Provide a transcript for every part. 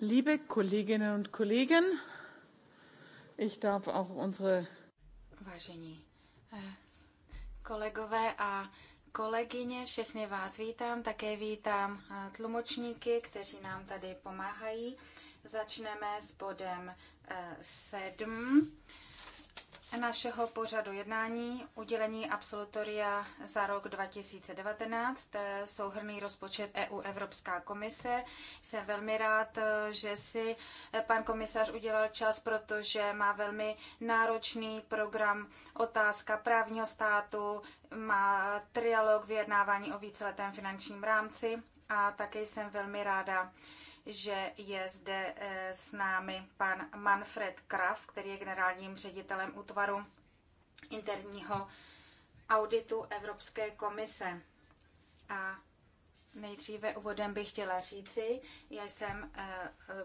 Liebe Kolleginnen und Kollegen, ich darf auch unsere Vážení eh, kolegové a kolegyně, všechny vás vítám, také vítám eh, tlumočníky, kteří nám tady pomáhají. Začneme s bodem 7 eh, našeho pořadu jednání udělení absolutoria za rok 2019, souhrný rozpočet EU Evropská komise. Jsem velmi rád, že si pan komisař udělal čas, protože má velmi náročný program otázka právního státu, má trialog vyjednávání o víceletém finančním rámci a také jsem velmi ráda, že je zde eh, s námi pan Manfred Kraft, který je generálním ředitelem útvaru interního auditu Evropské komise. A nejdříve úvodem bych chtěla říci, já jsem eh,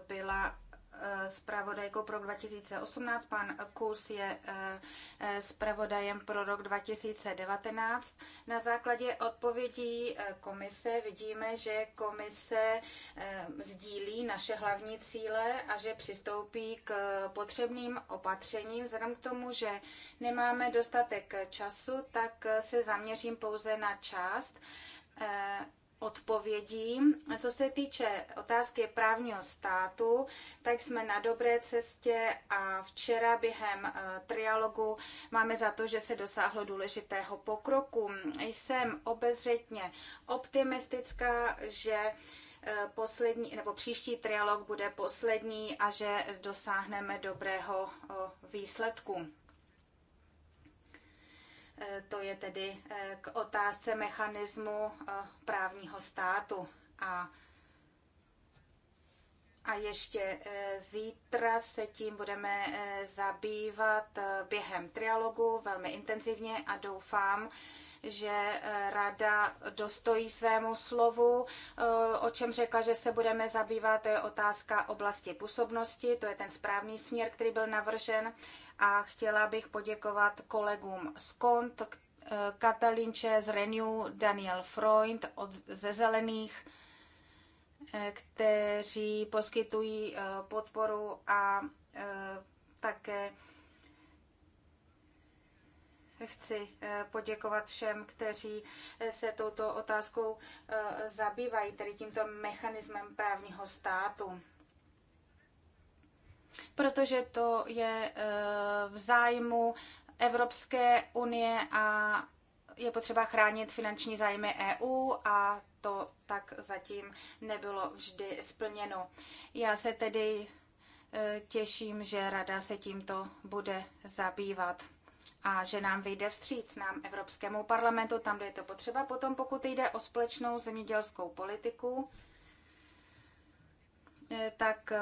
byla Eh, zpravodajkou pro rok 2018, pan Kus je eh, eh, zpravodajem pro rok 2019. Na základě odpovědí komise vidíme, že komise sdílí naše hlavní cíle a že přistoupí k potřebným opatřením. Vzhledem k tomu, že nemáme dostatek času, tak se zaměřím pouze na část odpovědí. Co se týče otázky právního státu, tak jsme na dobré cestě a včera během eh, trialogu máme za to, že se dosáhlo důležitého pokroku. Jsem obezřetně optimistická, že eh, poslední, nebo příští trialog bude poslední a že dosáhneme dobrého eh, výsledku. Eh, to je tedy eh, k otázce mechanismu eh, právního státu. A, a ještě zítra se tím budeme zabývat během trialogu velmi intenzivně a doufám, že rada dostojí svému slovu, o čem řekla, že se budeme zabývat, to je otázka oblasti působnosti, to je ten správný směr, který byl navržen a chtěla bych poděkovat kolegům z KONT, eh, Katalinče z Renew, Daniel Freund od, ze Zelených, eh, kteří poskytují eh, podporu a také chci poděkovat všem, kteří se touto otázkou zabývají, tedy tímto mechanismem právního státu protože to je eh, v zájmu Evropské unie a je potřeba chránit finanční zájmy EU a to tak zatím nebylo vždy splněno. Já se tedy eh, těším, že Rada se tímto bude zabývat a že nám vyjde vstříc nám Evropskému parlamentu, tam, kde je to potřeba. Potom, pokud jde o společnou zemědělskou politiku, eh, tak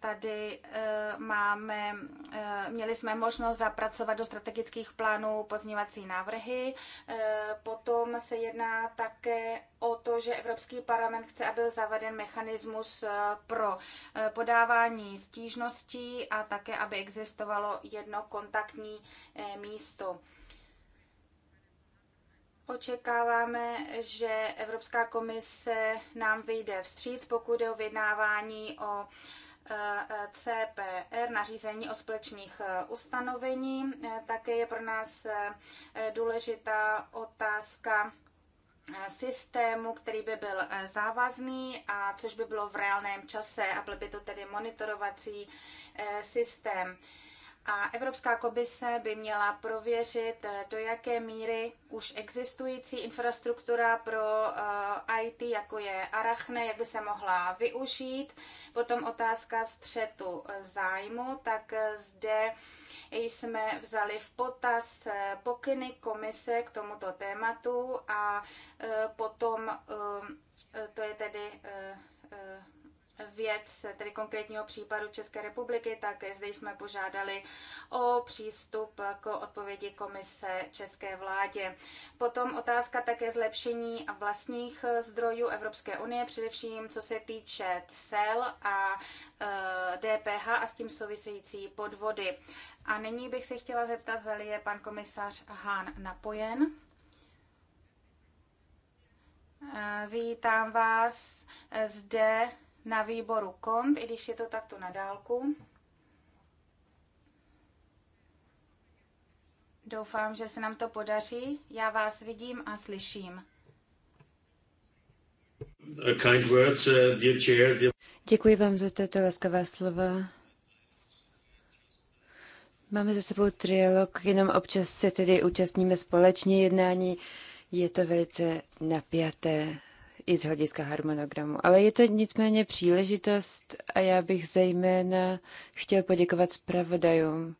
Tady eh, máme, eh, měli jsme možnost zapracovat do strategických plánů pozněvací návrhy. Eh, potom se jedná také o to, že Evropský parlament chce, aby byl zaveden mechanismus pro podávání stížností a také, aby existovalo jedno kontaktní místo. Očekáváme, že Evropská komise nám vyjde vstříc, pokud je o vyjednávání o CPR, nařízení o společných eh, ustanovení. Eh, také je pro nás eh, důležitá otázka systému, který by byl závazný a což by bylo v reálném čase a byl by to tedy monitorovací systém. A Evropská komise by měla prověřit, eh, do jaké míry už existující infrastruktura pro eh, IT, jako je Arachne, jak by se mohla využít. Potom otázka střetu eh, zájmu, tak zde jsme vzali v potaz pokyny komise k tomuto tématu a potom to je tedy věc, tedy konkrétního případu České republiky, tak zde jsme požádali o přístup k odpovědi komise České vládě. Potom otázka také zlepšení vlastních zdrojů Evropské unie, především co se týče cel a e, DPH a s tím související podvody. A nyní bych se chtěla zeptat, zda je pan komisař Hán napojen. E, vítám vás zde na výboru KONT, i když je to takto na dálku. Doufám, že se nám to podaří. Já vás vidím a slyším. Uh, Děkuji vám za tato laskavá slova. Máme za sebou trialog, jenom občas se tedy účastníme společně jednání. Je to velice napjaté i z hlediska harmonogramu. Ale je to nicméně příležitost a já bych zejména chtěl poděkovat zpravodajům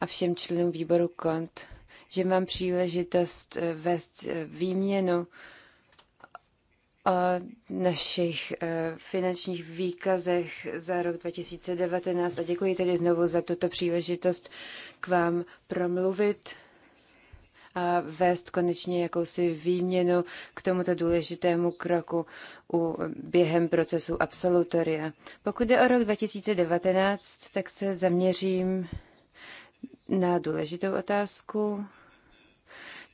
a všem členům výboru KONT, že mám příležitost eh, vést eh, výměnu o našich eh, finančních výkazech za rok 2019 a děkuji tedy znovu za tuto příležitost k vám promluvit a vést konečně jakousi výměnu k tomuto důležitému kroku u, během procesu absolutoria. Pokud je o rok 2019, tak se zaměřím na důležitou otázku.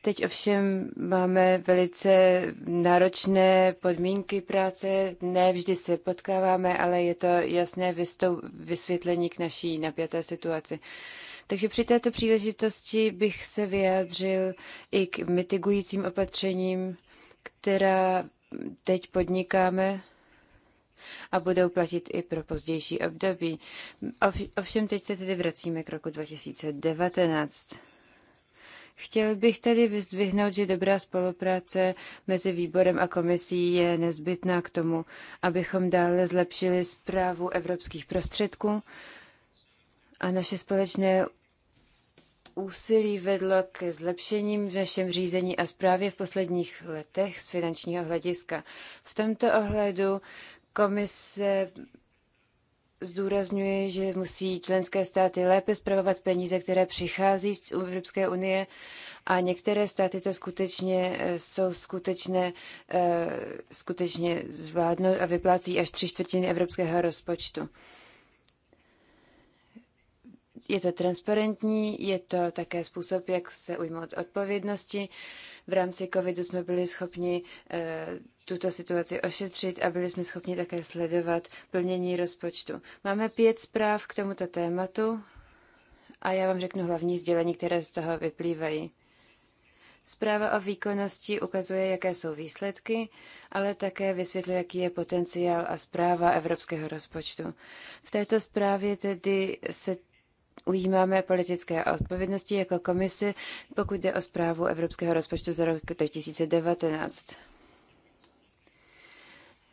Teď ovšem máme velice náročné podmínky práce, ne vždy se potkáváme, ale je to jasné vysvětlení k naší napjaté situaci. Takže při této příležitosti bych se vyjádřil i k mitigujícím opatřením, která teď podnikáme a budou platit i pro pozdější období. Ovšem teď se tedy vracíme k roku 2019. Chtěl bych tedy vyzdvihnout, že dobrá spolupráce mezi výborem a komisí je nezbytná k tomu, abychom dále zlepšili zprávu evropských prostředků a naše společné úsilí vedlo ke zlepšením v našem řízení a zprávě v posledních letech z finančního hlediska. V tomto ohledu komise zdůrazňuje, že musí členské státy lépe zpravovat peníze, které přichází z Evropské unie a některé státy to skutečně eh, jsou skutečné, eh, skutečně zvládnou a vyplácí až tři čtvrtiny evropského rozpočtu je to transparentní, je to také způsob, jak se ujmout odpovědnosti. V rámci covidu jsme byli schopni eh, tuto situaci ošetřit a byli jsme schopni také sledovat plnění rozpočtu. Máme pět zpráv k tomuto tématu a já vám řeknu hlavní sdělení, které z toho vyplývají. Zpráva o výkonnosti ukazuje, jaké jsou výsledky, ale také vysvětluje, jaký je potenciál a zpráva evropského rozpočtu. V této zprávě tedy se ujímáme politické odpovědnosti jako komisi, pokud jde o zprávu Evropského rozpočtu za rok 2019.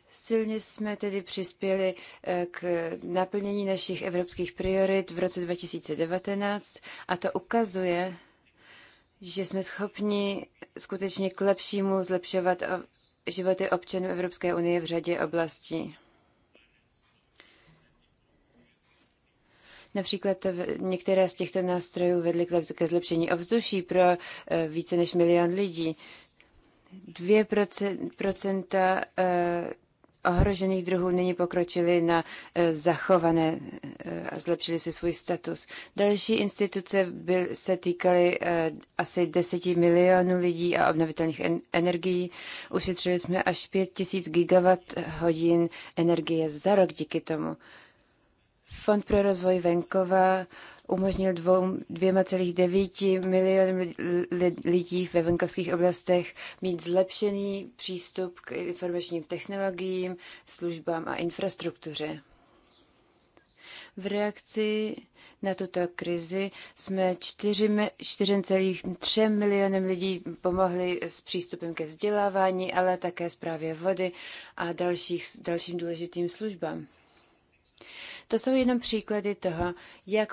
Silně jsme tedy přispěli eh, k naplnění našich evropských priorit v roce 2019 a to ukazuje, že jsme schopni skutečně k lepšímu zlepšovat životy občanů Evropské unie v řadě oblastí. Například některé z těchto nástrojů vedly ke zlepšení ovzduší pro eh, více než milion lidí. 2% eh, ohrožených druhů nyní pokročili na eh, zachované a zlepšili si svůj status. Další instituce byl, se týkaly asi 10 milionů lidí a obnovitelných en, energií. Ušetřili jsme až 5 tisíc gigawatt hodin energie za rok díky tomu. Fond pro rozvoj venkova umožnil 2,9 milionům lidí ve venkovských oblastech mít zlepšený přístup k informačním technologiím, službám a infrastruktuře. V reakci na tuto krizi jsme 4,3 milionem lidí pomohli s přístupem ke vzdělávání, ale také zprávě vody a dalších, dalším důležitým službám. To jsou jenom příklady toho, jak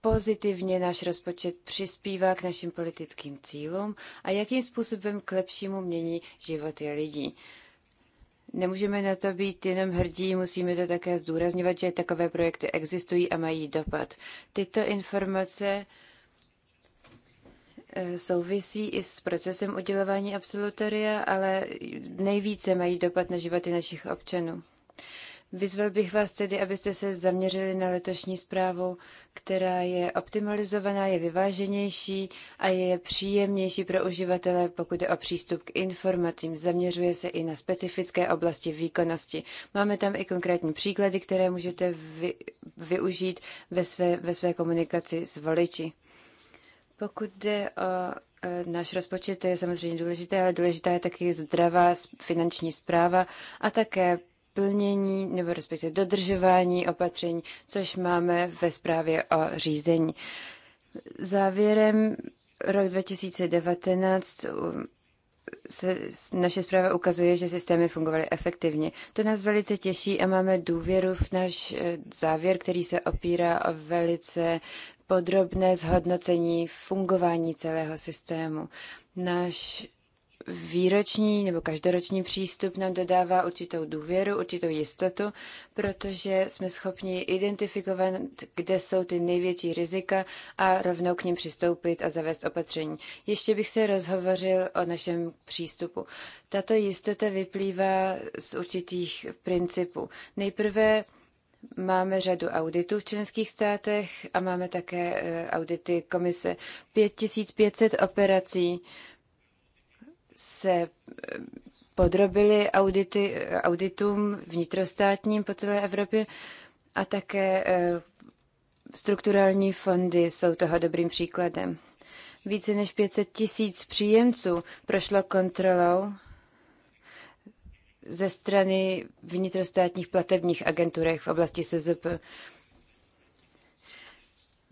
pozitivně náš rozpočet přispívá k našim politickým cílům a jakým způsobem k lepšímu mění životy lidí. Nemůžeme na to být jenom hrdí, musíme to také zdůrazňovat, že takové projekty existují a mají dopad. Tyto informace eh, souvisí i s procesem udělování absolutoria, ale nejvíce mají dopad na životy našich občanů. Vyzval bych vás tedy, abyste se zaměřili na letošní zprávu, která je optimalizovaná, je vyváženější a je příjemnější pro uživatele, pokud je o přístup k informacím. Zaměřuje se i na specifické oblasti výkonnosti. Máme tam i konkrétní příklady, které můžete vy, využít ve své, ve své komunikaci s voliči. Pokud jde o e, náš rozpočet, to je samozřejmě důležité, ale důležitá je taky zdravá finanční zpráva a také plnění nebo respektive dodržování opatření, což máme ve zprávě o řízení. Závěrem rok 2019 se naše zpráva ukazuje, že systémy fungovaly efektivně. To nás velice těší a máme důvěru v náš eh, závěr, který se opírá o velice podrobné zhodnocení fungování celého systému. Náš výroční nebo každoroční přístup nám dodává určitou důvěru, určitou jistotu, protože jsme schopni identifikovat, kde jsou ty největší rizika a rovnou k ním přistoupit a zavést opatření. Ještě bych se rozhovořil o našem přístupu. Tato jistota vyplývá z určitých principů. Nejprve Máme řadu auditů v členských státech a máme také eh, audity komise. 5500 operací se eh, podrobili audity, eh, auditům vnitrostátním po celé Evropě a také eh, strukturální fondy jsou toho dobrým příkladem. Více než 500 tisíc příjemců prošlo kontrolou ze strany vnitrostátních platebních agenturech v oblasti SZP.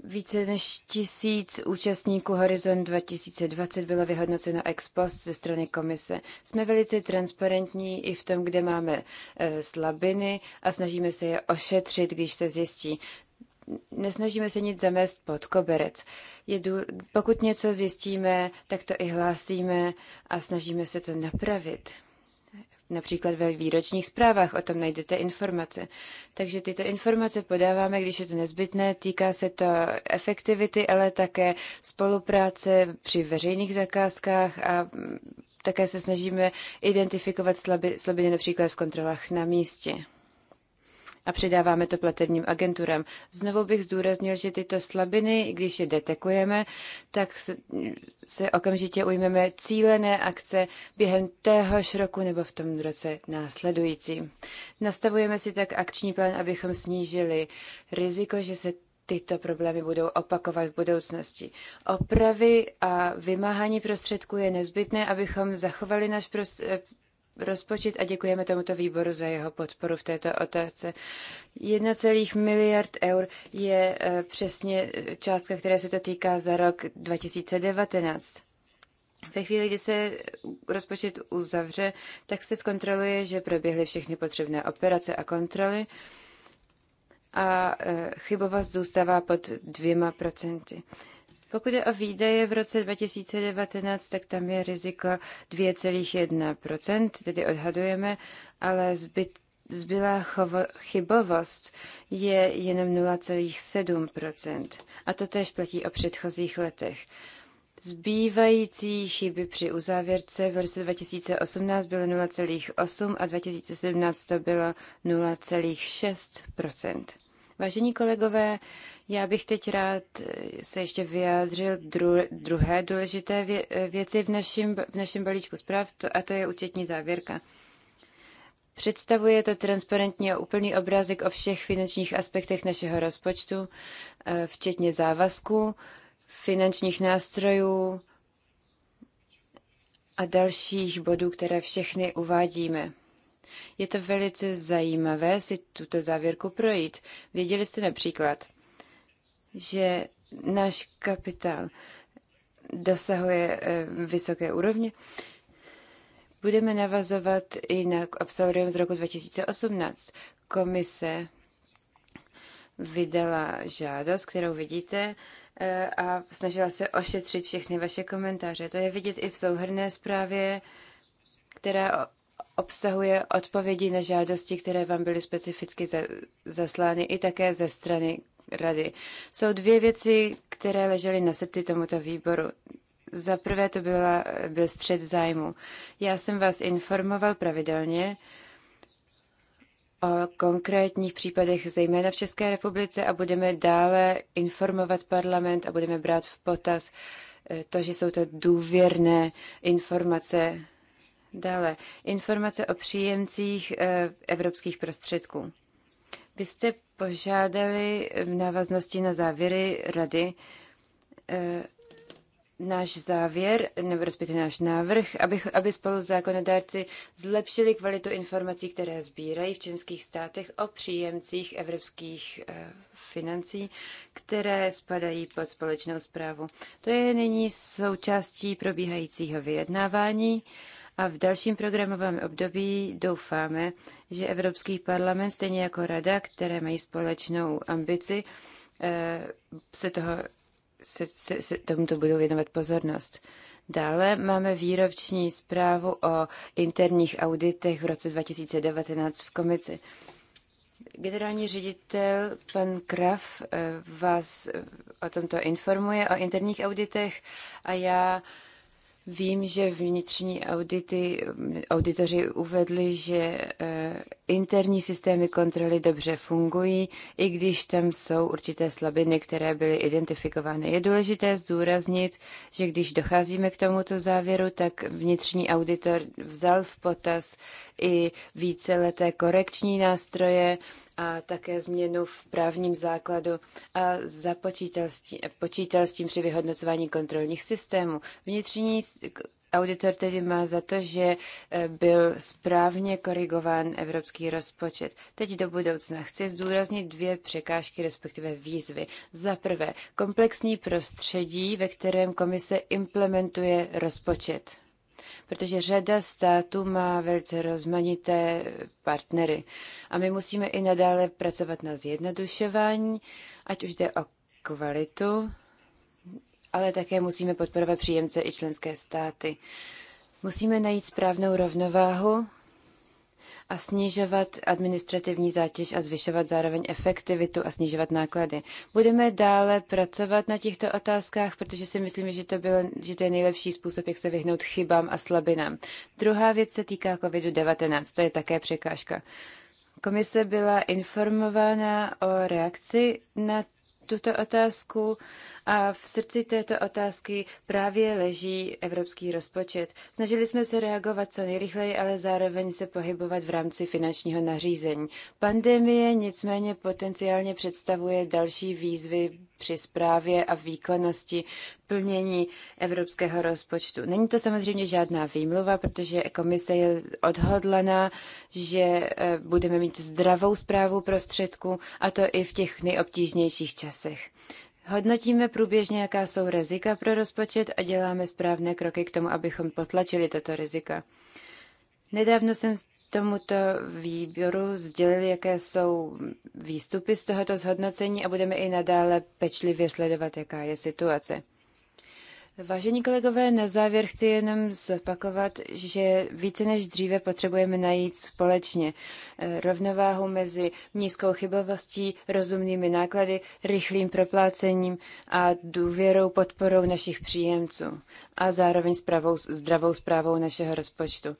Více než tisíc účastníků Horizon 2020 bylo vyhodnoceno ex post ze strany komise. Jsme velice transparentní i v tom, kde máme eh, slabiny a snažíme se je ošetřit, když se zjistí. Nesnažíme se nic zamést pod koberec. Je dů... Pokud něco zjistíme, tak to i hlásíme a snažíme se to napravit. Například ve výročních zprávách o tom najdete informace. Takže tyto informace podáváme, když je to nezbytné. Týká se to efektivity, ale také spolupráce při veřejných zakázkách a také se snažíme identifikovat slabiny například v kontrolách na místě a předáváme to platebním agenturám. Znovu bych zdůraznil, že tyto slabiny, když je detekujeme, tak se okamžitě ujmeme cílené akce během téhož roku nebo v tom roce následujícím. Nastavujeme si tak akční plán, abychom snížili riziko, že se tyto problémy budou opakovat v budoucnosti. Opravy a vymáhání prostředků je nezbytné, abychom zachovali náš rozpočet a děkujeme tomuto výboru za jeho podporu v této otázce. 1, miliard eur je e, přesně částka, která se to týká za rok 2019. Ve chvíli, kdy se rozpočet uzavře, tak se zkontroluje, že proběhly všechny potřebné operace a kontroly a e, chybovost zůstává pod dvěma procenty. Pokud je o výdaje v roce 2019, tak tam je riziko 2,1%, tedy odhadujeme, ale zbyt, zbylá chovo, chybovost je jenom 0,7%. A to tež platí o předchozích letech. Zbývající chyby při uzávěrce v roce 2018 bylo 0,8 a 2017 to bylo 0,6 Vážení kolegové, já bych teď rád eh, se ještě vyjádřil dru- druhé důležité vě- eh, věci v našem, v našim balíčku zpráv, to, a to je účetní závěrka. Představuje to transparentní a úplný obrázek o všech finančních aspektech našeho rozpočtu, eh, včetně závazků, finančních nástrojů a dalších bodů, které všechny uvádíme. Je to velice zajímavé si tuto závěrku projít. Věděli jste například, že náš kapitál dosahuje eh, vysoké úrovně. Budeme navazovat i na absolutorium z roku 2018. Komise vydala žádost, kterou vidíte, eh, a snažila se ošetřit všechny vaše komentáře. To je vidět i v souhrné zprávě, která obsahuje odpovědi na žádosti, které vám byly specificky zaslány i také ze strany rady. Jsou dvě věci, které ležely na srdci tomuto výboru. Za prvé to byla, byl střed zájmu. Já jsem vás informoval pravidelně o konkrétních případech, zejména v České republice, a budeme dále informovat parlament a budeme brát v potaz eh, to, že jsou to důvěrné informace Dále informace o příjemcích eh, evropských prostředků. Vy jste požádali v návaznosti na závěry rady eh, náš závěr, nebo respektive náš návrh, aby, aby spolu zákonodárci zlepšili kvalitu informací, které sbírají v českých státech o příjemcích evropských eh, financí, které spadají pod společnou zprávu. To je nyní součástí probíhajícího vyjednávání a v dalším programovém období doufáme, že Evropský parlament, stejně jako Rada, které mají společnou ambici, eh, se, toho, se, se, se tomuto budou věnovat pozornost. Dále máme výroční zprávu o interních auditech v roce 2019 v komici. Generální ředitel pan Kraf eh, vás eh, o tomto informuje, o interních auditech a já Vím, že vnitřní audity, auditoři uvedli, že eh, interní systémy kontroly dobře fungují, i když tam jsou určité slabiny, které byly identifikovány. Je důležité zdůraznit, že když docházíme k tomuto závěru, tak vnitřní auditor vzal v potaz i víceleté korekční nástroje, a také změnu v právním základu a započítal s tím, počítal s tím při vyhodnocování kontrolních systémů. Vnitřní auditor tedy má za to, že e, byl správně korigován evropský rozpočet. Teď do budoucna chci zdůraznit dvě překážky, respektive výzvy. Za prvé, komplexní prostředí, ve kterém komise implementuje rozpočet protože řada států má velice rozmanité partnery. A my musíme i nadále pracovat na zjednodušování, ať už jde o kvalitu, ale také musíme podporovat příjemce i členské státy. Musíme najít správnou rovnováhu a snižovat administrativní zátěž a zvyšovat zároveň efektivitu a snižovat náklady. Budeme dále pracovat na těchto otázkách, protože si myslíme, že to, bylo, že to je nejlepší způsob, jak se vyhnout chybám a slabinám. Druhá věc se týká COVID-19, to je také překážka. Komise byla informována o reakci na tuto otázku a v srdci této otázky právě leží evropský rozpočet. Snažili jsme se reagovat co nejrychleji, ale zároveň se pohybovat v rámci finančního nařízení. Pandemie nicméně potenciálně představuje další výzvy při zprávě a výkonnosti plnění evropského rozpočtu. Není to samozřejmě žádná výmluva, protože komise je odhodlaná, že eh, budeme mít zdravou zprávu prostředků a to i v těch nejobtížnějších časech. Hodnotíme průběžně, jaká jsou rizika pro rozpočet a děláme správné kroky k tomu, abychom potlačili tato rizika. Nedávno jsem tomuto výboru sdělili, jaké jsou výstupy z tohoto zhodnocení a budeme i nadále pečlivě sledovat, jaká je situace. Vážení kolegové, na závěr chci jenom zopakovat, že více než dříve potřebujeme najít společně eh, rovnováhu mezi nízkou chybovostí, rozumnými náklady, rychlým proplácením a důvěrou podporou našich příjemců a zároveň zpravou, zdravou zprávou našeho rozpočtu.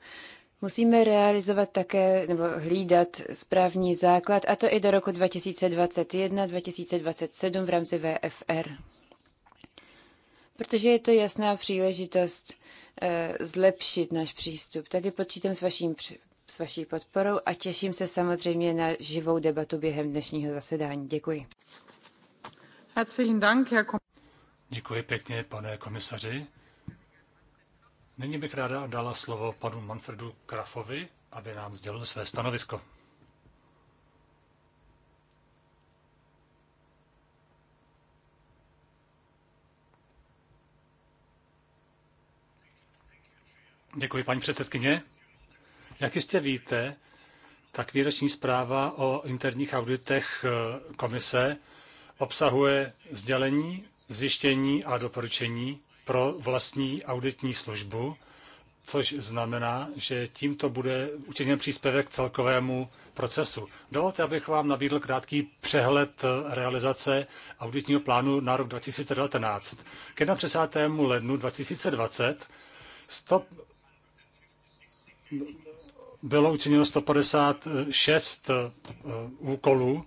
Musíme realizovat také nebo hlídat správní základ, a to i do roku 2021-2027 v rámci VFR protože je to jasná příležitost eh, zlepšit náš přístup. Tady počítám s, vaším, s vaší podporou a těším se samozřejmě na živou debatu během dnešního zasedání. Děkuji. Děkuji pěkně, pane komisaři. Nyní bych ráda dala slovo panu Manfredu Krafovi, aby nám sdělil své stanovisko. Děkuji, paní předsedkyně. Jak jistě víte, tak výroční zpráva o interních auditech eh, komise obsahuje sdělení, zjištění a doporučení pro vlastní auditní službu, což znamená, že tímto bude učiněn příspěvek k celkovému procesu. Dovolte, abych vám nabídl krátký přehled eh, realizace auditního plánu na rok 2019. K 31. lednu 2020 100 bylo učiněno 156 eh, úkolů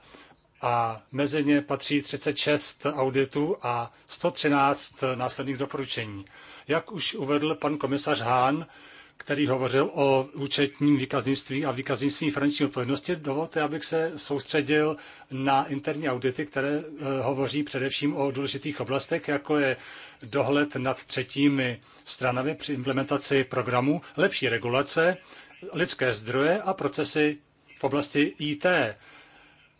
a mezi ně patří 36 auditů a 113 následných doporučení. Jak už uvedl pan komisař Hán který hovořil o účetním výkaznictví a výkaznictví finanční odpovědnosti. Dovolte, abych se soustředil na interní audity, které eh, hovoří především o důležitých oblastech, jako je dohled nad třetími stranami při implementaci programu, lepší regulace, lidské zdroje a procesy v oblasti IT.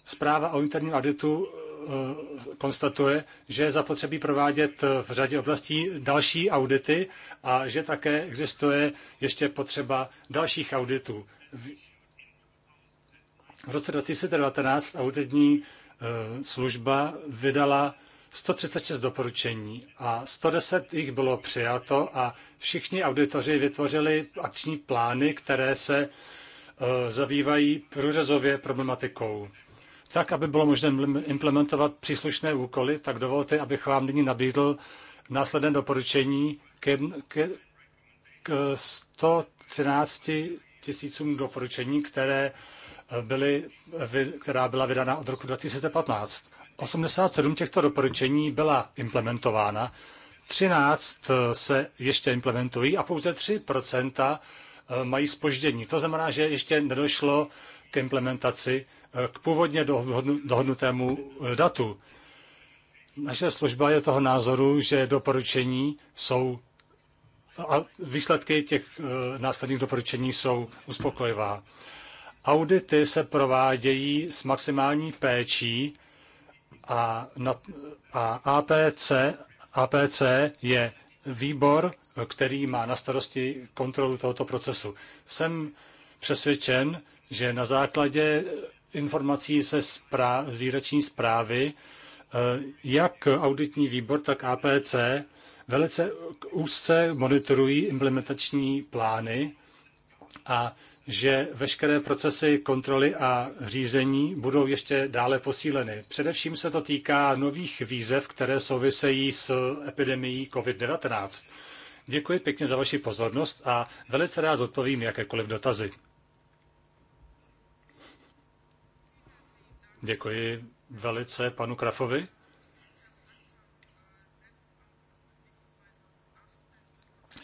Zpráva o interním auditu Eh, konstatuje, že je zapotřebí provádět eh, v řadě oblastí další audity a že také existuje ještě potřeba dalších auditů. V roce 2019 auditní eh, služba vydala 136 doporučení a 110 jich bylo přijato a všichni auditoři vytvořili akční plány, které se zabývají průřezově problematikou. Tak, aby bylo možné implementovat příslušné úkoly, tak dovolte, abych vám nyní nabídl následné doporučení ke, k, k 113 tisícům doporučení, které eh, byly, která byla vydána od roku 2015. 87 těchto doporučení byla implementována, 13 eh, se ještě implementují a pouze 3 eh, mají spoždění. To znamená, že ještě nedošlo k implementaci Eh, k původně dohodnutému eh, datu. Naše služba je toho názoru, že doporučení jsou a výsledky těch eh, následných doporučení jsou uspokojivá. Audity se provádějí s maximální péčí a, na, a APC, APC je výbor, který má na starosti kontrolu tohoto procesu. Jsem přesvědčen, že na základě informací ze výroční zprávy, eh, jak auditní výbor, tak APC velice úzce monitorují implementační plány a že veškeré procesy kontroly a řízení budou ještě dále posíleny. Především se to týká nových výzev, které souvisejí s epidemií COVID-19. Děkuji pěkně za vaši pozornost a velice rád odpovím jakékoliv dotazy. Děkuji velice panu Krafovi.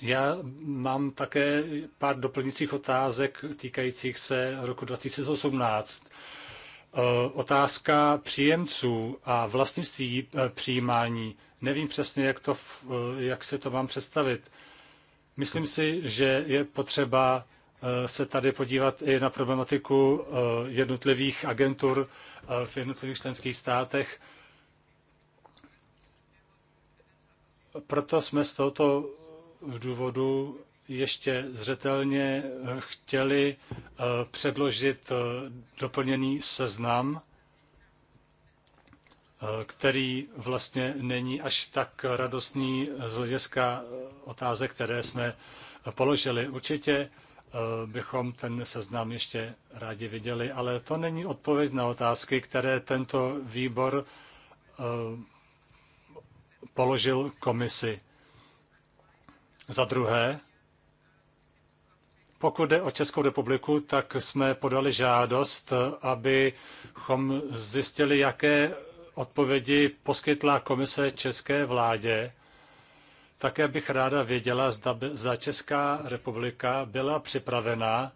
Já mám také pár doplňujících otázek týkajících se roku 2018. Eh, otázka příjemců a vlastnictví eh, přijímání. Nevím přesně, jak, to, eh, jak se to mám představit. Myslím si, že je potřeba se tady podívat i na problematiku jednotlivých agentur v jednotlivých členských státech. Proto jsme z tohoto důvodu ještě zřetelně chtěli eh, předložit eh, doplněný seznam, eh, který vlastně není až tak radostný z hlediska otázek, které jsme položili. Určitě Eh, bychom ten seznam ještě rádi viděli, ale to není odpověď na otázky, které tento výbor eh, položil komisi. Za druhé, pokud jde o Českou republiku, tak jsme podali žádost, eh, abychom zjistili, jaké odpovědi poskytla komise české vládě také bych ráda věděla, zda, by, zda Česká republika byla připravena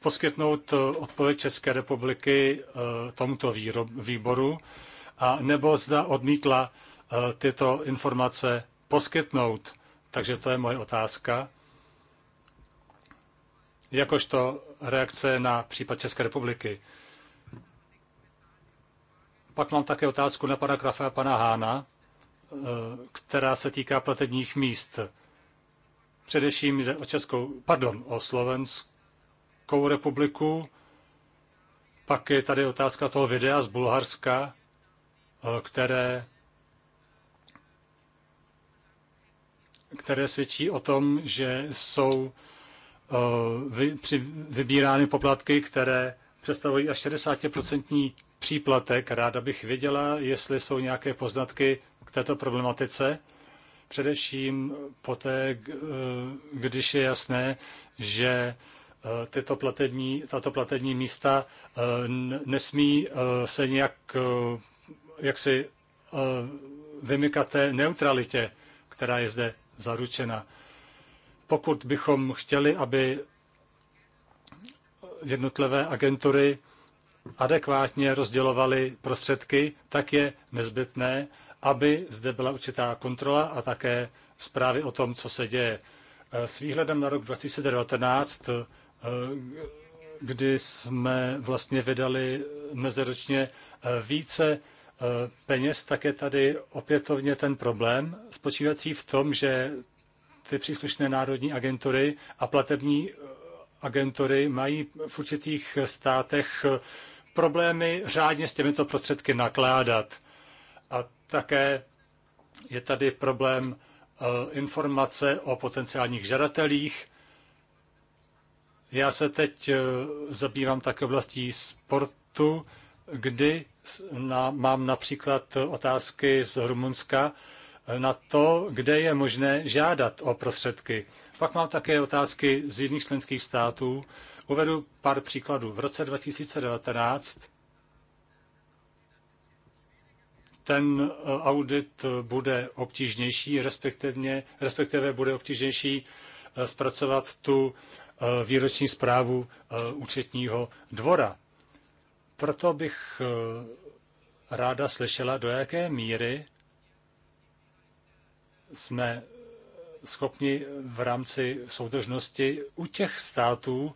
poskytnout eh, odpověď České republiky eh, tomuto výboru, a nebo zda odmítla eh, tyto informace poskytnout. Takže to je moje otázka. Jakožto reakce na případ České republiky. Pak mám také otázku na pana Krafa a pana Hána, eh, která se týká platebních míst. Především jde o Českou, pardon, o Slovenskou republiku. Pak je tady otázka toho videa z Bulharska, eh, které, které svědčí o tom, že jsou eh, vybírány poplatky, které představují až 60% příplatek. Ráda bych věděla, jestli jsou nějaké poznatky k této problematice, především poté, eh, když je jasné, že eh, tyto platební, tato platební místa eh, nesmí se nějak jaksi vymykat té neutralitě, která je zde zaručena. Pokud bychom chtěli, aby jednotlivé agentury adekvátně rozdělovali prostředky, tak je nezbytné, aby zde byla určitá kontrola a také zprávy o tom, co se děje. Eh, s výhledem na rok 2019, eh, kdy jsme vlastně vydali mezeročně eh, více peněz, tak je tady opětovně ten problém spočívající v tom, že ty příslušné národní agentury a platební agentury mají v určitých státech problémy řádně s těmito prostředky nakládat. A také je tady problém eh, informace o potenciálních žadatelích. Já se teď eh, zabývám také oblastí sportu, kdy na, mám například otázky z Rumunska eh, na to, kde je možné žádat o prostředky. Pak mám také otázky z jiných členských států, Uvedu pár příkladů. V roce 2019 ten eh, audit bude obtížnější, respektive, respektive bude obtížnější eh, zpracovat tu eh, výroční zprávu účetního dvora. Proto bych ráda slyšela, do jaké míry jsme schopni v rámci soudržnosti u těch států,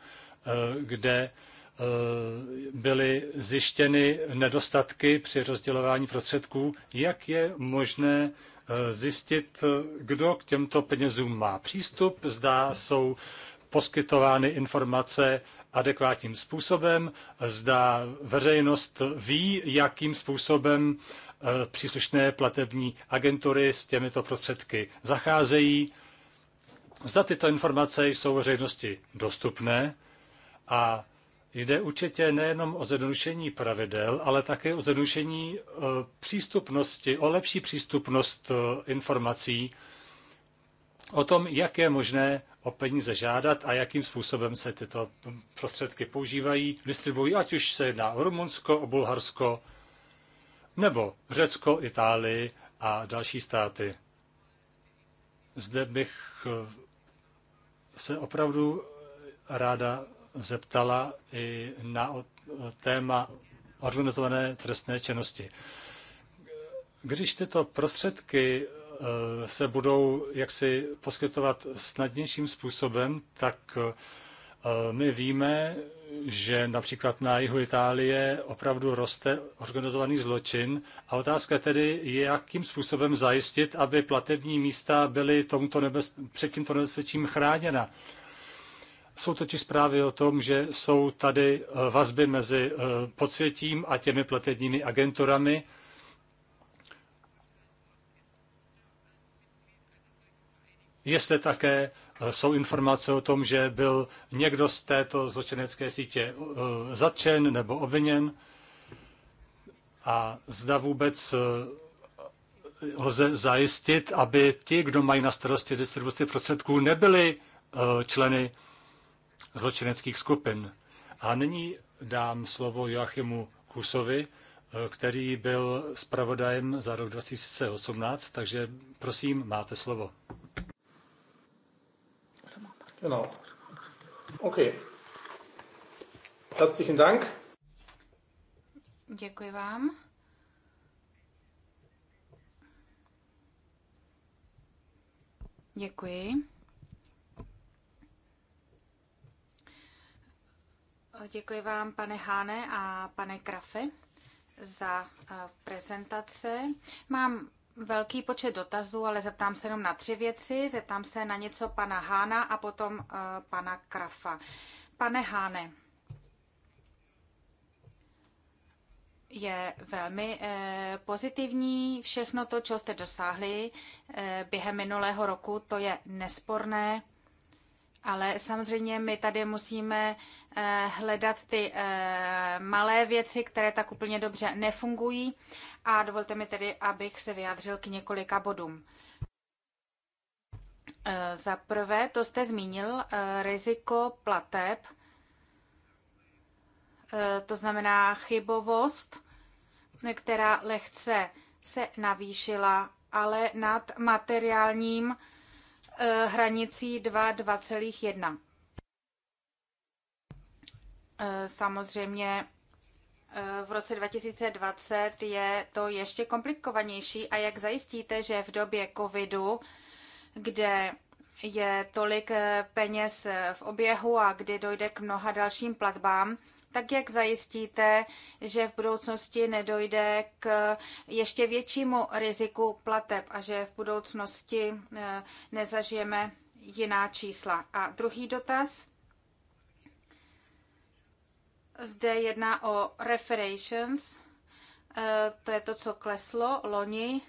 Eh, kde eh, byly zjištěny nedostatky při rozdělování prostředků, jak je možné eh, zjistit, kdo k těmto penězům má přístup, zda jsou poskytovány informace adekvátním způsobem, zda veřejnost ví, jakým způsobem příslušné platební agentury s těmito prostředky zacházejí, zda tyto informace jsou veřejnosti dostupné a jde určitě nejenom o zjednodušení pravidel, ale také o zjednodušení e, přístupnosti, o lepší přístupnost e, informací o tom, jak je možné o peníze žádat a jakým způsobem se tyto prostředky používají, distribuují, ať už se jedná o Rumunsko, o Bulharsko, nebo Řecko, Itálii a další státy. Zde bych e, se opravdu ráda zeptala i na téma organizované trestné činnosti. Když tyto prostředky e, se budou jaksi poskytovat snadnějším způsobem, tak e, my víme, že například na jihu Itálie opravdu roste organizovaný zločin a otázka tedy je, jakým způsobem zajistit, aby platební místa byly tomuto nebez... před tímto nebezpečím chráněna. Jsou totiž zprávy o tom, že jsou tady eh, vazby mezi eh, podsvětím a těmi platebními agenturami. Jestli také eh, jsou informace o tom, že byl někdo z této zločinecké sítě zatčen nebo obviněn a zda vůbec lze zajistit, aby ti, kdo mají na starosti distribuci prostředků, nebyli členy zločineckých skupin. A nyní dám slovo Joachimu Kusovi, eh, který byl zpravodajem za rok 2018, takže prosím, máte slovo. Genau. Okay. Herzlichen Dank. Děkuji vám. Děkuji. Děkuji vám, pane Háne a pane Krafe, za eh, prezentace. Mám velký počet dotazů, ale zeptám se jenom na tři věci. Zeptám se na něco pana Hána a potom eh, pana Krafa. Pane Háne, je velmi eh, pozitivní všechno to, co jste dosáhli během minulého roku, to je nesporné. Ale samozřejmě my tady musíme eh, hledat ty eh, malé věci, které tak úplně dobře nefungují. A dovolte mi tedy, abych se vyjádřil k několika bodům. Eh, za prvé, to jste zmínil, riziko plateb, to znamená chybovost, která lehce se navýšila, ale nad materiálním Eh, hranicí 2,2,1. Eh, samozřejmě eh, v roce 2020 je to ještě komplikovanější a jak zajistíte, že v době covidu, kde je tolik peněz v oběhu a kdy dojde k mnoha dalším platbám, tak jak zajistíte, že v budoucnosti nedojde k ještě většímu riziku plateb a že v budoucnosti eh, nezažijeme jiná čísla? A druhý dotaz. Zde jedná o referations, eh, to je to, co kleslo loni,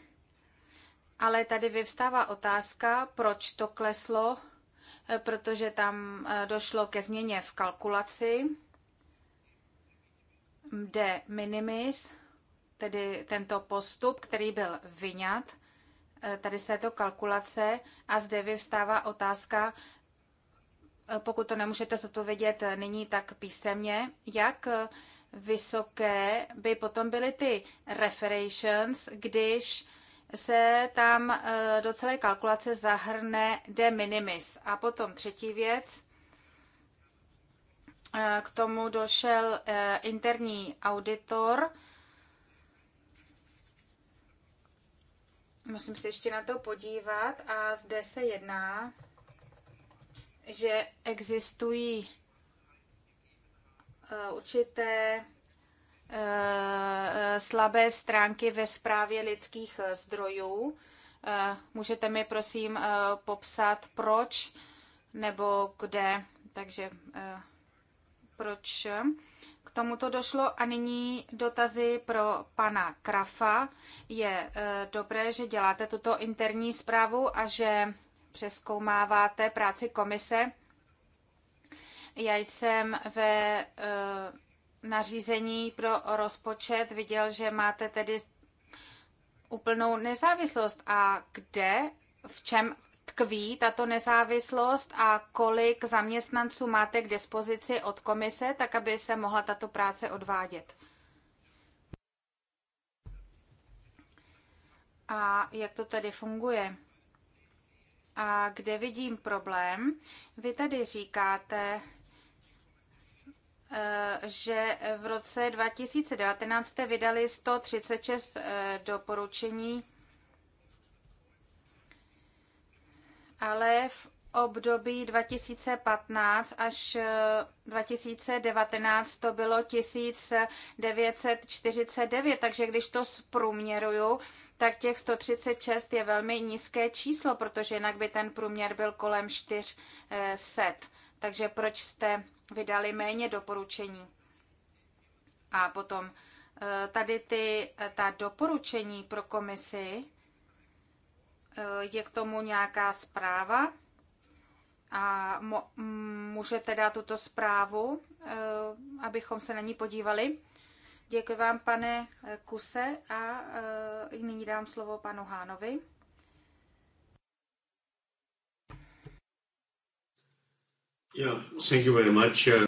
ale tady vyvstává otázka, proč to kleslo, eh, protože tam došlo ke změně v kalkulaci de minimis, tedy tento postup, který byl vyňat eh, tady z této kalkulace a zde vyvstává otázka, eh, pokud to nemůžete zodpovědět eh, nyní tak písemně, jak vysoké by potom byly ty referations, když se tam do celé kalkulace zahrne de minimis. A potom třetí věc, Eh, k tomu došel eh, interní auditor. Musím se ještě na to podívat a zde se jedná, že existují eh, určité slabé stránky ve zprávě lidských zdrojů. Můžete mi prosím popsat proč nebo kde, takže proč k tomuto došlo. A nyní dotazy pro pana Krafa. Je eh, dobré, že děláte tuto interní zprávu a že přeskoumáváte práci komise. Já jsem ve eh, nařízení pro rozpočet viděl, že máte tedy úplnou nezávislost. A kde, v čem tkví tato nezávislost a kolik zaměstnanců máte k dispozici od komise, tak aby se mohla tato práce odvádět? A jak to tady funguje? A kde vidím problém? Vy tady říkáte, eh, že v roce 2019 jste vydali 136 eh, doporučení ale v období 2015 až 2019 eh, to bylo 1949, takže když to zprůměruju, tak těch 136 je velmi nízké číslo, protože jinak by ten průměr byl kolem 400. Takže proč jste vydali méně doporučení? A potom eh, tady ty, eh, ta doporučení pro komisi, Eh, je k tomu nějaká zpráva a mm, můžete dát tuto zprávu, eh, abychom se na ní podívali. Děkuji vám, pane eh, Kuse, a nyní dám slovo panu Hánovi. Yeah, thank you very much. Uh,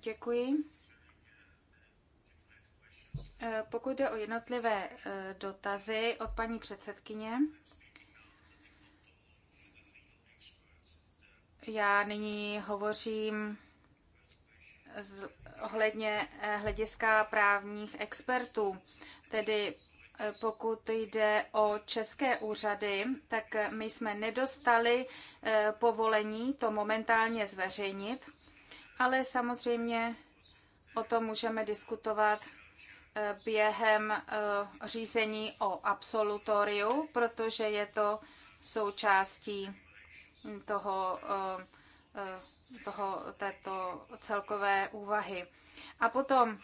Děkuji. Pokud jde o jednotlivé dotazy od paní předsedkyně, Já nyní hovořím z, ohledně eh, hlediska právních expertů, tedy eh, pokud jde o české úřady, tak my jsme nedostali eh, povolení to momentálně zveřejnit, ale samozřejmě o tom můžeme diskutovat během řízení o absolutoriu, protože je to součástí toho, eh, eh, toho, této celkové úvahy. A potom,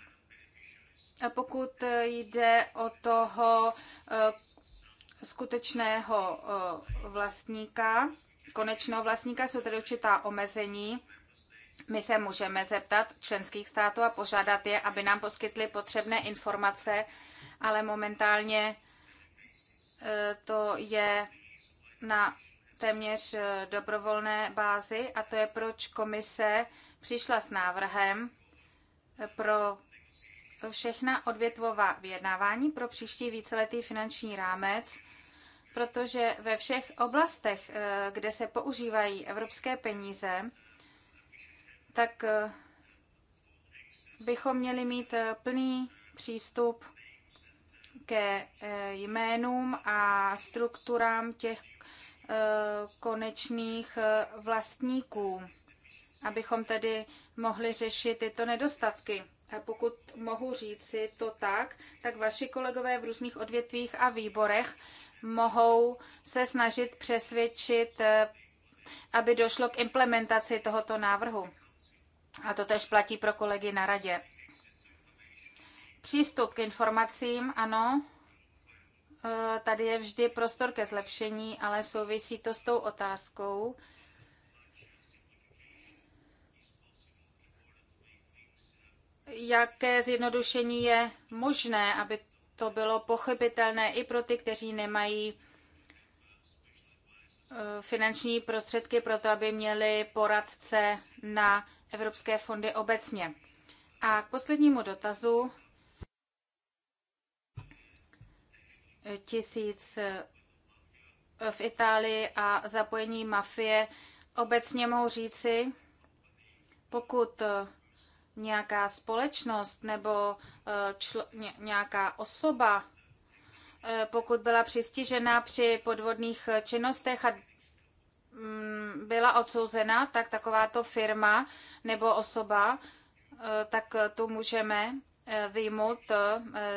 pokud jde o toho eh, skutečného vlastníka, konečného vlastníka, jsou tedy určitá omezení, my se můžeme zeptat členských států a požádat je, aby nám poskytli potřebné informace, ale momentálně to je na téměř eh, dobrovolné bázi a to je, proč komise přišla s návrhem eh, pro všechna odvětvová vyjednávání pro příští víceletý finanční rámec, protože ve všech oblastech, eh, kde se používají evropské peníze, tak bychom měli mít plný přístup ke jménům a strukturám těch Eh, konečných eh, vlastníků, abychom tedy mohli řešit tyto nedostatky. A pokud mohu říci to tak, tak vaši kolegové v různých odvětvích a výborech mohou se snažit přesvědčit, eh, aby došlo k implementaci tohoto návrhu. A to tež platí pro kolegy na radě. Přístup k informacím, ano, Eh, tady je vždy prostor ke zlepšení, ale souvisí to s tou otázkou, jaké zjednodušení je možné, aby to bylo pochopitelné i pro ty, kteří nemají eh, finanční prostředky pro to, aby měli poradce na evropské fondy obecně. A k poslednímu dotazu tisíc eh, v Itálii a zapojení mafie. Obecně mohu říci, pokud eh, nějaká společnost nebo eh, člo- nějaká osoba, pokud byla přistižena při podvodných činnostech a mm, byla odsouzena, tak takováto firma nebo osoba, tak tu můžeme vyjmout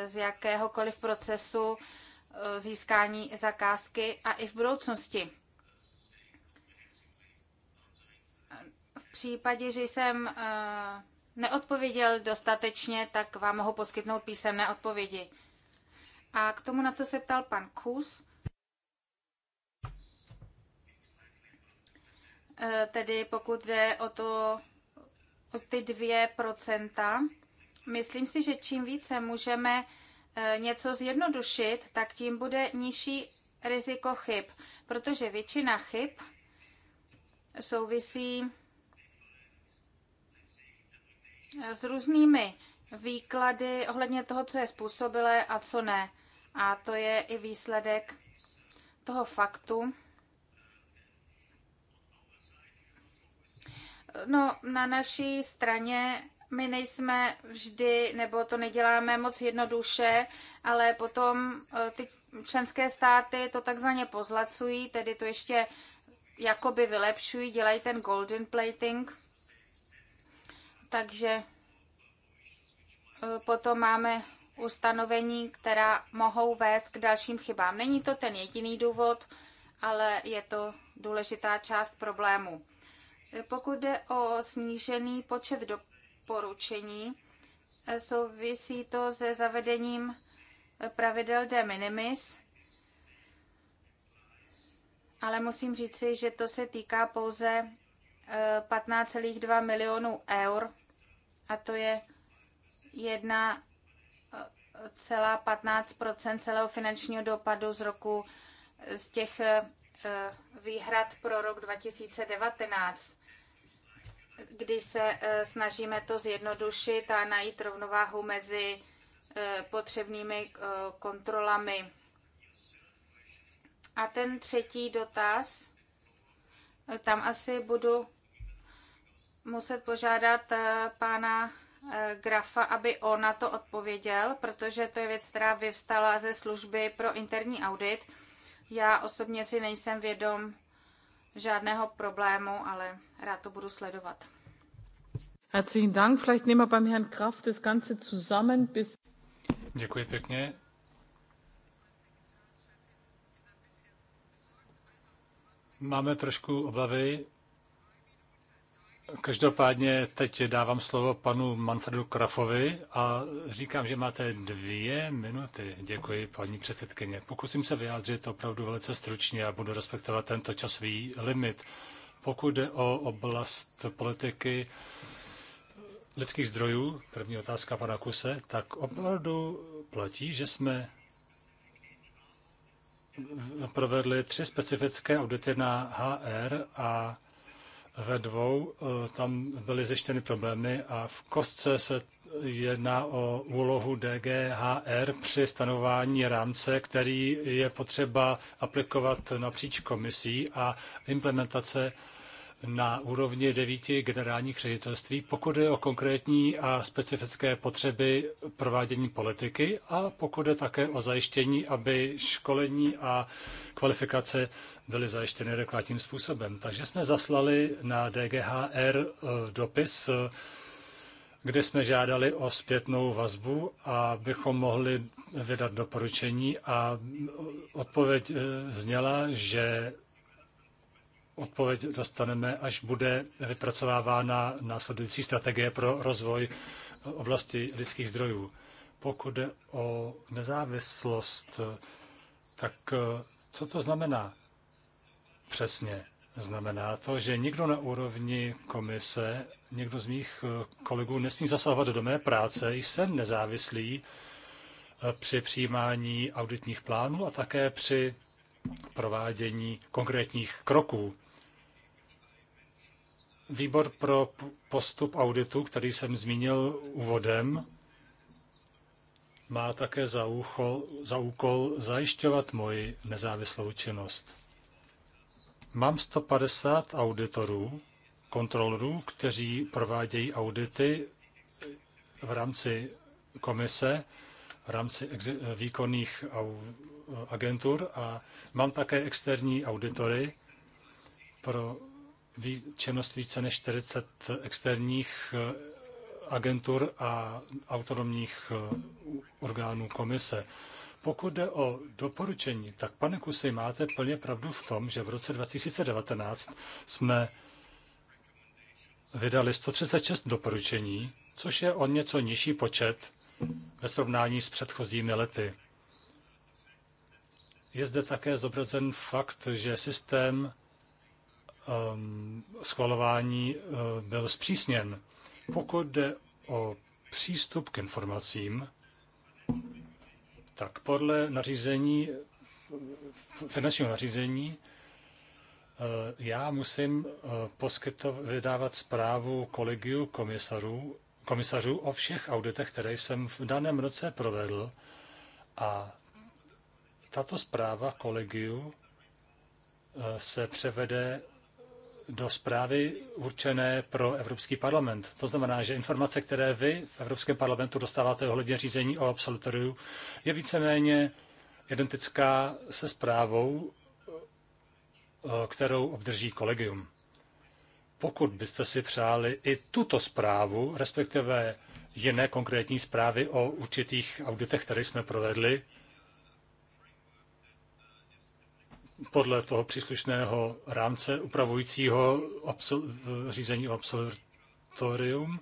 z jakéhokoliv procesu Eh, získání zakázky a i v budoucnosti. V případě, že jsem eh, neodpověděl dostatečně, tak vám mohu poskytnout písemné odpovědi. A k tomu, na co se ptal pan Kus, eh, tedy pokud jde o, to, o ty 2%, myslím si, že čím více můžeme E, něco zjednodušit, tak tím bude nižší riziko chyb, protože většina chyb souvisí s různými výklady ohledně toho, co je způsobilé a co ne. A to je i výsledek toho faktu. No, na naší straně my nejsme vždy, nebo to neděláme moc jednoduše, ale potom e, ty členské státy to takzvaně pozlacují, tedy to ještě jakoby vylepšují, dělají ten golden plating. Takže e, potom máme ustanovení, která mohou vést k dalším chybám. Není to ten jediný důvod, ale je to důležitá část problému. E, pokud jde o snížený počet do doporučení. Eh, souvisí to se zavedením eh, pravidel de minimis, ale musím říci, že to se týká pouze 15,2 eh, milionů eur a to je 1,15 celého finančního dopadu z roku z těch výhrad pro rok 2019 když se e, snažíme to zjednodušit a najít rovnováhu mezi e, potřebnými e, kontrolami. A ten třetí dotaz, tam asi budu muset požádat pána Grafa, aby on na to odpověděl, protože to je věc, která vyvstala ze služby pro interní audit. Já osobně si nejsem vědom žádného problému, ale rád to budu sledovat. Herzlichen Dank. Vielleicht nehmen wir beim Herrn Kraft das Ganze zusammen bis... Děkuji pěkně. Máme trošku obavy, Každopádně teď dávám slovo panu Manfredu Krafovi a říkám, že máte dvě minuty. Děkuji, paní předsedkyně. Pokusím se vyjádřit opravdu velice stručně a budu respektovat tento časový limit. Pokud jde o oblast politiky lidských zdrojů, první otázka pana Kuse, tak opravdu platí, že jsme provedli tři specifické audity na HR a ve dvou eh, tam byly zjištěny problémy a v kostce se jedná o úlohu DGHR při stanování rámce, který je potřeba aplikovat napříč komisí a implementace na úrovni devíti generálních ředitelství, pokud je o konkrétní a specifické potřeby provádění politiky a pokud je také o zajištění, aby školení a kvalifikace byly zajištěny adekvátním způsobem. Takže jsme zaslali na DGHR eh, dopis, eh, kde jsme žádali o zpětnou vazbu, abychom mohli vydat doporučení a eh, odpověď zněla, že odpověď dostaneme, až bude vypracovávána následující strategie pro rozvoj oblasti lidských zdrojů. Pokud jde o nezávislost, tak eh, co to znamená přesně? Znamená to, že nikdo na úrovni komise, nikdo z mých eh, kolegů nesmí zasahovat do mé práce, jsem nezávislý eh, při přijímání auditních plánů a také při provádění konkrétních kroků. Výbor pro postup auditu, který jsem zmínil úvodem, má také za, úkol, za úkol zajišťovat moji nezávislou činnost. Mám 150 auditorů, kontrolorů, kteří provádějí audity v rámci komise, v rámci výkonných agentur a mám také externí auditory pro činnost více než 40 externích eh, agentur a autonomních eh, orgánů komise. Pokud jde o doporučení, tak pane Kusy, máte plně pravdu v tom, že v roce 2019 jsme vydali 136 doporučení, což je o něco nižší počet ve srovnání s předchozími lety. Je zde také zobrazen fakt, že systém um, schvalování uh, byl zpřísněn. Pokud jde o přístup k informacím, tak podle nařízení, eh, finančního nařízení, eh, já musím poskytov, vydávat zprávu kolegiu komisařů, komisařů o všech auditech, které jsem v daném roce provedl a tato zpráva kolegiu eh, se převede do zprávy určené pro Evropský parlament. To znamená, že informace, které vy v Evropském parlamentu dostáváte ohledně řízení o absolutoriu, je víceméně identická se zprávou, eh, kterou obdrží kolegium. Pokud byste si přáli i tuto zprávu, respektive jiné konkrétní zprávy o určitých auditech, které jsme provedli, podle toho příslušného rámce upravujícího řízení o absolutorium,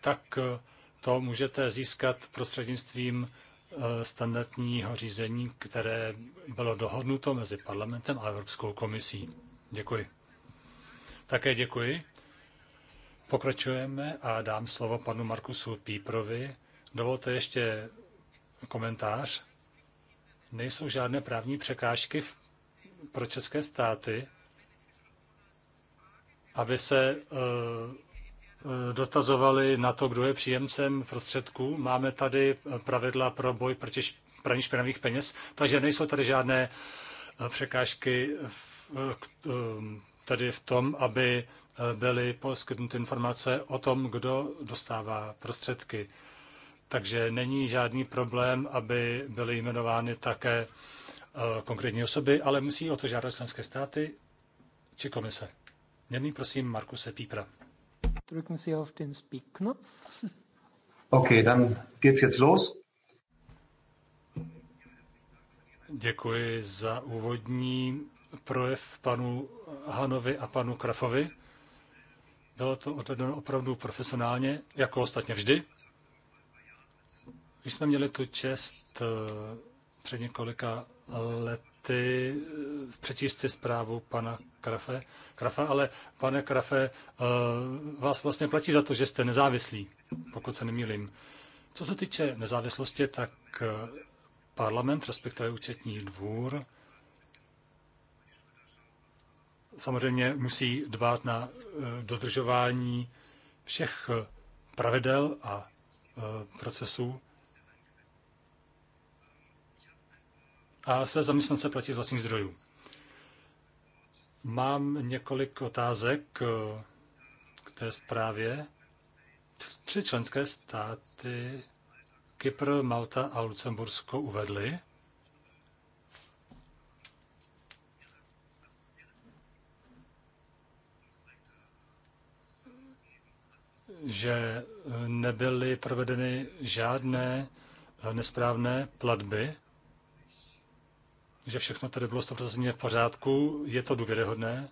tak eh, to můžete získat prostřednictvím eh, standardního řízení, které bylo dohodnuto mezi parlamentem a Evropskou komisí. Děkuji. Také děkuji. Pokračujeme a dám slovo panu Markusu Píprovi. Dovolte ještě komentář. Nejsou žádné právní překážky v pro české státy, aby se eh, eh, dotazovali na to, kdo je příjemcem prostředků. Máme tady eh, pravidla pro boj proti praní špinavých peněz, takže nejsou tady žádné překážky v, tady v tom, aby byly poskytnuty informace o tom, kdo dostává prostředky. Takže není žádný problém, aby byly jmenovány také Eh, konkrétní osoby, ale musí o to žádat členské státy či komise. Měrný prosím Markuse Pípra. Drücken Sie auf den Speak-Knopf. Okay, dann geht's jetzt los. Děkuji za úvodní projev panu Hanovi a panu Krafovi. Bylo to odvedeno opravdu profesionálně, jako ostatně vždy. Když jsme měli tu čest eh, před několika lety eh, přečíst si zprávu pana Krafe, Krafa, ale pane Krafe, eh, vás vlastně platí za to, že jste nezávislí, pokud se nemýlím. Co se týče nezávislosti, tak eh, parlament, respektive účetní dvůr, samozřejmě musí dbát na dodržování všech pravidel a procesů a své zaměstnance platí z vlastních zdrojů. Mám několik otázek eh, k té zprávě. Tři členské státy, Kypr, Malta a Lucembursko, uvedly, že eh, nebyly provedeny žádné eh, nesprávné platby že všechno tady bylo stoprocentně v pořádku, je to důvěryhodné.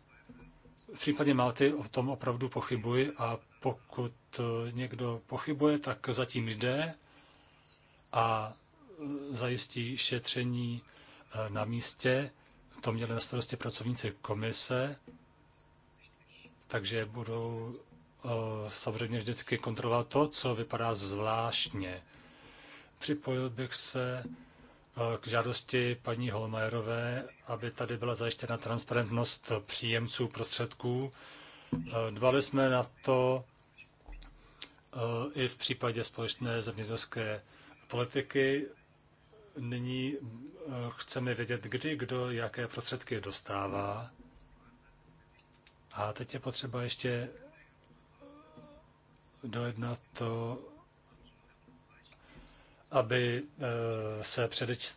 V případě Malty o tom opravdu pochybuji a pokud eh, někdo pochybuje, tak zatím jde a eh, zajistí šetření eh, na místě. To měli na starosti pracovníci komise, takže budou samozřejmě vždycky kontrolovat to, co vypadá zvláštně. Připojil bych se k žádosti paní Holmajerové, aby tady byla zajištěna transparentnost příjemců prostředků. E, dbali jsme na to e, i v případě společné zemědělské politiky. Nyní e, chceme vědět, kdy kdo jaké prostředky dostává. A teď je potřeba ještě dojednat to, aby eh, se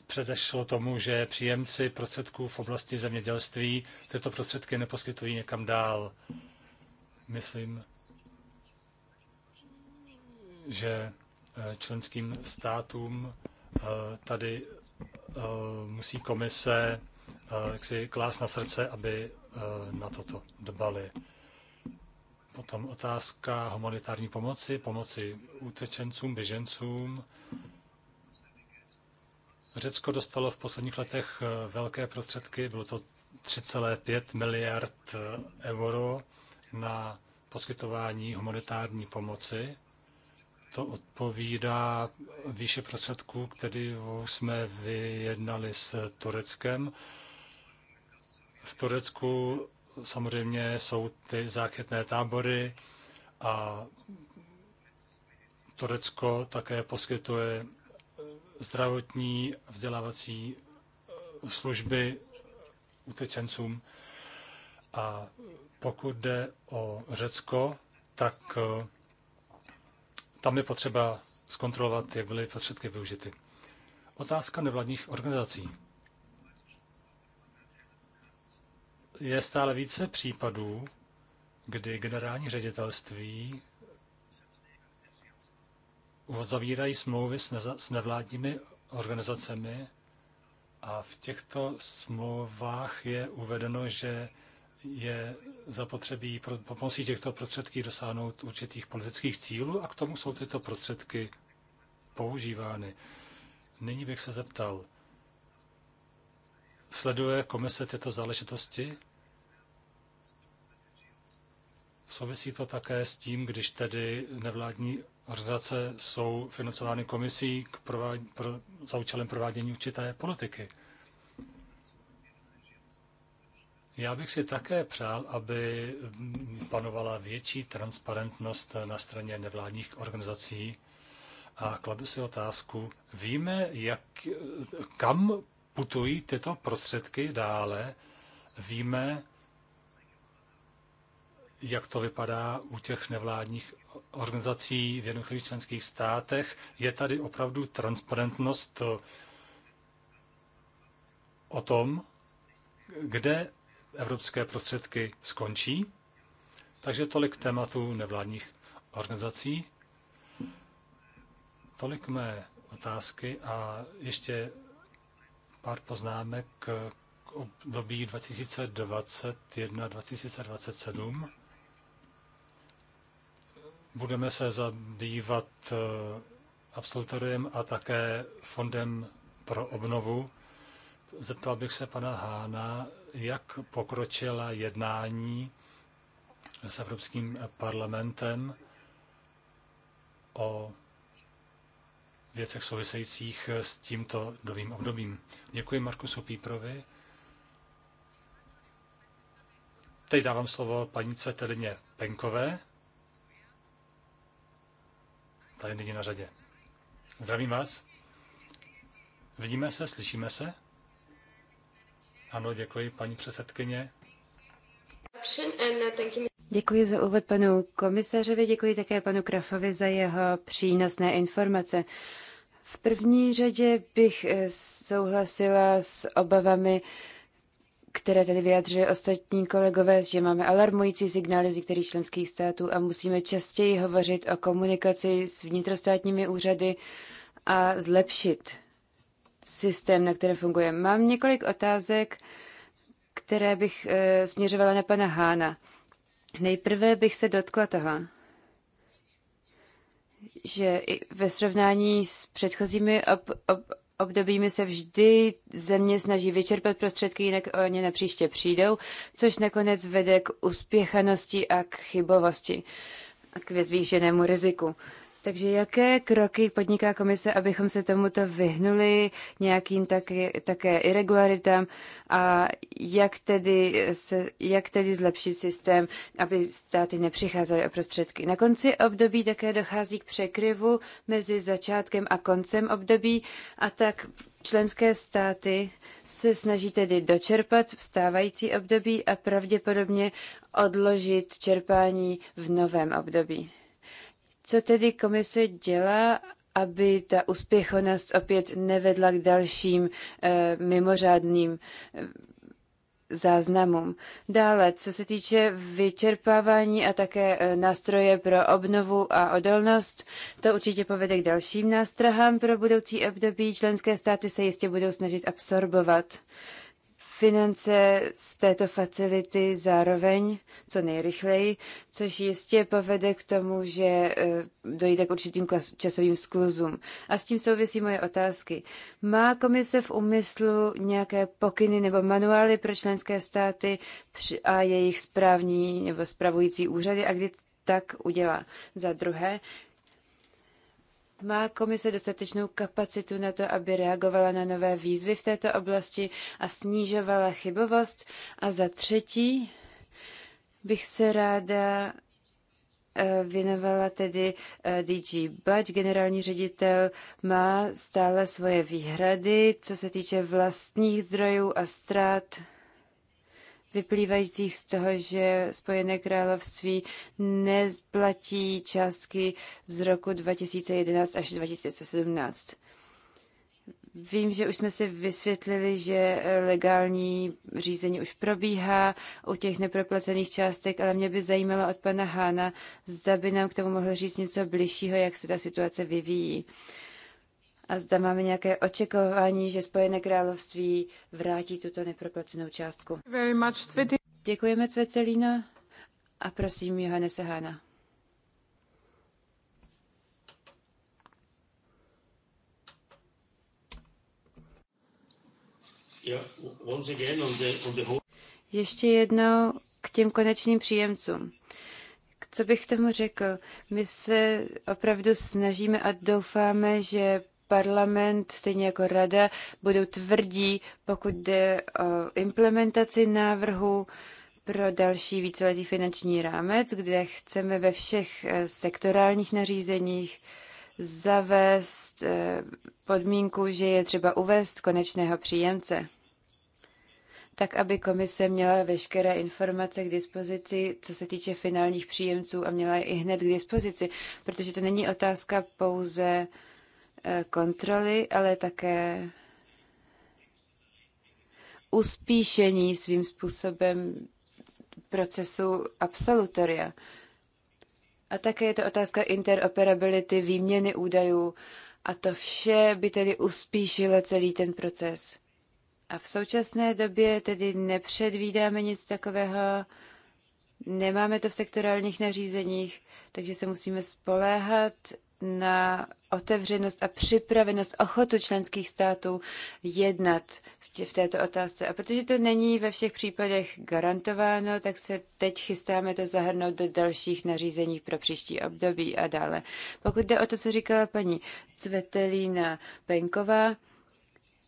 předešlo tomu, že příjemci prostředků v oblasti zemědělství tyto prostředky neposkytují někam dál. Myslím, že eh, členským státům eh, tady musí komise si klás na srdce, aby na toto dbali. Potom otázka humanitární pomoci, pomoci utečencům, běžencům. Řecko dostalo v posledních letech eh, velké prostředky, bylo to 3,5 miliard eh, euro na poskytování humanitární pomoci. To odpovídá výše prostředků, které jsme vyjednali s Tureckem. V Turecku samozřejmě jsou ty záchytné tábory a Turecko také poskytuje zdravotní vzdělávací eh, služby utečencům. A pokud jde o Řecko, tak eh, tam je potřeba zkontrolovat, jak byly prostředky využity. Otázka nevládních organizací. Je stále více případů, kdy generální ředitelství uzavírají smlouvy s nevládními organizacemi a v těchto smlouvách je uvedeno, že je zapotřebí pomocí těchto prostředků dosáhnout určitých politických cílů a k tomu jsou tyto prostředky používány. Nyní bych se zeptal, sleduje komise tyto záležitosti? Souvisí to také s tím, když tedy nevládní organizace jsou financovány komisí k provád- pro, za účelem provádění určité politiky. Já bych si také přál, aby panovala větší transparentnost na straně nevládních organizací a kladu si otázku, víme, jak, kam putují tyto prostředky dále, víme, jak to vypadá u těch nevládních organizací v jednotlivých členských státech. Je tady opravdu transparentnost eh, o tom, kde evropské prostředky skončí. Takže tolik tématu nevládních organizací. Tolik mé otázky a ještě pár poznámek k období 2021-2027. Budeme se zabývat eh, absolutorium a také fondem pro obnovu. Zeptal bych se pana Hána, jak pokročila jednání s Evropským parlamentem o věcech souvisejících s tímto novým obdobím. Děkuji Markusu Píprovi. Teď dávám slovo paní Cetelině Penkové. Tady nyní na řadě. Zdravím vás. Vidíme se, slyšíme se? Ano, děkuji, paní předsedkyně. Děkuji za úvod panu komisařovi, děkuji také panu Krafovi za jeho přínosné informace. V první řadě bych eh, souhlasila s obavami, které tady vyjadřuje ostatní kolegové, že máme alarmující signály z některých členských států a musíme častěji hovořit o komunikaci s vnitrostátními úřady a zlepšit systém, na kterém funguje. Mám několik otázek, které bych e, směřovala na pana Hána. Nejprve bych se dotkla toho, že ve srovnání s předchozími ob, ob, obdobími se vždy země snaží vyčerpat prostředky, jinak oni na příště přijdou, což nakonec vede k uspěchanosti a k chybovosti a k zvýšenému riziku. Takže jaké kroky podniká komise, abychom se tomuto vyhnuli nějakým taky, také irregularitám a jak tedy, se, jak tedy zlepšit systém, aby státy nepřicházely o prostředky. Na konci období také dochází k překryvu mezi začátkem a koncem období a tak Členské státy se snaží tedy dočerpat v stávající období a pravděpodobně odložit čerpání v novém období. Co tedy komise dělá, aby ta uspěchonost opět nevedla k dalším e, mimořádným e, záznamům. Dále, co se týče vyčerpávání a také eh, nástroje pro obnovu a odolnost, to určitě povede k dalším nástrahám pro budoucí období. Členské státy se jistě budou snažit absorbovat finance z této facility zároveň co nejrychleji, což jistě povede k tomu, že e, dojde k určitým časovým skluzům. A s tím souvisí moje otázky. Má komise v úmyslu nějaké pokyny nebo manuály pro členské státy a jejich správní nebo spravující úřady a kdy tak udělá. Za druhé, má komise dostatečnou kapacitu na to, aby reagovala na nové výzvy v této oblasti a snižovala chybovost? A za třetí bych se ráda eh, věnovala tedy eh, DG Bač. Generální ředitel má stále svoje výhrady, co se týče vlastních zdrojů a ztrát vyplývajících z toho, že Spojené království nezplatí částky z roku 2011 až 2017. Vím, že už jsme si vysvětlili, že legální řízení už probíhá u těch neproplacených částek, ale mě by zajímalo od pana Hána, zda by nám k tomu mohl říct něco bližšího, jak se ta situace vyvíjí a zda máme nějaké očekávání, že Spojené království vrátí tuto neproplacenou částku. Děkujeme, Cvetelína, a prosím Johane Sehána. Ještě jednou k těm konečným příjemcům. Co bych tomu řekl? My se opravdu snažíme a doufáme, že parlament, stejně jako rada, budou tvrdí, pokud jde o implementaci návrhu pro další víceletý finanční rámec, kde chceme ve všech eh, sektorálních nařízeních zavést eh, podmínku, že je třeba uvést konečného příjemce tak aby komise měla veškeré informace k dispozici, co se týče finálních příjemců a měla je i hned k dispozici, protože to není otázka pouze Eh, kontroly, ale také uspíšení svým způsobem procesu absolutoria. A také je to otázka interoperability, výměny údajů a to vše by tedy uspíšilo celý ten proces. A v současné době tedy nepředvídáme nic takového, nemáme to v sektorálních nařízeních, takže se musíme spoléhat na otevřenost a připravenost, ochotu členských států jednat v, tě, v této otázce. A protože to není ve všech případech garantováno, tak se teď chystáme to zahrnout do dalších nařízení pro příští období a dále. Pokud jde o to, co říkala paní Cvetelína Penková,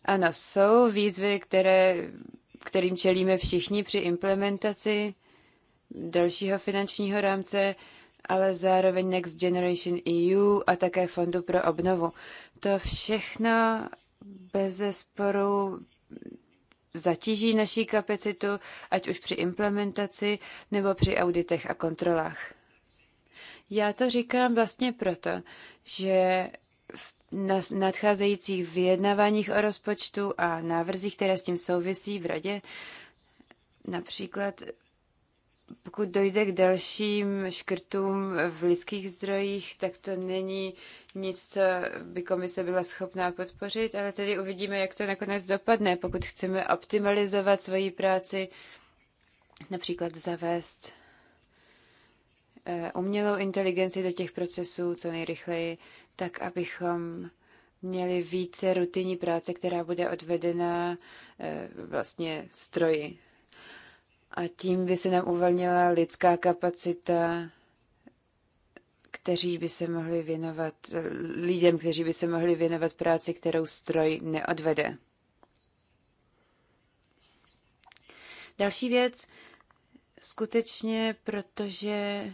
ano, jsou výzvy, které, kterým čelíme všichni při implementaci dalšího finančního rámce ale zároveň Next Generation EU a také Fondu pro obnovu. To všechno bez zesporu zatíží naší kapacitu, ať už při implementaci nebo při auditech a kontrolách. Já to říkám vlastně proto, že v nadcházejících vyjednáváních o rozpočtu a návrzích, které s tím souvisí v radě, například pokud dojde k dalším škrtům v lidských zdrojích, tak to není nic, co by komise byla schopná podpořit, ale tedy uvidíme, jak to nakonec dopadne, pokud chceme optimalizovat svoji práci, například zavést eh, umělou inteligenci do těch procesů co nejrychleji, tak abychom měli více rutinní práce, která bude odvedena eh, vlastně stroji a tím by se nám uvolnila lidská kapacita, kteří by se mohli věnovat lidem, kteří by se mohli věnovat práci, kterou stroj neodvede. Další věc, skutečně, protože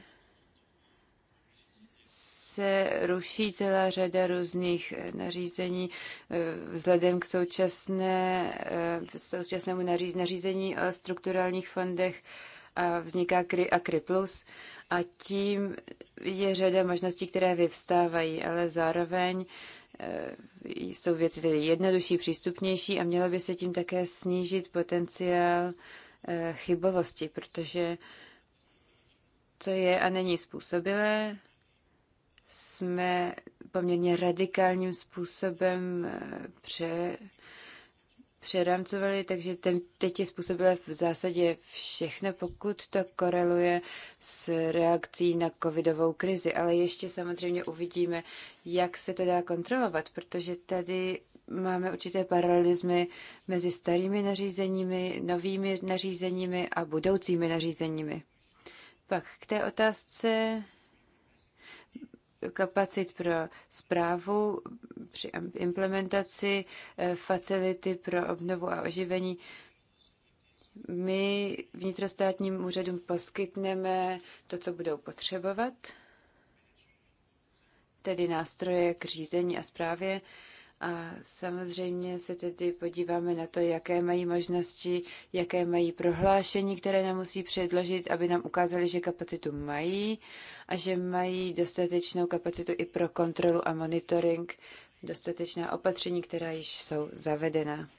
se ruší celá řada různých eh, nařízení eh, vzhledem k současné, eh, současnému nařízení o strukturálních fondech a vzniká KRI a KRI+. Plus a tím je řada možností, které vyvstávají, ale zároveň jsou věci tedy jednodušší, přístupnější a mělo by se tím také snížit potenciál chybovosti, protože co je a není způsobilé, jsme poměrně radikálním způsobem eh, pře, přerámcovali, takže ten, teď je způsobilé v zásadě všechno, pokud to koreluje s reakcí na covidovou krizi. Ale ještě samozřejmě uvidíme, jak se to dá kontrolovat, protože tady máme určité paralelizmy mezi starými nařízeními, novými nařízeními a budoucími nařízeními. Pak k té otázce kapacit pro zprávu při implementaci eh, facility pro obnovu a oživení. My vnitrostátním úřadům poskytneme to, co budou potřebovat, tedy nástroje k řízení a zprávě a samozřejmě se tedy podíváme na to, jaké mají možnosti, jaké mají prohlášení, které nám musí předložit, aby nám ukázali, že kapacitu mají a že mají dostatečnou kapacitu i pro kontrolu a monitoring, dostatečná opatření, která již jsou zavedena.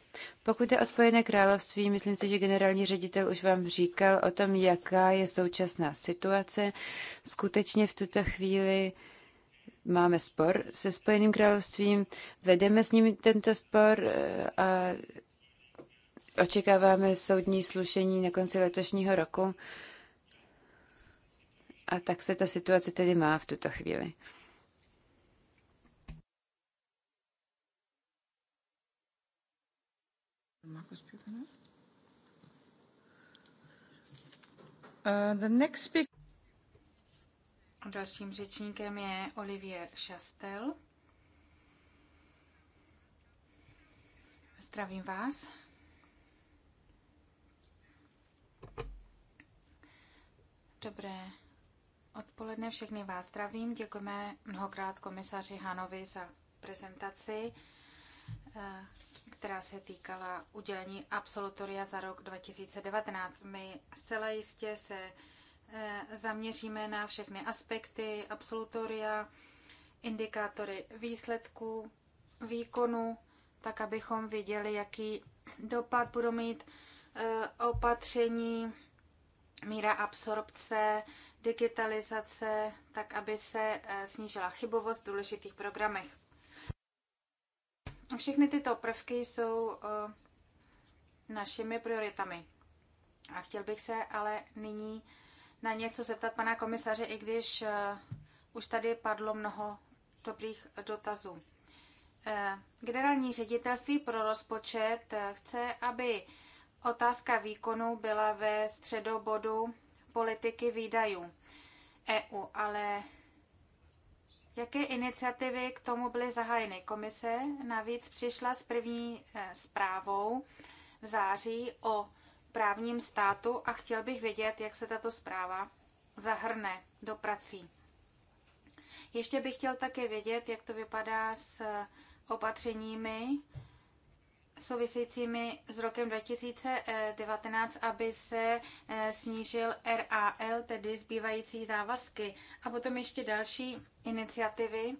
Pokud je o Spojené království, myslím si, že generální ředitel už vám říkal o tom, jaká je současná situace. Skutečně v tuto chvíli máme spor se Spojeným královstvím, vedeme s nimi tento spor eh, a očekáváme soudní slušení na konci letošního roku. A tak se ta situace tedy má v tuto chvíli. Uh, the next speaker. Dalším řečníkem je Olivier Chastel. Zdravím vás. Dobré odpoledne, všechny vás zdravím. Děkujeme mnohokrát komisaři Hanovi za prezentaci, eh, která se týkala udělení absolutoria za rok 2019. My zcela jistě se Eh, zaměříme na všechny aspekty, absolutoria, indikátory výsledků, výkonu, tak abychom viděli, jaký dopad budou mít eh, opatření, míra absorpce, digitalizace, tak aby se eh, snížila chybovost v důležitých programech. Všechny tyto prvky jsou našimi prioritami. A chtěl bych se ale nyní na něco zeptat pana komisaře, i když eh, už tady padlo mnoho dobrých dotazů. Eh, generální ředitelství pro rozpočet eh, chce, aby otázka výkonu byla ve středobodu politiky výdajů EU, ale jaké iniciativy k tomu byly zahájeny? Komise navíc přišla s první zprávou v září o právním státu a chtěl bych vědět, jak se tato zpráva zahrne do prací. Ještě bych chtěl také vědět, jak to vypadá s opatřeními souvisejícími s rokem 2019, aby se eh, snížil RAL, tedy zbývající závazky, a potom ještě další iniciativy,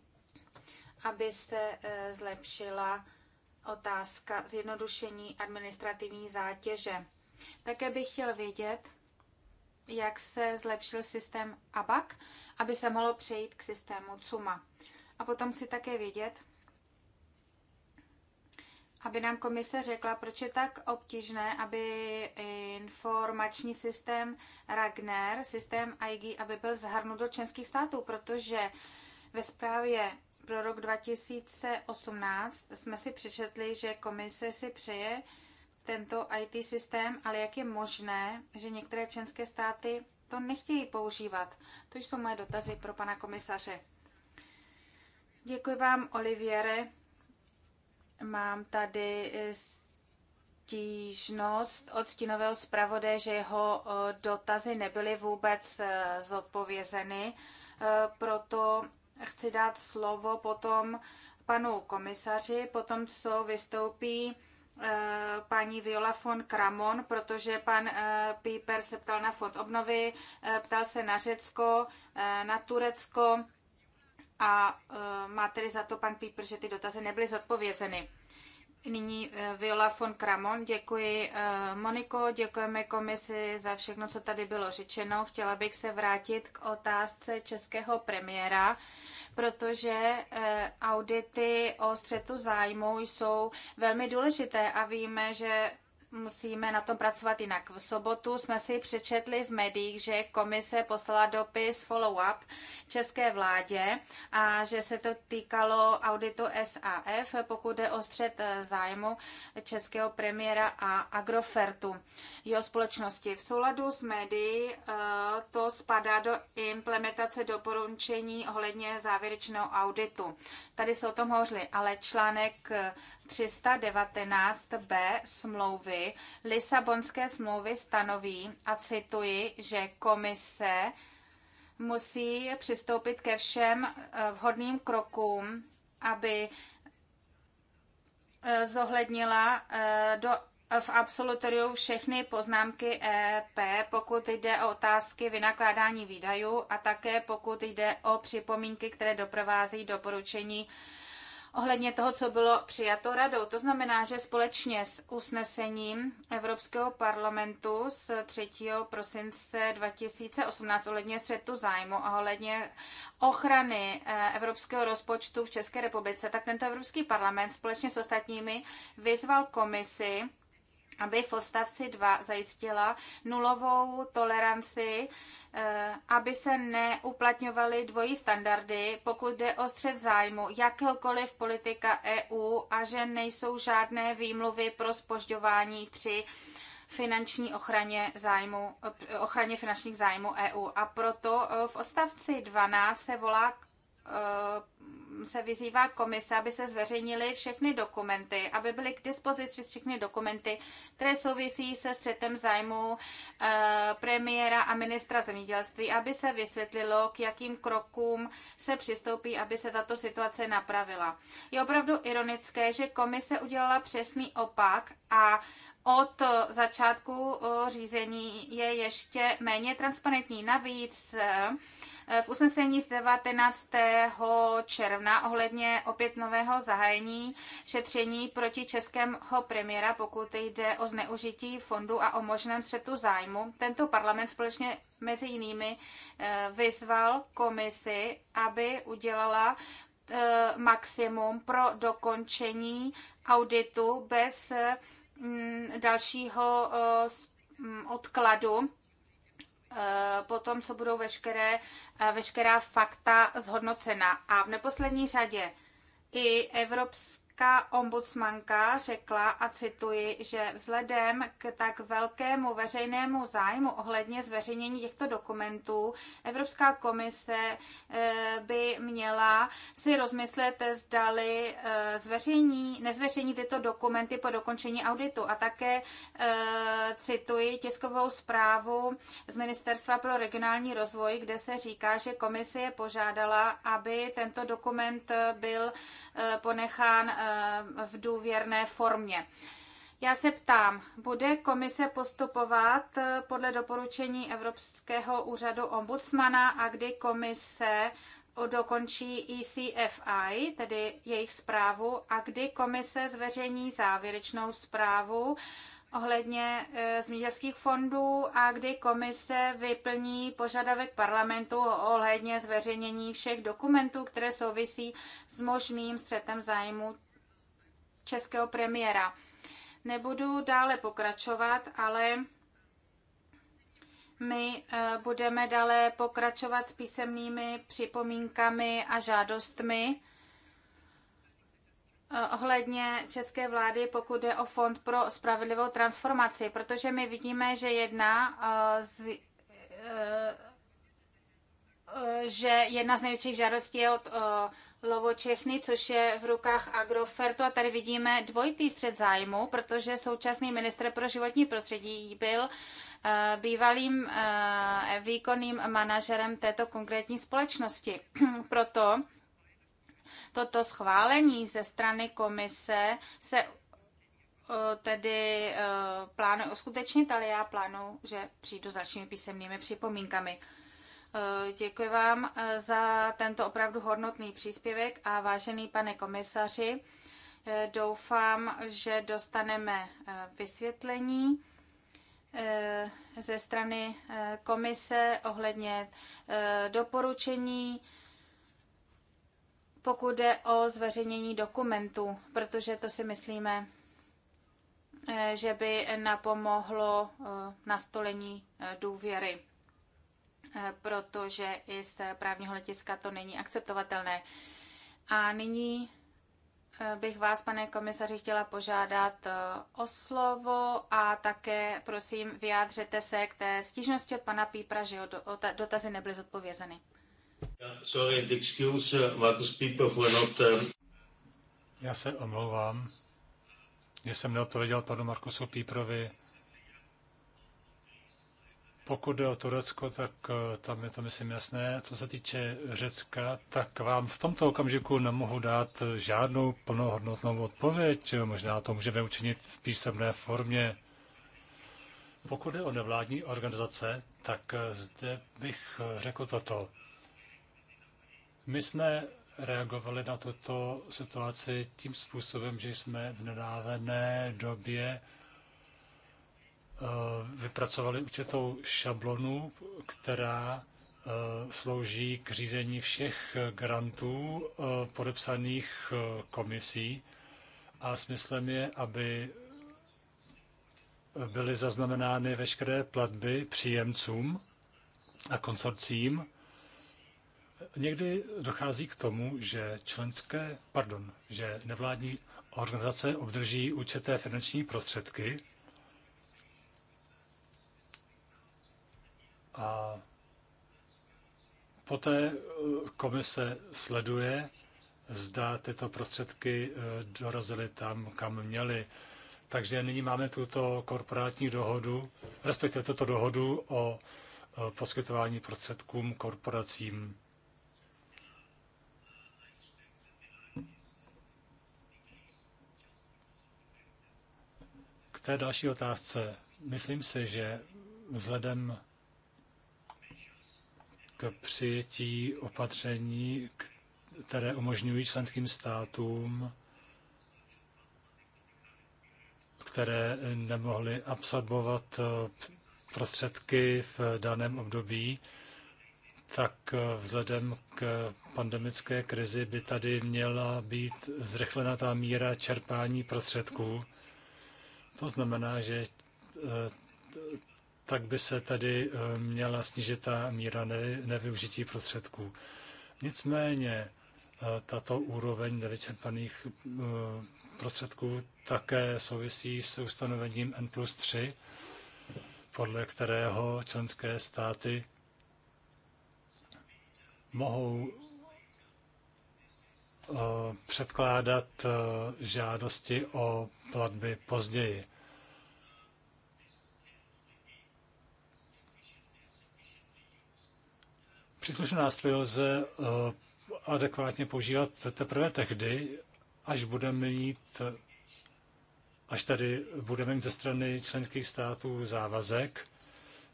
aby se eh, zlepšila otázka zjednodušení administrativní zátěže. Také bych chtěl vědět, jak se zlepšil systém ABAC, aby se mohlo přejít k systému CUMA. A potom chci také vědět, aby nám komise řekla, proč je tak obtížné, aby informační systém Ragnar, systém IG, aby byl zahrnut do členských států, protože ve zprávě pro rok 2018 jsme si přečetli, že komise si přeje tento IT systém, ale jak je možné, že některé členské státy to nechtějí používat? To jsou moje dotazy pro pana komisaře. Děkuji vám, Oliviere. Mám tady eh, stížnost od stínového zpravodaje, že jeho eh, dotazy nebyly vůbec eh, zodpovězeny, proto chci dát slovo potom panu komisaři, potom co vystoupí Eh, paní Viola von Kramon, protože pan eh, Píper se ptal na fond obnovy, eh, ptal se na Řecko, na Turecko a má tedy za to pan Píper, že ty dotazy nebyly zodpovězeny. Nyní eh, Viola von Kramon. Děkuji eh, Moniko, děkujeme komisi za všechno, co tady bylo řečeno. Chtěla bych se vrátit k otázce českého premiéra, protože eh, audity o střetu zájmu jsou velmi důležité a víme, že musíme na tom pracovat jinak. V sobotu jsme si přečetli v médiích, že komise poslala dopis follow-up české vládě a že se to týkalo auditu SAF, pokud jde o střed eh, zájmu českého premiéra a Agrofertu. Jeho společnosti v souladu s médií eh, to spadá do implementace doporučení ohledně závěrečného auditu. Tady se o tom hovořili, ale článek 319b eh, smlouvy Lisabonské smlouvy stanoví, a cituji, že komise musí přistoupit ke všem eh, vhodným krokům, aby eh, zohlednila eh, do v absolutoriu všechny poznámky EP, pokud jde o otázky vynakládání výdajů a také pokud jde o připomínky, které doprovází doporučení ohledně toho, co bylo přijato radou. To znamená, že společně s usnesením Evropského parlamentu z 3. prosince 2018 ohledně střetu zájmu a ohledně ochrany eh, evropského rozpočtu v České republice, tak tento Evropský parlament společně s ostatními vyzval komisi, aby v odstavci 2 zajistila nulovou toleranci, eh, aby se neuplatňovaly dvojí standardy, pokud jde o střed zájmu jakéhokoliv politika EU a že nejsou žádné výmluvy pro spožďování při finanční ochraně, zájmu, eh, ochraně finančních zájmů EU. A proto eh, v odstavci 12 se volá se vyzývá komise, aby se zveřejnily všechny dokumenty, aby byly k dispozici všechny dokumenty, které souvisí se střetem zájmu eh, premiéra a ministra zemědělství, aby se vysvětlilo, k jakým krokům se přistoupí, aby se tato situace napravila. Je opravdu ironické, že komise udělala přesný opak a od začátku eh, řízení je ještě méně transparentní. Navíc eh, v usnesení z 19. června ohledně opět nového zahájení šetření proti českého premiéra, pokud jde o zneužití fondu a o možném střetu zájmu. Tento parlament společně mezi jinými eh, vyzval komisi, aby udělala eh, maximum pro dokončení auditu bez mm, dalšího eh, mm, odkladu Eh, potom, co budou veškeré, eh, veškerá fakta zhodnocena. A v neposlední řadě i Evropská Česká ombudsmanka řekla, a cituji, že vzhledem k tak velkému veřejnému zájmu ohledně zveřejnění těchto dokumentů, Evropská komise eh, by měla si rozmyslet, zdali eh, zveřejní, nezveřejní tyto dokumenty po dokončení auditu. A také eh, cituji tiskovou zprávu z Ministerstva pro regionální rozvoj, kde se říká, že komise je požádala, aby tento dokument byl ponechán Eh, v důvěrné formě. Já se ptám, bude komise postupovat eh, podle doporučení Evropského úřadu ombudsmana a kdy komise dokončí ECFI, tedy jejich zprávu, a kdy komise zveřejní závěrečnou zprávu ohledně e, zemědělských fondů a kdy komise vyplní požadavek parlamentu ohledně zveřejnění všech dokumentů, které souvisí s možným střetem zájmu českého premiéra. Nebudu dále pokračovat, ale my eh, budeme dále pokračovat s písemnými připomínkami a žádostmi eh, ohledně české vlády, pokud je o Fond pro spravedlivou transformaci, protože my vidíme, že jedna eh, z Eh, že jedna z největších žádostí je od eh, Lovočechny, což je v rukách Agrofertu a tady vidíme dvojitý střed zájmu, protože současný minister pro životní prostředí byl eh, bývalým výkonným manažerem této konkrétní společnosti. Proto toto schválení ze strany komise se tedy plánuje uskutečnit, ale já plánuju, že přijdu s dalšími písemnými připomínkami. Eh, děkuji vám eh, za tento opravdu hodnotný příspěvek a vážený pane komisaři, eh, doufám, že dostaneme vysvětlení ze strany komise ohledně doporučení, pokud jde o zveřejnění dokumentů, protože to si myslíme, že by napomohlo nastolení důvěry. Eh, protože i z právního letiska to není akceptovatelné. A nyní eh, bych vás, pane komisaři, chtěla požádat eh, o slovo a také, prosím, vyjádřete se k té stížnosti od pana Pípra, že dotazy nebyly zodpovězeny. excuse, Já se omlouvám, že jsem neodpověděl panu Markusu Píprovi pokud jde o Turecko, tak eh, tam je to, myslím, jasné. Co se týče Řecka, tak vám v tomto okamžiku nemohu dát žádnou plnohodnotnou odpověď. Možná to můžeme učinit v písemné formě. Pokud jde o nevládní organizace, tak eh, zde bych eh, řekl toto. My jsme reagovali na tuto situaci tím způsobem, že jsme v nedávené době Eh, vypracovali určitou šablonu, která eh, slouží k řízení všech grantů eh, podepsaných komisí a smyslem je, aby byly zaznamenány veškeré platby příjemcům a konsorcím. Někdy dochází k tomu, že členské, pardon, že nevládní organizace obdrží určité finanční prostředky, A poté eh, komise sleduje, zda tyto prostředky eh, dorazily tam, kam měly. Takže nyní máme tuto korporátní dohodu, respektive tuto dohodu o eh, poskytování prostředkům korporacím. K té další otázce. Myslím si, že vzhledem k přijetí opatření, které umožňují členským státům, které nemohly absorbovat eh, prostředky v daném období, tak eh, vzhledem k pandemické krizi by tady měla být zrychlena ta míra čerpání prostředků. To znamená, že eh, tak by se tedy eh, měla snížit ta míra nevyužití prostředků. Nicméně eh, tato úroveň nevyčerpaných eh, prostředků také souvisí s ustanovením N plus 3, podle kterého členské státy mohou předkládat žádosti o platby později. Příslušné nástroje lze eh, adekvátně používat teprve tehdy, až budeme mít až tady budeme mít ze strany členských států závazek,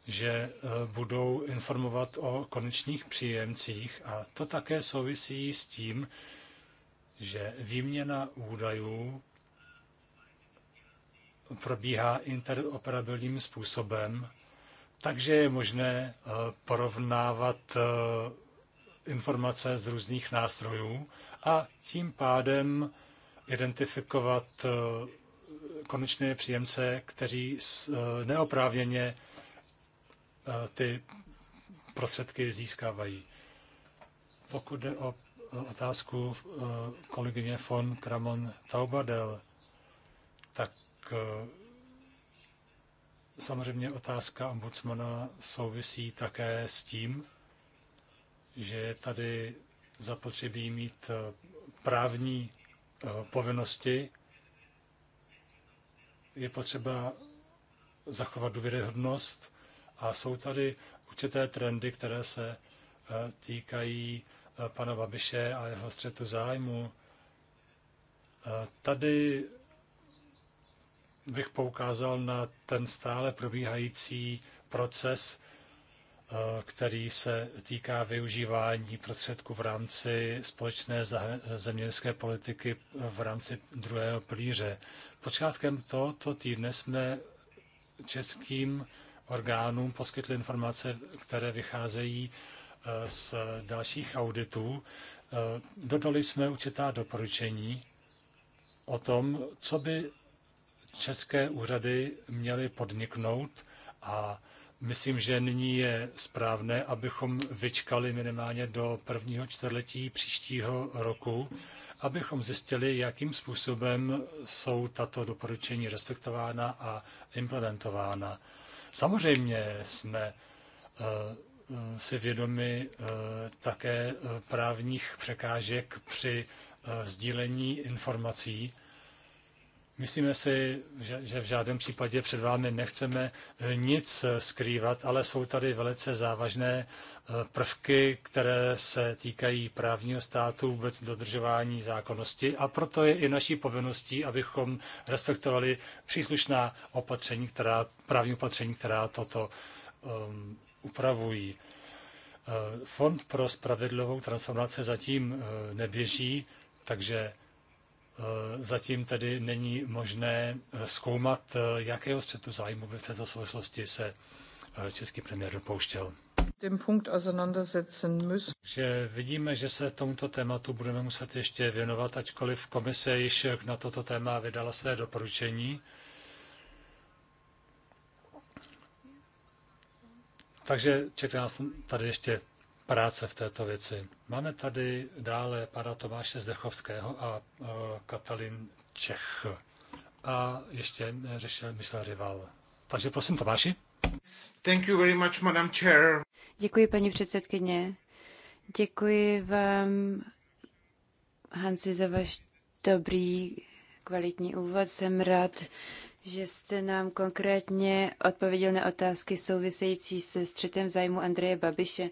že eh, budou informovat o konečných příjemcích a to také souvisí s tím, že výměna údajů probíhá interoperabilním způsobem takže je možné eh, porovnávat eh, informace z různých nástrojů a tím pádem identifikovat eh, konečné příjemce, kteří neoprávněně ty prostředky získávají. Pokud jde o otázku kolegyně von Kramon Taubadel, tak Samozřejmě otázka ombudsmana souvisí také s tím, že je tady zapotřebí mít eh, právní eh, povinnosti. Je potřeba zachovat důvěryhodnost a jsou tady určité trendy, které se eh, týkají pana Babiše a jeho střetu zájmu. Tady bych poukázal na ten stále probíhající proces, eh, který se týká využívání prostředků v rámci společné zemědělské politiky v rámci druhého plíře. Počátkem tohoto týdne jsme českým orgánům poskytli informace, které vycházejí eh, z dalších auditů. Eh, dodali jsme určitá doporučení o tom, co by české úřady měly podniknout a myslím, že nyní je správné, abychom vyčkali minimálně do prvního čtvrtletí příštího roku, abychom zjistili, jakým způsobem jsou tato doporučení respektována a implementována. Samozřejmě jsme eh, eh, si vědomi eh, také právních překážek při sdílení informací, Myslíme si, že, že v žádném případě před vámi nechceme eh, nic eh, skrývat, ale jsou tady velice závažné eh, prvky, které se týkají právního státu, vůbec dodržování zákonnosti a proto je i naší povinností, abychom respektovali příslušná opatření, která, právní opatření, která toto um, upravují. Fond pro spravedlivou transformaci zatím neběží, takže Eh, zatím tedy není možné eh, zkoumat, eh, jakého střetu zájmu v této souvislosti se český premiér dopouštěl. Že vidíme, že se tomuto tématu budeme muset ještě věnovat, ačkoliv komise již na toto téma vydala své doporučení. Takže čeká nás tady ještě práce v této věci. Máme tady dále pana Tomáše Zdechovského a Katalin Čech a ještě řešil Michel Rival. Takže prosím, Tomáši. Thank you very much, Madam Chair. Děkuji, paní předsedkyně. Děkuji vám, Hanci, za váš dobrý, kvalitní úvod. Jsem rád, že jste nám konkrétně odpověděl na otázky související se střetem zájmu Andreje Babiše.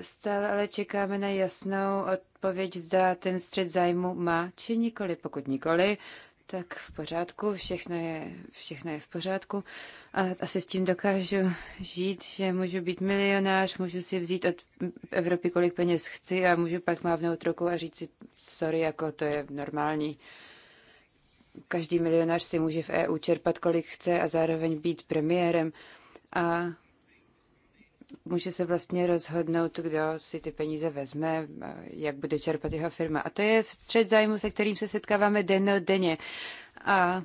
Stále ale čekáme na jasnou odpověď, zda ten střed zájmu má či nikoli. Pokud nikoli, tak v pořádku, všechno je, všechno je v pořádku. A asi s tím dokážu žít, že můžu být milionář, můžu si vzít od Evropy, kolik peněz chci a můžu pak mávnout ruku a říct si, sorry, jako to je normální. Každý milionář si může v EU čerpat, kolik chce a zároveň být premiérem. A může se vlastně rozhodnout, kdo si ty peníze vezme, jak bude čerpat jeho firma. A to je střed zájmu, se kterým se setkáváme denně. A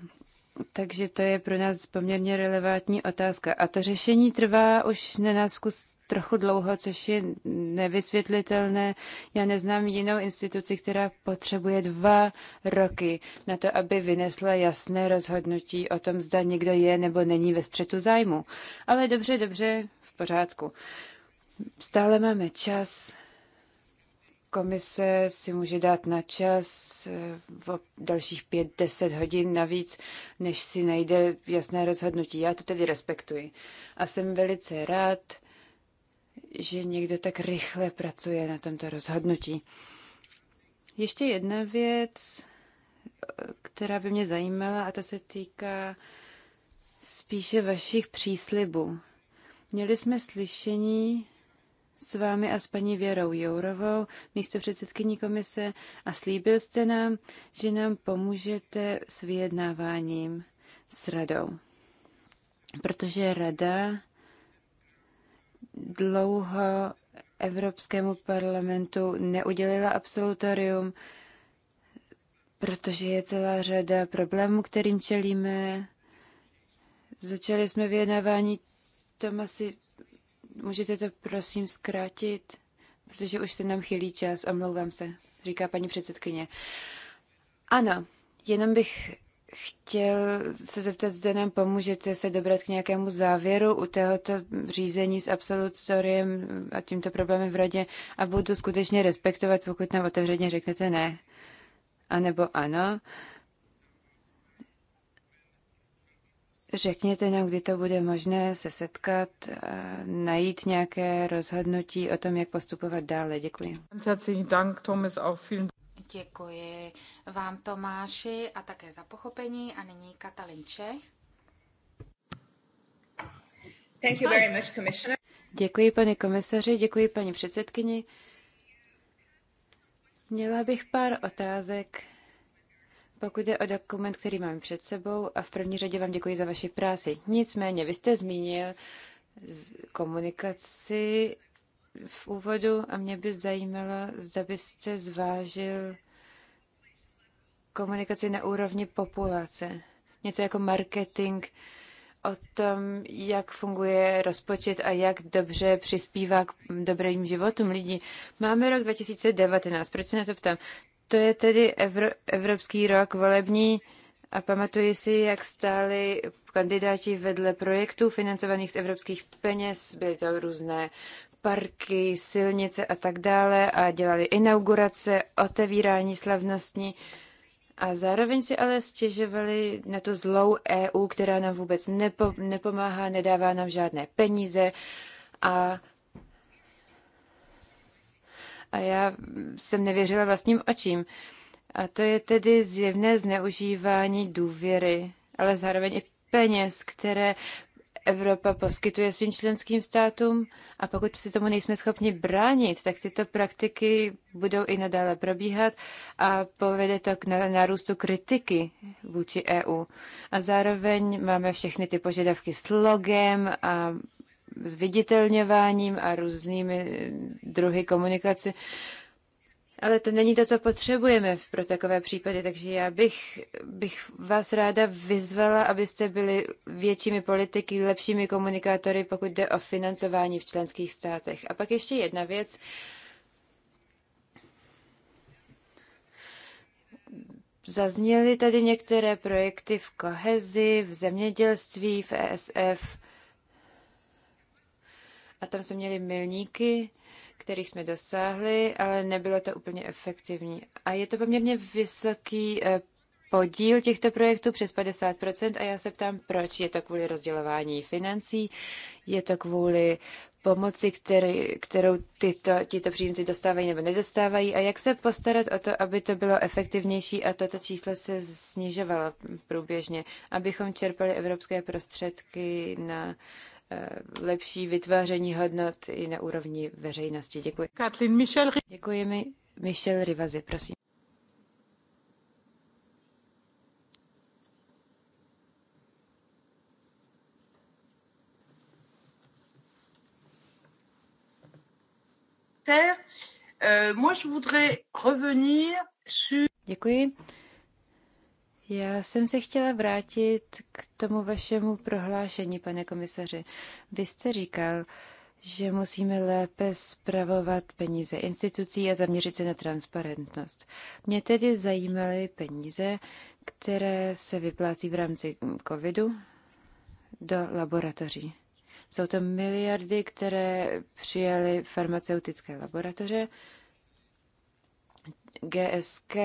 takže to je pro nás poměrně relevantní otázka. A to řešení trvá už na nás vkus trochu dlouho, což je nevysvětlitelné. Já neznám jinou instituci, která potřebuje dva roky na to, aby vynesla jasné rozhodnutí o tom, zda někdo je nebo není ve střetu zájmu. Ale dobře, dobře, pořádku. Stále máme čas. Komise si může dát na čas eh, v dalších pět deset hodin navíc, než si najde jasné rozhodnutí. Já to tedy respektuji. A jsem velice rád, že někdo tak rychle pracuje na tomto rozhodnutí. Ještě jedna věc, eh, která by mě zajímala, a to se týká spíše vašich příslibů. Měli jsme slyšení s vámi a s paní Věrou Jourovou, místo předsedkyní komise, a slíbil jste nám, že nám pomůžete s vyjednáváním s radou. Protože rada dlouho Evropskému parlamentu neudělila absolutorium, protože je celá řada problémů, kterým čelíme. Začali jsme vyjednávání asi můžete to prosím zkrátit, protože už se nám chylí čas, omlouvám se, říká paní předsedkyně. Ano, jenom bych chtěl se zeptat, zda nám pomůžete se dobrat k nějakému závěru u tohoto řízení s absolutoriem a tímto problémem v radě a budu skutečně respektovat, pokud nám otevřeně řeknete ne, a nebo ano. Řekněte nám, kdy to bude možné se setkat, najít nějaké rozhodnutí o tom, jak postupovat dále. Děkuji. Děkuji vám, Tomáši, a také za pochopení. A nyní Katalin Čech. Thank you very much, Commissioner. Děkuji, pane komisaři, děkuji, paní předsedkyni. Měla bych pár otázek pokud je o dokument, který mám před sebou, a v první řadě vám děkuji za vaši práci. Nicméně, vy jste zmínil komunikaci v úvodu a mě by zajímalo, zda byste zvážil komunikaci na úrovni populace. Něco jako marketing o tom, jak funguje rozpočet a jak dobře přispívá k dobrým životům lidí. Máme rok 2019, proč se na to ptám? To je tedy Evro- Evropský rok volební a pamatuji si, jak stáli kandidáti vedle projektů financovaných z evropských peněz. Byly to různé parky, silnice a tak dále a dělali inaugurace, otevírání slavnostní a zároveň si ale stěžovali na to zlou EU, která nám vůbec nepo, nepomáhá, nedává nám žádné peníze a a já jsem nevěřila vlastním očím. A to je tedy zjevné zneužívání důvěry, ale zároveň i peněz, které Evropa poskytuje svým členským státům a pokud si tomu nejsme schopni bránit, tak tyto praktiky budou i nadále probíhat a povede to k nárůstu kritiky vůči EU. A zároveň máme všechny ty požadavky s logem a zviditelňováním a různými druhy komunikace. Ale to není to, co potřebujeme pro takové případy, takže já bych, bych vás ráda vyzvala, abyste byli většími politiky, lepšími komunikátory, pokud jde o financování v členských státech. A pak ještě jedna věc. Zazněly tady některé projekty v kohezi, v zemědělství, v ESF a tam jsme měli milníky, kterých jsme dosáhli, ale nebylo to úplně efektivní. A je to poměrně vysoký eh, podíl těchto projektů přes 50% a já se ptám, proč je to kvůli rozdělování financí, je to kvůli pomoci, který, kterou tyto, tyto příjemci dostávají nebo nedostávají a jak se postarat o to, aby to bylo efektivnější a toto číslo se snižovalo průběžně, abychom čerpali evropské prostředky na Eh, lepší vytváření hodnot i na úrovni veřejnosti. Děkuji. Katlin Michel. Děkuji mi. Michel Rivazi, prosím. Euh, moi, je voudrais revenir sur... Děkuji. Já jsem se chtěla vrátit k tomu vašemu prohlášení, pane komisaři. Vy jste říkal, že musíme lépe spravovat peníze institucí a zaměřit se na transparentnost. Mě tedy zajímaly peníze, které se vyplácí v rámci covidu do laboratoří. Jsou to miliardy, které přijaly farmaceutické laboratoře, GSK,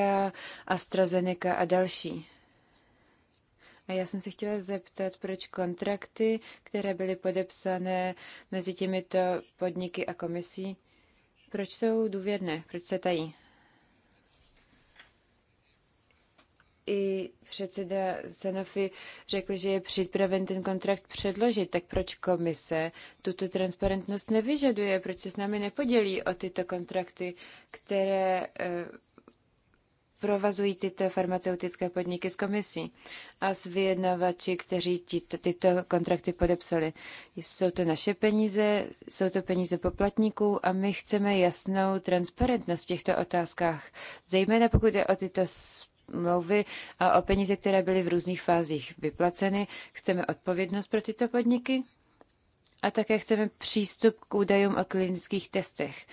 AstraZeneca a další. A já jsem se chtěla zeptat, proč kontrakty, které byly podepsané mezi těmito podniky a komisí, proč jsou důvěrné, proč se tají? I předseda Sanofi řekl, že je připraven ten kontrakt předložit, tak proč komise tuto transparentnost nevyžaduje, proč se s námi nepodělí o tyto kontrakty, které eh, provazují tyto farmaceutické podniky s komisí a s vyjednavači, kteří tyto, tyto kontrakty podepsali. Jsou to naše peníze, jsou to peníze poplatníků a my chceme jasnou transparentnost v těchto otázkách, zejména pokud je o tyto smlouvy a o peníze, které byly v různých fázích vyplaceny. Chceme odpovědnost pro tyto podniky a také chceme přístup k údajům o klinických testech.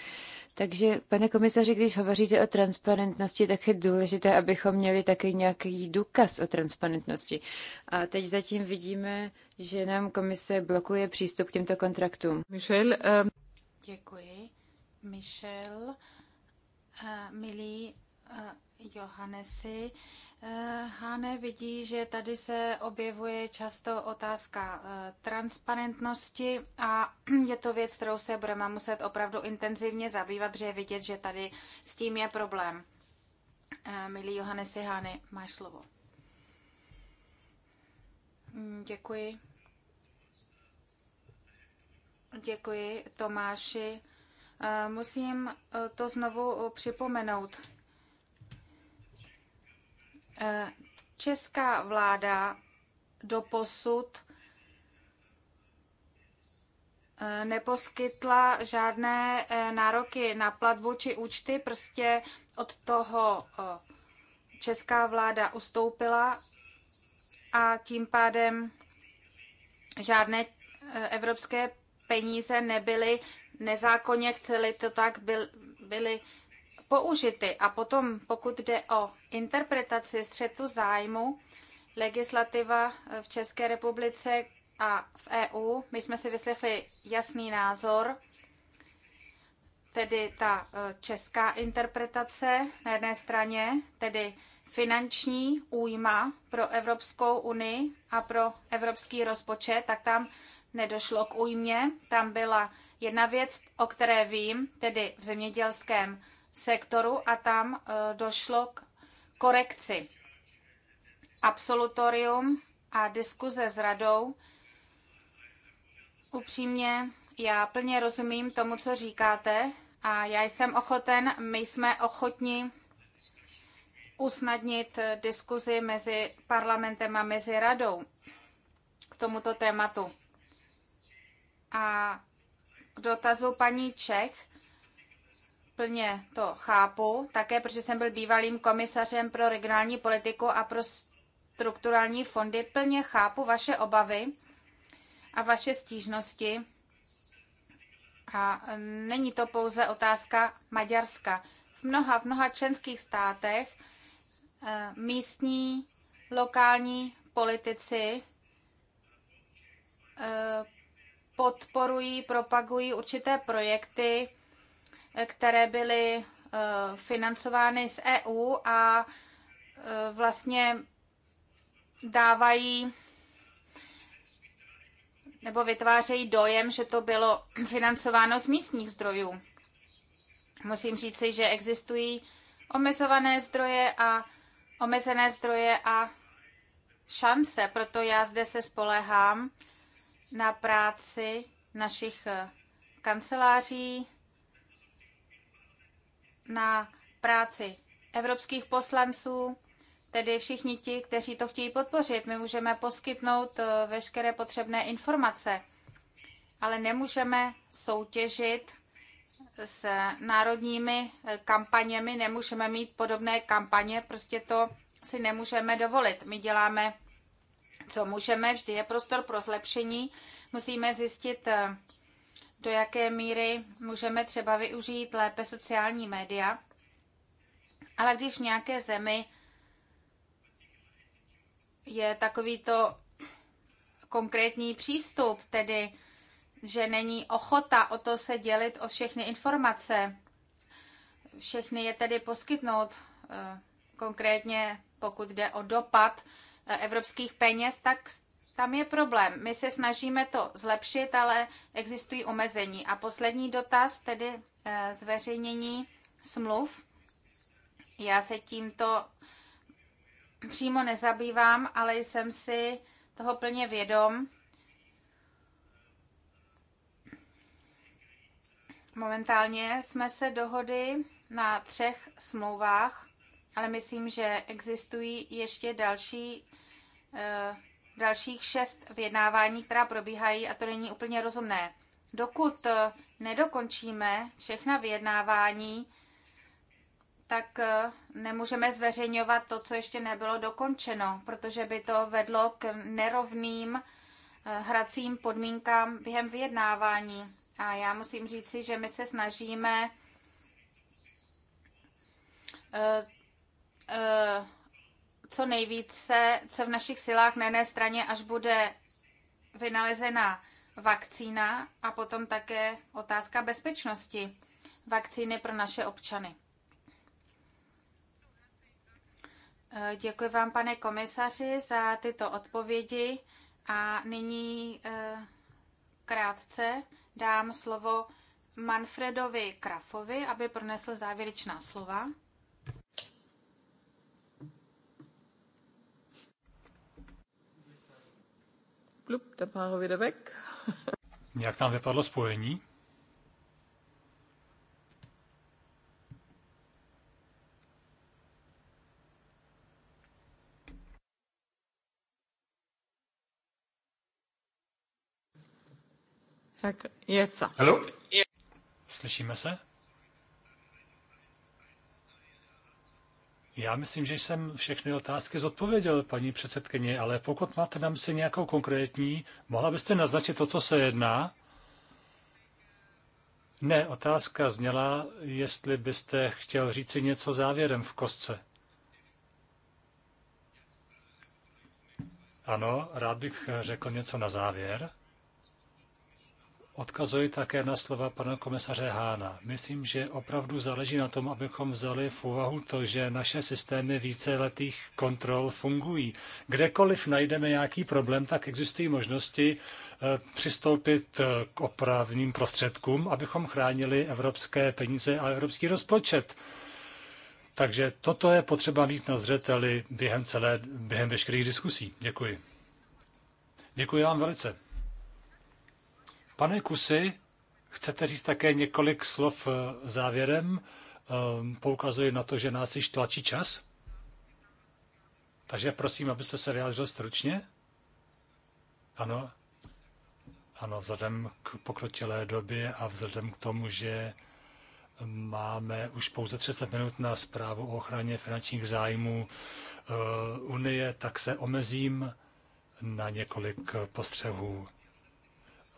Takže, pane komisaři, když hovoříte o transparentnosti, tak je důležité, abychom měli taky nějaký důkaz o transparentnosti. A teď zatím vidíme, že nám komise blokuje přístup k těmto kontraktům. Michel, um... Děkuji. Michel, uh, milí uh Johanesi, eh, Hane vidí, že tady se objevuje často otázka eh, transparentnosti a je to věc, kterou se budeme muset opravdu intenzivně zabývat, protože je vidět, že tady s tím je problém. Eh, Milí Johanesi, Hane máš slovo. Mm, děkuji. Děkuji, Tomáši. Musím to znovu připomenout Česká vláda doposud eh, neposkytla žádné eh, nároky na platbu či účty, prostě od toho eh, česká vláda ustoupila a tím pádem žádné evropské peníze nebyly nezákonně, chceli to tak, byly použity. A potom, pokud jde o interpretaci střetu zájmu, legislativa v České republice a v EU, my jsme si vyslechli jasný názor, tedy ta e, česká interpretace na jedné straně, tedy finanční újma pro Evropskou unii a pro evropský rozpočet, tak tam nedošlo k újmě. Tam byla jedna věc, o které vím, tedy v zemědělském sektoru a tam eh, došlo k korekci. Absolutorium a diskuze s radou. Upřímně, já plně rozumím tomu, co říkáte a já jsem ochoten, my jsme ochotni usnadnit diskuzi mezi parlamentem a mezi radou k tomuto tématu. A k dotazu paní Čech, plně to chápu, také protože jsem byl bývalým komisařem pro regionální politiku a pro strukturální fondy. Plně chápu vaše obavy a vaše stížnosti. A není to pouze otázka Maďarska. V mnoha, v mnoha členských státech eh, místní, lokální politici eh, podporují, propagují určité projekty, které byly eh, financovány z EU a eh, vlastně dávají nebo vytvářejí dojem, že to bylo financováno z místních zdrojů. Musím říci, že existují omezované zdroje a omezené zdroje a šance, proto já zde se spolehám na práci našich eh, kanceláří, na práci evropských poslanců, tedy všichni ti, kteří to chtějí podpořit. My můžeme poskytnout eh, veškeré potřebné informace, ale nemůžeme soutěžit s národními eh, kampaněmi, nemůžeme mít podobné kampaně, prostě to si nemůžeme dovolit. My děláme, co můžeme, vždy je prostor pro zlepšení. Musíme zjistit, eh, do jaké míry můžeme třeba využít lépe sociální média. Ale když v nějaké zemi je takovýto konkrétní přístup, tedy že není ochota o to se dělit o všechny informace, všechny je tedy poskytnout, eh, konkrétně pokud jde o dopad eh, evropských peněz, tak tam je problém. My se snažíme to zlepšit, ale existují omezení. A poslední dotaz, tedy eh, zveřejnění smluv. Já se tímto přímo nezabývám, ale jsem si toho plně vědom. Momentálně jsme se dohodli na třech smlouvách, ale myslím, že existují ještě další eh, dalších šest vyjednávání, která probíhají a to není úplně rozumné. Dokud eh, nedokončíme všechna vyjednávání, tak eh, nemůžeme zveřejňovat to, co ještě nebylo dokončeno, protože by to vedlo k nerovným eh, hracím podmínkám během vyjednávání. A já musím říci, že my se snažíme co nejvíce, co v našich silách na jedné straně, až bude vynalezena vakcína a potom také otázka bezpečnosti vakcíny pro naše občany. Eh, děkuji vám, pane komisaři, za tyto odpovědi a nyní eh, krátce dám slovo Manfredovi Krafovi, aby pronesl závěrečná slova. Glup, Jak tam vypadlo spojení? Tak, je co? Hello? Slyšíme se? Já myslím, že jsem všechny otázky zodpověděl, paní předsedkyně, ale pokud máte na mysli nějakou konkrétní, mohla byste naznačit, to, co se jedná? Ne, otázka zněla, jestli byste chtěl říci něco závěrem v kostce. Ano, rád bych řekl něco na závěr. Odkazuji také na slova pana komisaře Hána. Myslím, že opravdu záleží na tom, abychom vzali v úvahu to, že naše systémy víceletých kontrol fungují. Kdekoliv najdeme nějaký problém, tak existují možnosti eh, přistoupit eh, k opravným prostředkům, abychom chránili evropské peníze a evropský rozpočet. Takže toto je potřeba mít na zřeteli během, celé, během veškerých diskusí. Děkuji. Děkuji vám velice. Pane Kusy, chcete říct také několik slov eh, závěrem? Ehm, Poukazuji na to, že nás již tlačí čas. Takže prosím, abyste se vyjádřil stručně. Ano. Ano, vzhledem k pokročilé době a vzhledem k tomu, že máme už pouze 30 minut na zprávu o ochraně finančních zájmů eh, Unie, tak se omezím na několik postřehů.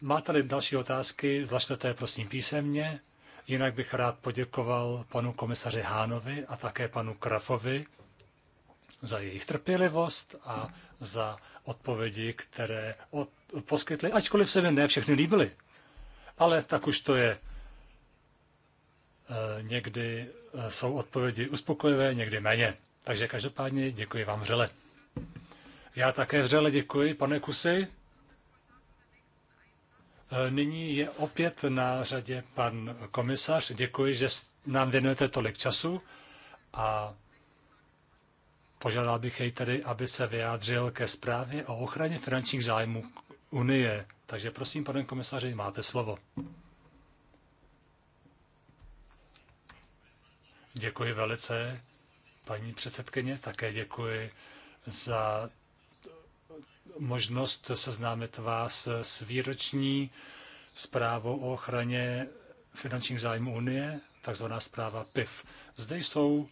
Máte-li další otázky, je prosím písemně. Jinak bych rád poděkoval panu komisaři Hánovi a také panu Krafovi za jejich trpělivost a za odpovědi, které od, poskytli, ačkoliv se mi ne všechny líbily. Ale tak už to je. E, někdy e, jsou odpovědi uspokojivé, někdy méně. Takže každopádně děkuji vám vřele. Já také vřele děkuji, pane Kusy. Nyní je opět na řadě pan komisař. Děkuji, že nám věnujete tolik času a požádal bych jej tedy, aby se vyjádřil ke zprávě o ochraně finančních zájmů Unie. Takže prosím, pane komisaři, máte slovo. Děkuji velice, paní předsedkyně, také děkuji za možnost seznámit vás s výroční zprávou o ochraně finančních zájmů Unie, takzvaná zpráva PIF. Zde jsou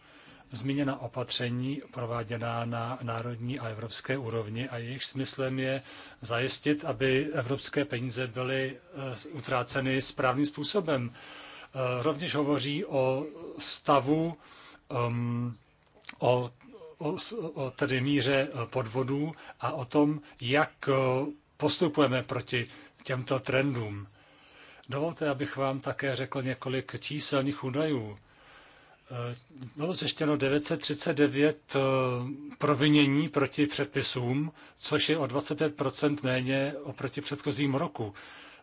zmíněna opatření prováděná na národní a evropské úrovni a jejich smyslem je zajistit, aby evropské peníze byly eh, utráceny správným způsobem. Eh, rovněž hovoří o stavu, um, o o, o tedy míře e, podvodů a o tom, jak e, postupujeme proti těmto trendům. Dovolte, abych vám také řekl několik číselných údajů. E, bylo zjištěno 939 provinění proti předpisům, což je o 25 méně oproti předchozím roku.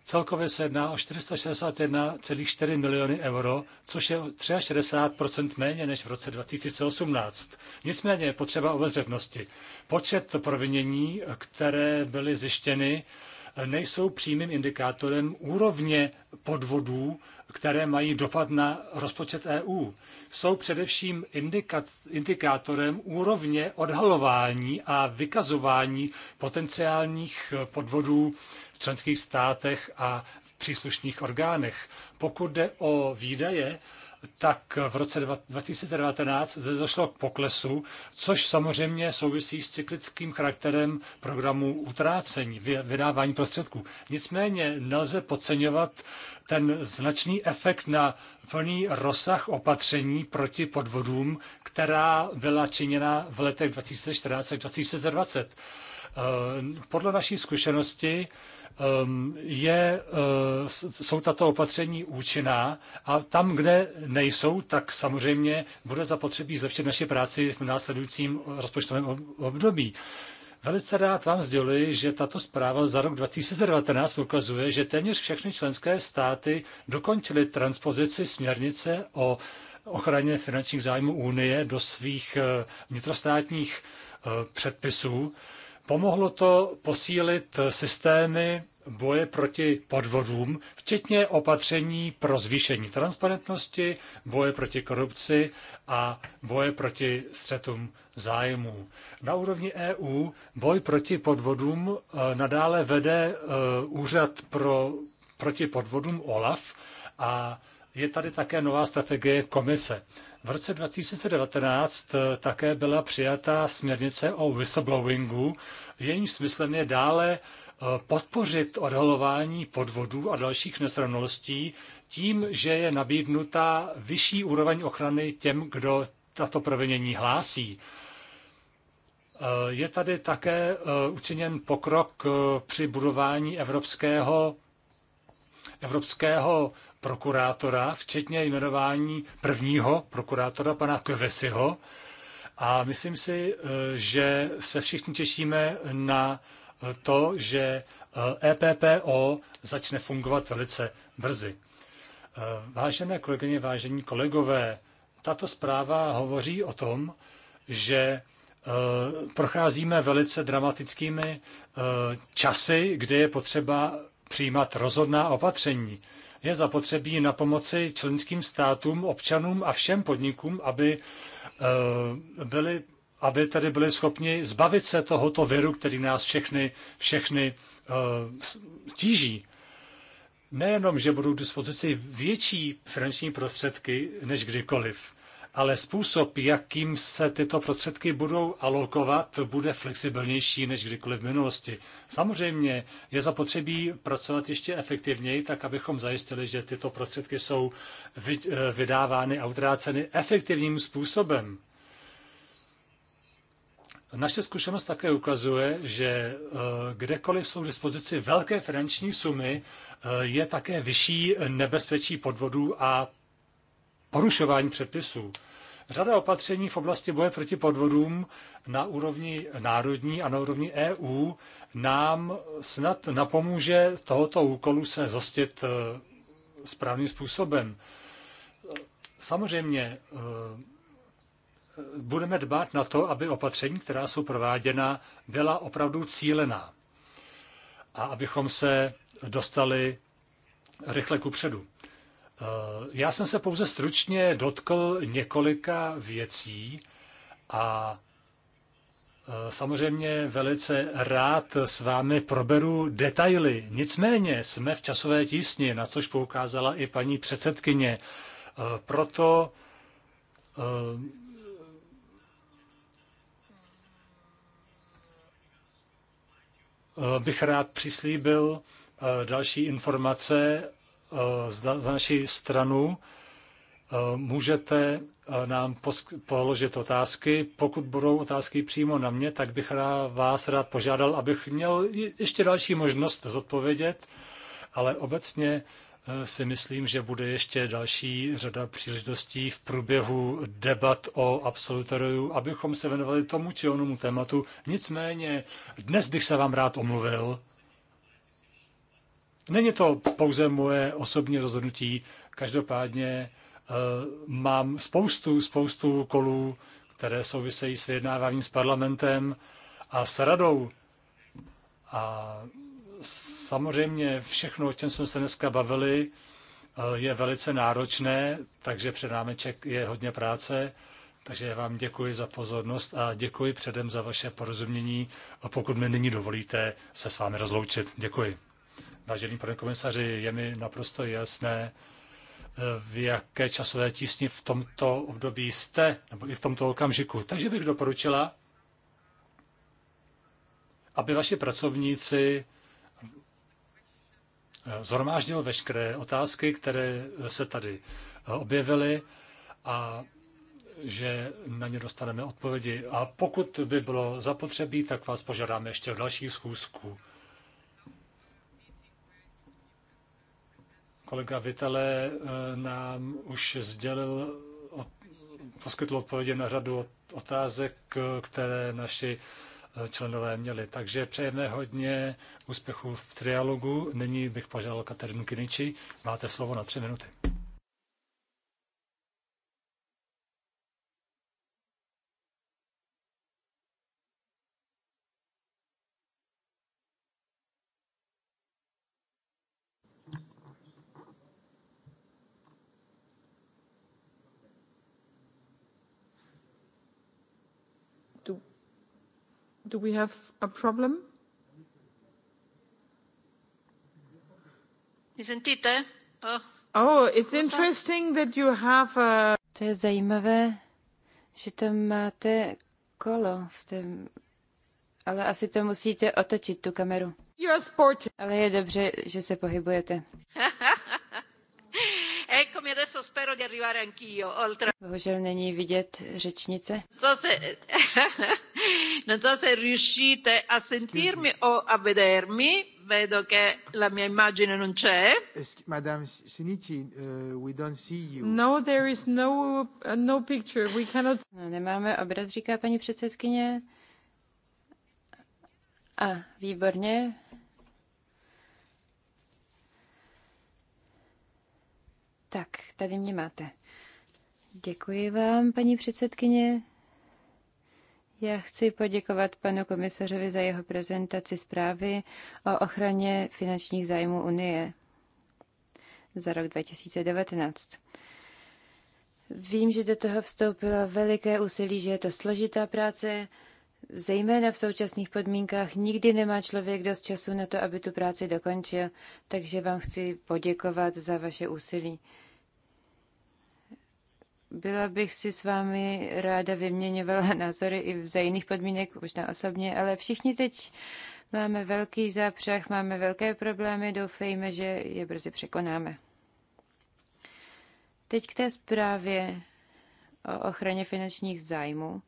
Celkově se jedná o 461,4 miliony euro, což je 63 méně než v roce 2018. Nicméně je potřeba obezřetnosti. Počet provinění, které byly zjištěny, nejsou přímým indikátorem úrovně podvodů, které mají dopad na rozpočet EU. Jsou především indikátorem úrovně odhalování a vykazování potenciálních podvodů členských státech a v příslušných orgánech. Pokud jde o výdaje, tak v roce 2019 zde došlo k poklesu, což samozřejmě souvisí s cyklickým charakterem programu utrácení, vydávání prostředků. Nicméně nelze podceňovat ten značný efekt na plný rozsah opatření proti podvodům, která byla činěna v letech 2014 a 2020. Podle naší zkušenosti Ehm, je, eh, jsou tato opatření účinná a tam, kde nejsou, tak samozřejmě bude zapotřebí zlepšit naši práci v následujícím rozpočtovém období. Velice rád vám sděluji, že tato zpráva za rok 2019 ukazuje, že téměř všechny členské státy dokončily transpozici směrnice o ochraně finančních zájmů Unie do svých eh, vnitrostátních eh, předpisů. Pomohlo to posílit systémy boje proti podvodům, včetně opatření pro zvýšení transparentnosti, boje proti korupci a boje proti střetům zájmů. Na úrovni EU boj proti podvodům eh, nadále vede eh, úřad pro, proti podvodům OLAF a je tady také nová strategie komise. V roce 2019 eh, také byla přijata směrnice o whistleblowingu. Jejím smyslem je dále eh, podpořit odhalování podvodů a dalších nesrovnalostí tím, že je nabídnuta vyšší úroveň ochrany těm, kdo tato provinění hlásí. Eh, je tady také učiněn pokrok při budování evropského, evropského prokurátora, včetně jmenování prvního prokurátora, pana Kvesiho. A myslím si, eh, že se všichni těšíme na eh, to, že EPPO eh, e začne fungovat velice brzy. Vážené kolegyně, vážení kolegové, tato zpráva hovoří o tom, že procházíme velice dramatickými časy, kde je potřeba přijímat rozhodná opatření je zapotřebí na pomoci členským státům, občanům a všem podnikům, aby eh, byli aby tady byli schopni zbavit se tohoto viru, který nás všechny, všechny eh, tíží. Nejenom, že budou k dispozici větší finanční prostředky než kdykoliv, ale způsob, jakým se tyto prostředky budou alokovat, bude flexibilnější než kdykoliv v minulosti. Samozřejmě je zapotřebí pracovat ještě efektivněji, tak abychom zajistili, že tyto prostředky jsou eh, vydávány a utráceny efektivním způsobem. Naše zkušenost také ukazuje, že eh, kdekoliv jsou k dispozici velké finanční sumy, eh, je také vyšší nebezpečí podvodů a porušování předpisů. Řada opatření v oblasti boje proti podvodům na úrovni národní a na úrovni EU nám snad napomůže tohoto úkolu se zostit eh, správným způsobem. Samozřejmě eh, budeme dbát na to, aby opatření, která jsou prováděna, byla opravdu cílená a abychom se dostali rychle kupředu. Eh, já jsem se pouze stručně dotkl několika věcí a eh, samozřejmě velice rád s vámi proberu detaily. Nicméně jsme v časové tísni, na což poukázala i paní předsedkyně. Eh, proto bych rád přislíbil další informace Eh, za, za naši stranu. Eh, můžete eh, nám položit otázky. Pokud budou otázky přímo na mě, tak bych vás rád požádal, abych měl ještě další možnost zodpovědět, ale obecně si myslím, že bude ještě další řada příležitostí v průběhu debat o absolutoriu, abychom se věnovali tomu či onomu tématu. Nicméně dnes bych se vám rád omluvil Není to pouze moje osobní rozhodnutí, každopádně eh, mám spoustu, spoustu kolů, které souvisejí s vyjednáváním s parlamentem a s radou. A samozřejmě všechno, o čem jsme se dneska bavili, eh, je velice náročné, takže před námi je hodně práce. Takže vám děkuji za pozornost a děkuji předem za vaše porozumění, A pokud mi nyní dovolíte se s vámi rozloučit. Děkuji. Vážený pane komisaři, je mi naprosto jasné, eh, v jaké časové tísni v tomto období jste, nebo i v tomto okamžiku. Takže bych doporučila, aby vaši pracovníci eh, zhromáždil veškeré otázky, které se tady eh, objevily a že na ně dostaneme odpovědi. A pokud by bylo zapotřebí, tak vás požádáme ještě v dalších schůzků. Kolega Vitale eh, nám už sdělil, poskytl odpovědi na řadu otázek, eh, které naši eh, členové měli. Takže přejeme hodně úspěchů v trialogu. Nyní bych požádal Katerinu Kiniči. Máte slovo na tři minuty. Do we have a problem? Eh? Oh. oh, it's interesting that you have a... To je zajímavé, že tam máte kolo v tom, ale asi to musíte otočit, tu kameru. You are sporty. Ale je dobře, že se pohybujete. Eccomi adesso spero di arrivare anch'io, oltre... Bohužel není vidět řečnice. Co se... Non so se riuscite a sentirmi o a vedermi. Vedo che la mia immagine non c'è. Madame Sinici, uh, we don't see you. No, there is no, uh, no picture. We cannot... No, nemáme obraz, říká paní předsedkyně. A, výborně. Tak, tady mě máte. Děkuji vám, paní předsedkyně. Já chci poděkovat panu komisařovi za jeho prezentaci zprávy o ochraně finančních zájmů Unie za rok 2019. Vím, že do toho vstoupilo veliké úsilí, že je to složitá práce, zejména v současných podmínkách. Nikdy nemá člověk dost času na to, aby tu práci dokončil, takže vám chci poděkovat za vaše úsilí. Byla bych si s vámi ráda vyměňovala názory i za jiných podmínek, možná osobně, ale všichni teď máme velký zápřah, máme velké problémy, doufejme, že je brzy překonáme. Teď k té zprávě o ochraně finančních zájmů.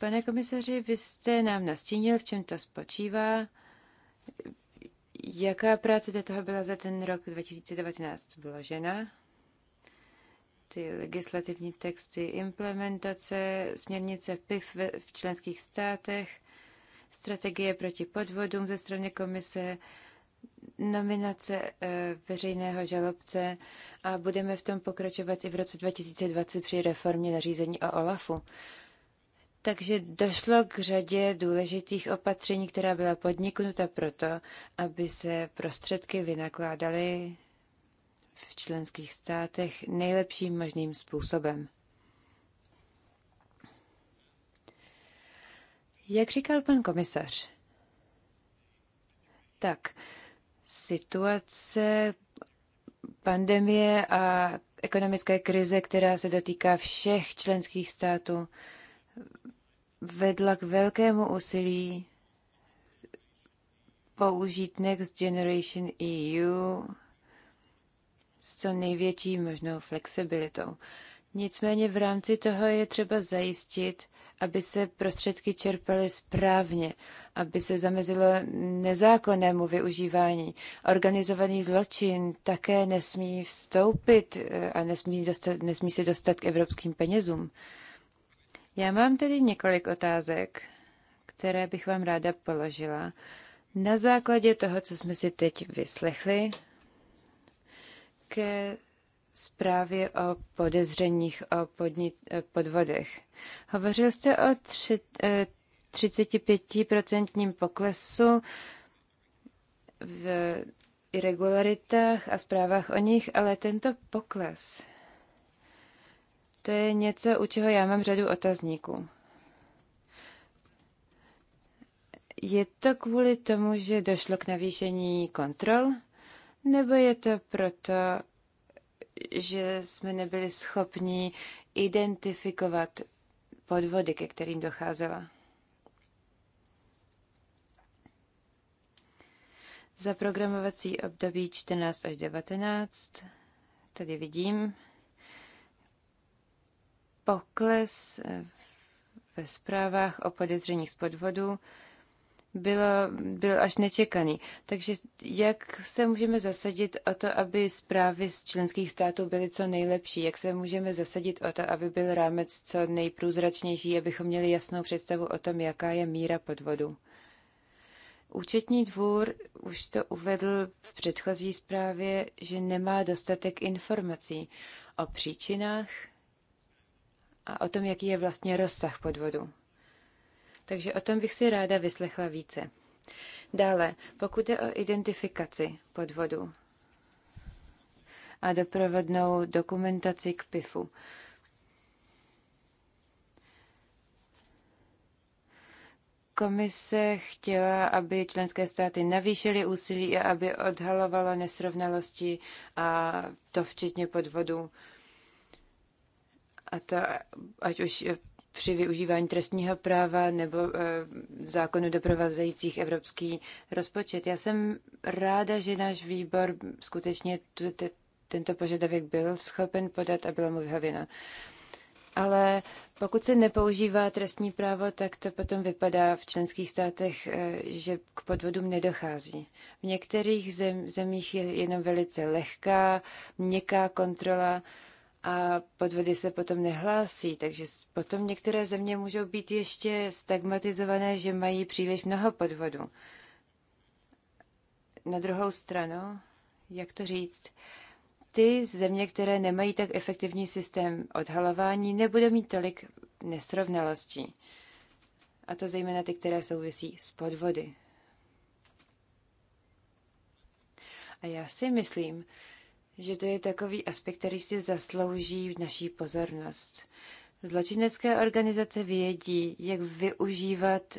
Pane komisaři, vy jste nám nastínil, v čem to spočívá. Jaká práce do toho byla za ten rok 2019 vložena? ty legislativní texty, implementace směrnice PIF v členských státech, strategie proti podvodům ze strany komise, nominace eh, veřejného žalobce a budeme v tom pokračovat i v roce 2020 při reformě nařízení o OLAFu. Takže došlo k řadě důležitých opatření, která byla podniknuta proto, aby se prostředky vynakládaly v členských státech nejlepším možným způsobem. Jak říkal pan komisař, tak situace pandemie a ekonomické krize, která se dotýká všech členských států, vedla k velkému úsilí použít Next Generation EU s co největší možnou flexibilitou. Nicméně v rámci toho je třeba zajistit, aby se prostředky čerpaly správně, aby se zamezilo nezákonnému využívání. Organizovaný zločin také nesmí vstoupit eh, a nesmí, dostat, nesmí se dostat k evropským penězům. Já mám tedy několik otázek, které bych vám ráda položila. Na základě toho, co jsme si teď vyslechli, ke zprávě o podezřeních o podni- e, podvodech. Hovořil jste o tři, 35% e, poklesu v irregularitách a zprávách o nich, ale tento pokles, to je něco, u čeho já mám řadu otazníků. Je to kvůli tomu, že došlo k navýšení kontrol? Nebo je to proto, že jsme nebyli schopni identifikovat podvody, ke kterým docházela? Za programovací období 14 až 19 tady vidím pokles ve zprávách o podezřeních z podvodu byl, byl až nečekaný. Takže jak se můžeme zasadit o to, aby zprávy z členských států byly co nejlepší? Jak se můžeme zasadit o to, aby byl rámec co nejprůzračnější, abychom měli jasnou představu o tom, jaká je míra podvodu? Účetní dvůr už to uvedl v předchozí zprávě, že nemá dostatek informací o příčinách a o tom, jaký je vlastně rozsah podvodu. Takže o tom bych si ráda vyslechla více. Dále, pokud je o identifikaci podvodu a doprovodnou dokumentaci k PIFu. Komise chtěla, aby členské státy navýšily úsilí a aby odhalovalo nesrovnalosti a to včetně podvodů. A to ať už při využívání trestního práva nebo eh, zákonu doprovázejících evropský rozpočet. Já jsem ráda, že náš výbor skutečně tento požadavek byl schopen podat a byla mu vyhověna. Ale pokud se nepoužívá trestní právo, tak to potom vypadá v členských státech, eh, že k podvodům nedochází. V některých zem, zemích je jenom velice lehká, měkká kontrola, a podvody se potom nehlásí, takže potom některé země můžou být ještě stigmatizované, že mají příliš mnoho podvodů. Na druhou stranu, jak to říct, ty země, které nemají tak efektivní systém odhalování, nebudou mít tolik nesrovnalostí. A to zejména ty, které souvisí s podvody. A já si myslím, že to je takový aspekt, který si zaslouží naší pozornost. Zločinecké organizace vědí, jak využívat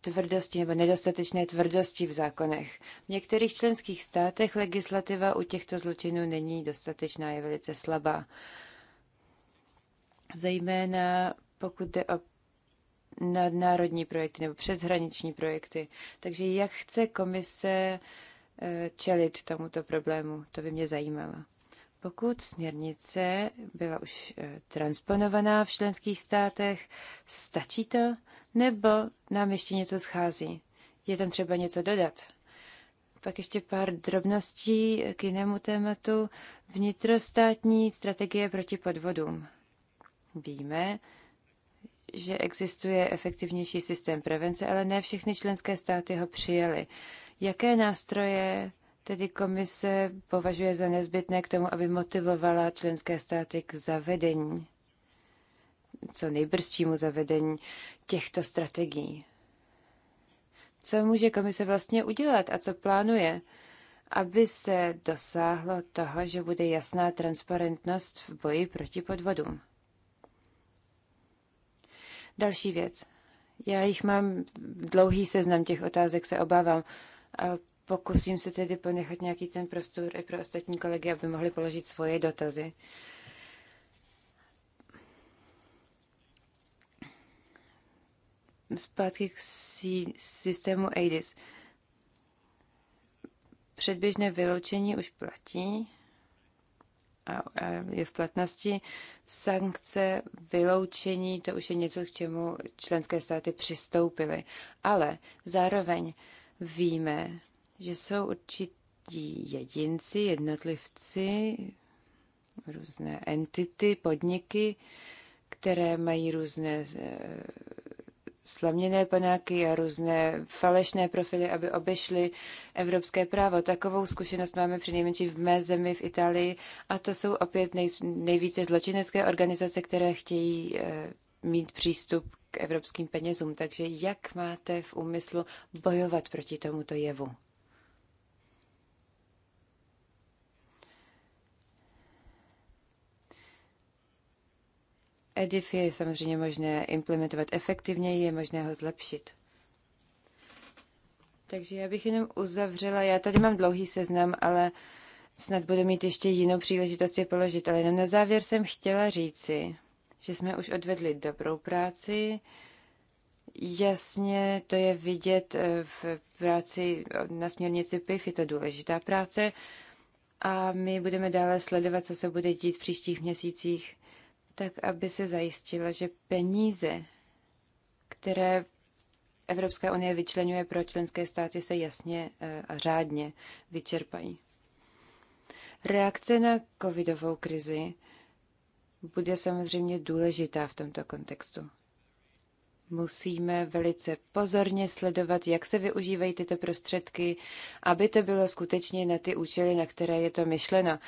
tvrdosti nebo nedostatečné tvrdosti v zákonech. V některých členských státech legislativa u těchto zločinů není dostatečná, je velice slabá. Zejména pokud jde o nadnárodní projekty nebo přeshraniční projekty. Takže jak chce komise čelit tomuto problému. To by mě zajímalo. Pokud směrnice byla už eh, transponovaná v členských státech, stačí to? Nebo nám ještě něco schází? Je tam třeba něco dodat? Pak ještě pár drobností k jinému tématu. Vnitrostátní strategie proti podvodům. Víme, že existuje efektivnější systém prevence, ale ne všechny členské státy ho přijaly. Jaké nástroje tedy komise považuje za nezbytné k tomu, aby motivovala členské státy k zavedení, co nejbrzčímu zavedení těchto strategií? Co může komise vlastně udělat a co plánuje? aby se dosáhlo toho, že bude jasná transparentnost v boji proti podvodům. Další věc. Já jich mám dlouhý seznam těch otázek, se obávám. Pokusím se tedy ponechat nějaký ten prostor i pro ostatní kolegy, aby mohli položit svoje dotazy. Zpátky k systému ADIS. Předběžné vyloučení už platí a je v platnosti. Sankce, vyloučení, to už je něco, k čemu členské státy přistoupily. Ale zároveň Víme, že jsou určití jedinci, jednotlivci, různé entity, podniky, které mají různé eh, slaměné panáky a různé falešné profily, aby obešly evropské právo. Takovou zkušenost máme nejmenší v mé zemi v Itálii a to jsou opět nej, nejvíce zločinecké organizace, které chtějí e, mít přístup k evropským penězům. Takže jak máte v úmyslu bojovat proti tomuto jevu? EDIF je samozřejmě možné implementovat efektivněji, je možné ho zlepšit. Takže já bych jenom uzavřela, já tady mám dlouhý seznam, ale snad budu mít ještě jinou příležitost je položit, ale jenom na závěr jsem chtěla říci, že jsme už odvedli dobrou práci. Jasně, to je vidět eh, v práci na směrnici PIF, je to důležitá práce a my budeme dále sledovat, co se bude dít v příštích měsících, tak aby se zajistilo, že peníze, které Evropská unie vyčlenuje pro členské státy, se jasně eh, a řádně vyčerpají. Reakce na covidovou krizi bude samozřejmě důležitá v tomto kontextu. Musíme velice pozorně sledovat, jak se využívají tyto prostředky, aby to bylo skutečně na ty účely, na které je to myšleno.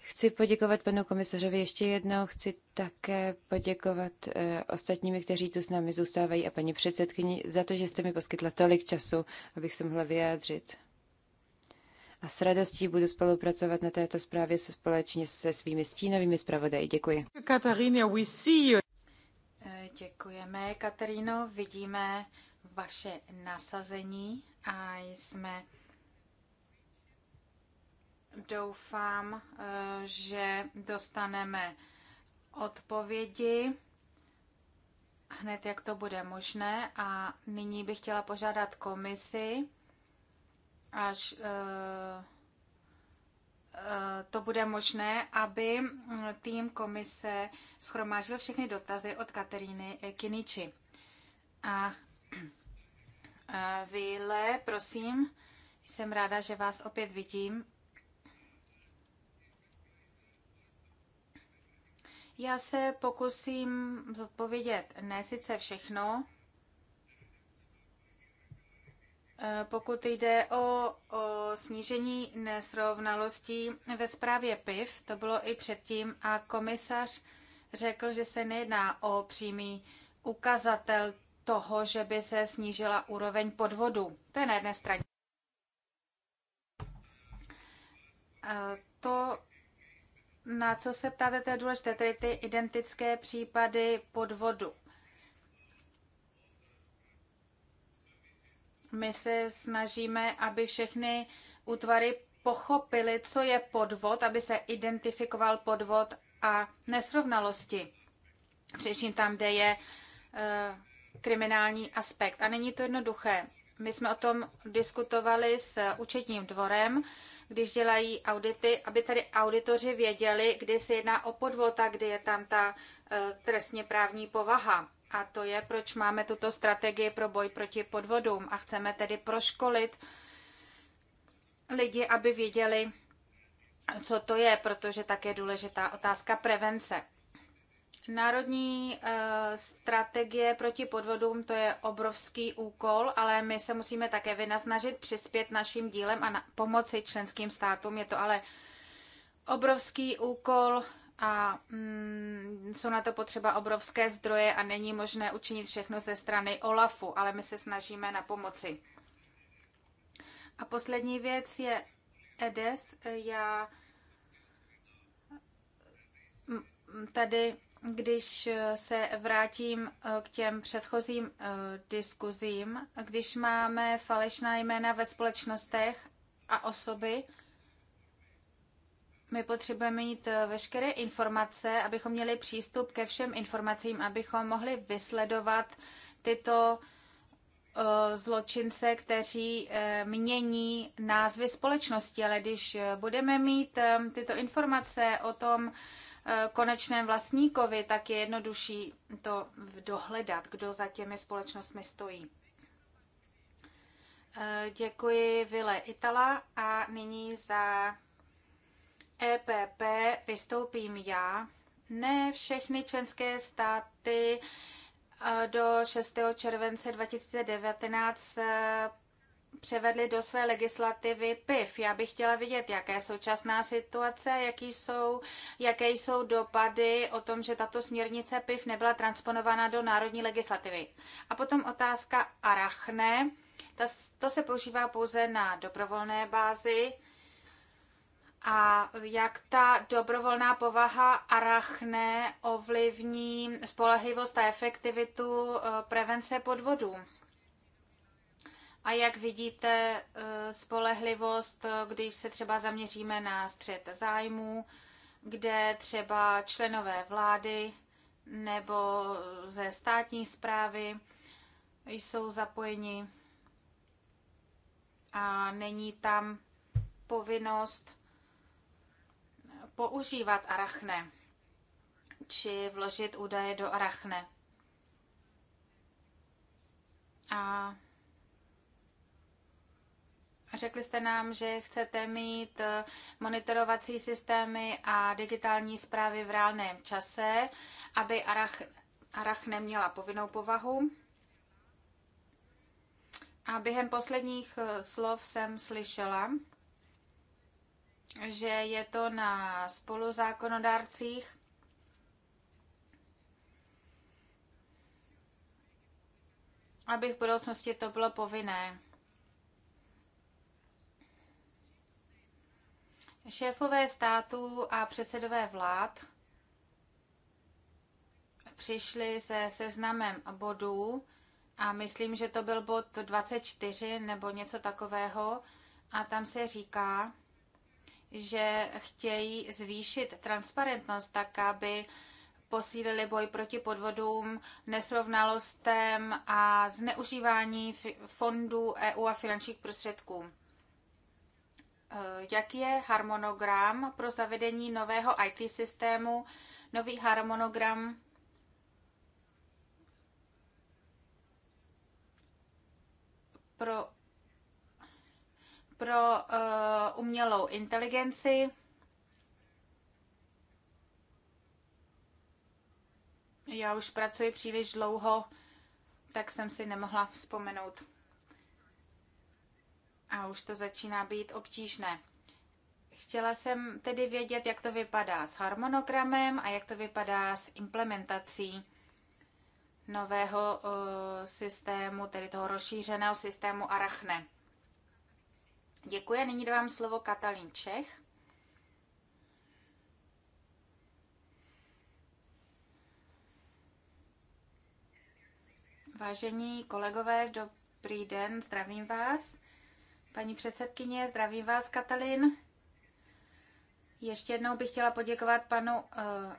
Chci poděkovat panu komisařovi ještě jednou, chci také poděkovat eh, ostatními, kteří tu s námi zůstávají a paní předsedkyni za to, že jste mi poskytla tolik času, abych se mohla vyjádřit a s radostí budu spolupracovat na této zprávě společně se svými stínovými zpravodaji. Děkuji. Katarína, we see you. Eh, děkujeme, Kataríno, vidíme vaše nasazení a jsme doufám, eh, že dostaneme odpovědi hned, jak to bude možné. A nyní bych chtěla požádat komisi, až eh, eh, to bude možné, aby mm, tým komise schromážil všechny dotazy od Kateríny Kiniči. A Vile, prosím, jsem ráda, že vás opět vidím. Já se pokusím zodpovědět ne sice všechno, Eh, pokud jde o, o snížení nesrovnalostí ve zprávě PIV, to bylo i předtím, a komisař řekl, že se nejedná o přímý ukazatel toho, že by se snížila úroveň podvodu. To je na jedné straně. Eh, to, na co se ptáte, to je důležité, tedy ty identické případy podvodu. My se snažíme, aby všechny útvary pochopili, co je podvod, aby se identifikoval podvod a nesrovnalosti. Především tam, kde je e, kriminální aspekt. A není to jednoduché. My jsme o tom diskutovali s účetním dvorem, když dělají audity, aby tady auditoři věděli, kdy se jedná o podvod a kdy je tam ta e, trestně právní povaha. A to je, proč máme tuto strategii pro boj proti podvodům a chceme tedy proškolit lidi, aby věděli, co to je, protože také je důležitá otázka prevence. Národní eh, strategie proti podvodům to je obrovský úkol, ale my se musíme také vynasnažit přispět naším dílem a na, pomoci členským státům. Je to ale obrovský úkol a mm, jsou na to potřeba obrovské zdroje a není možné učinit všechno ze strany OLAFu, ale my se snažíme na pomoci. A poslední věc je EDES. Já mm, mm, tady, když se vrátím eh, k těm předchozím eh, diskuzím, když máme falešná jména ve společnostech a osoby, my potřebujeme mít eh, veškeré informace, abychom měli přístup ke všem informacím, abychom mohli vysledovat tyto eh, zločince, kteří eh, mění názvy společnosti, ale když budeme mít tyto informace o tom konečném vlastníkovi, tak je jednodušší to dohledat, kdo za těmi společnostmi stojí. Děkuji Vile Itala a nyní za EPP vystoupím já. Ne všechny členské státy eh, do 6. července 2019 eh, převedli do své legislativy PIF. Já bych chtěla vidět, jaké je současná situace, jaký jsou, jaké jsou dopady o tom, že tato směrnice PIF nebyla transponována do národní legislativy. A potom otázka arachne. Ta, to se používá pouze na dobrovolné bázi a jak ta dobrovolná povaha arachne ovlivní spolehlivost a efektivitu eh, prevence podvodů. A jak vidíte eh, spolehlivost, eh, když se třeba zaměříme na střed zájmů, kde třeba členové vlády nebo ze státní zprávy jsou zapojeni a není tam povinnost používat arachne či vložit údaje do arachne. A Řekli jste nám, že chcete mít eh, monitorovací systémy a digitální zprávy v reálném čase, aby Arach, Arach neměla povinnou povahu. A během posledních eh, slov jsem slyšela, že je to na spoluzákonodárcích, aby v budoucnosti to bylo povinné. Šéfové států a předsedové vlád přišli se seznamem bodů a myslím, že to byl bod 24 nebo něco takového a tam se říká, že chtějí zvýšit transparentnost tak, aby posílili boj proti podvodům, nesrovnalostem a zneužívání fondů EU a finančních prostředků. Eh, jaký je harmonogram pro zavedení nového IT systému, nový harmonogram pro pro uh, umělou inteligenci. Já už pracuji příliš dlouho, tak jsem si nemohla vzpomenout. A už to začíná být obtížné. Chtěla jsem tedy vědět, jak to vypadá s harmonogramem a jak to vypadá s implementací nového uh, systému, tedy toho rozšířeného systému Arachne. Děkuji nyní dávám slovo Katalin Čech. Vážení kolegové, dobrý den, zdravím vás. Paní předsedkyně, zdravím vás, Katalin. Ještě jednou bych chtěla poděkovat panu uh,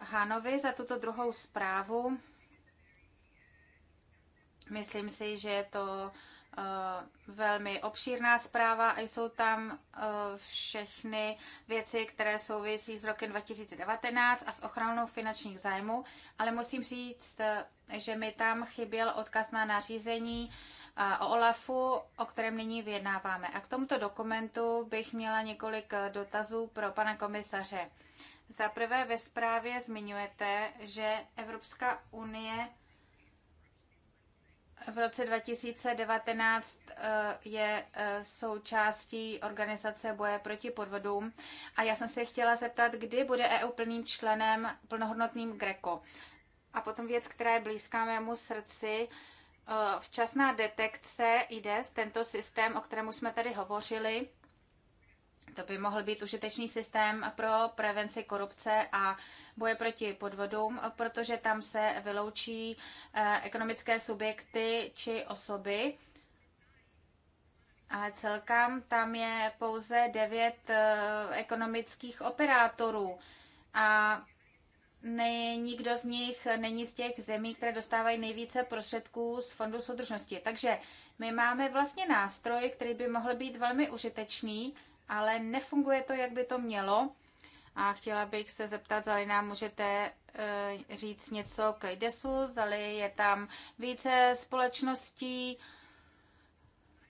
Hánovi za tuto druhou zprávu. Myslím si, že je to Eh, velmi obšírná zpráva a jsou tam eh, všechny věci, které souvisí s rokem 2019 a s ochranou finančních zájmů, ale musím říct, eh, že mi tam chyběl odkaz na nařízení o OLAFu, o kterém nyní vyjednáváme. A k tomuto dokumentu bych měla několik dotazů pro pana komisaře. Za prvé ve zprávě zmiňujete, že Evropská unie v roce 2019 eh, je eh, součástí organizace boje proti podvodům a já jsem se chtěla zeptat, kdy bude EU plným členem, plnohodnotným Greco. A potom věc, která je blízká mému srdci, eh, včasná detekce IDES, tento systém, o kterém jsme tady hovořili, to by mohl být užitečný systém pro prevenci korupce a boje proti podvodům, protože tam se vyloučí eh, ekonomické subjekty či osoby. Ale celkem tam je pouze devět eh, ekonomických operátorů a ne, nikdo z nich není z těch zemí, které dostávají nejvíce prostředků z Fondu soudržnosti. Takže my máme vlastně nástroj, který by mohl být velmi užitečný ale nefunguje to, jak by to mělo. A chtěla bych se zeptat, zali nám můžete e, říct něco k IDESu, zali je tam více společností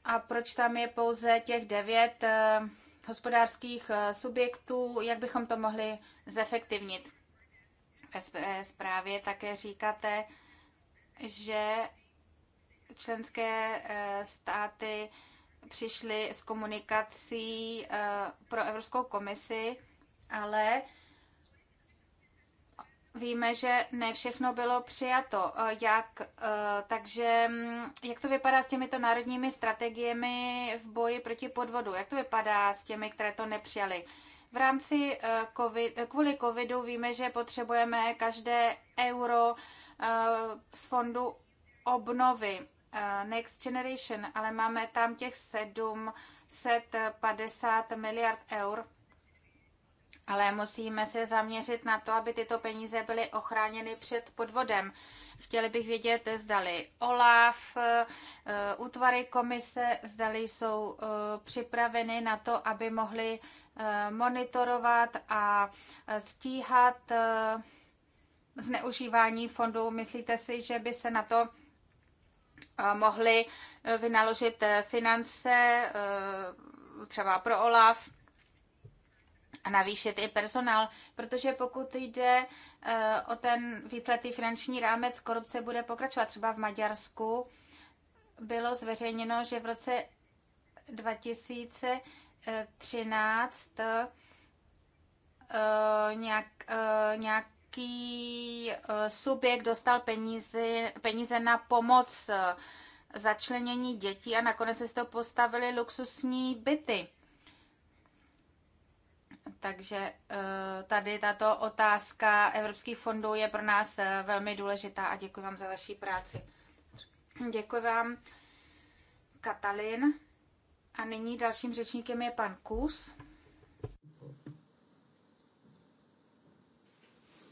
a proč tam je pouze těch devět e, hospodářských e, subjektů, jak bychom to mohli zefektivnit. Ve zprávě také říkáte, že členské státy přišli s komunikací eh, pro Evropskou komisi, ale víme, že ne všechno bylo přijato. Eh, jak, eh, takže mm, jak to vypadá s těmito národními strategiemi v boji proti podvodu? Jak to vypadá s těmi, které to nepřijali? V rámci COVID, kvůli covidu víme, že potřebujeme každé euro z fondu obnovy Eh, Next Generation, ale máme tam těch 750 miliard eur. Ale musíme se zaměřit na to, aby tyto peníze byly ochráněny před podvodem. Chtěli bych vědět, zdali OLAF, eh, útvary komise, zdali jsou eh, připraveny na to, aby mohli monitorovat a stíhat zneužívání fondů. Myslíte si, že by se na to mohli eh, vynaložit eh, finance eh, třeba pro OLAF a navýšit i personál, protože pokud jde o ten víceletý finanční rámec, korupce bude pokračovat. Třeba v Maďarsku bylo zveřejněno, že v roce 2013 nějak, nějak nějaký eh, subjekt dostal peníze, peníze na pomoc eh, začlenění dětí a nakonec se z toho postavili luxusní byty. Takže eh, tady tato otázka evropských fondů je pro nás velmi důležitá a děkuji vám za vaši práci. Děkuji vám, Katalin. A nyní dalším řečníkem je pan Kus.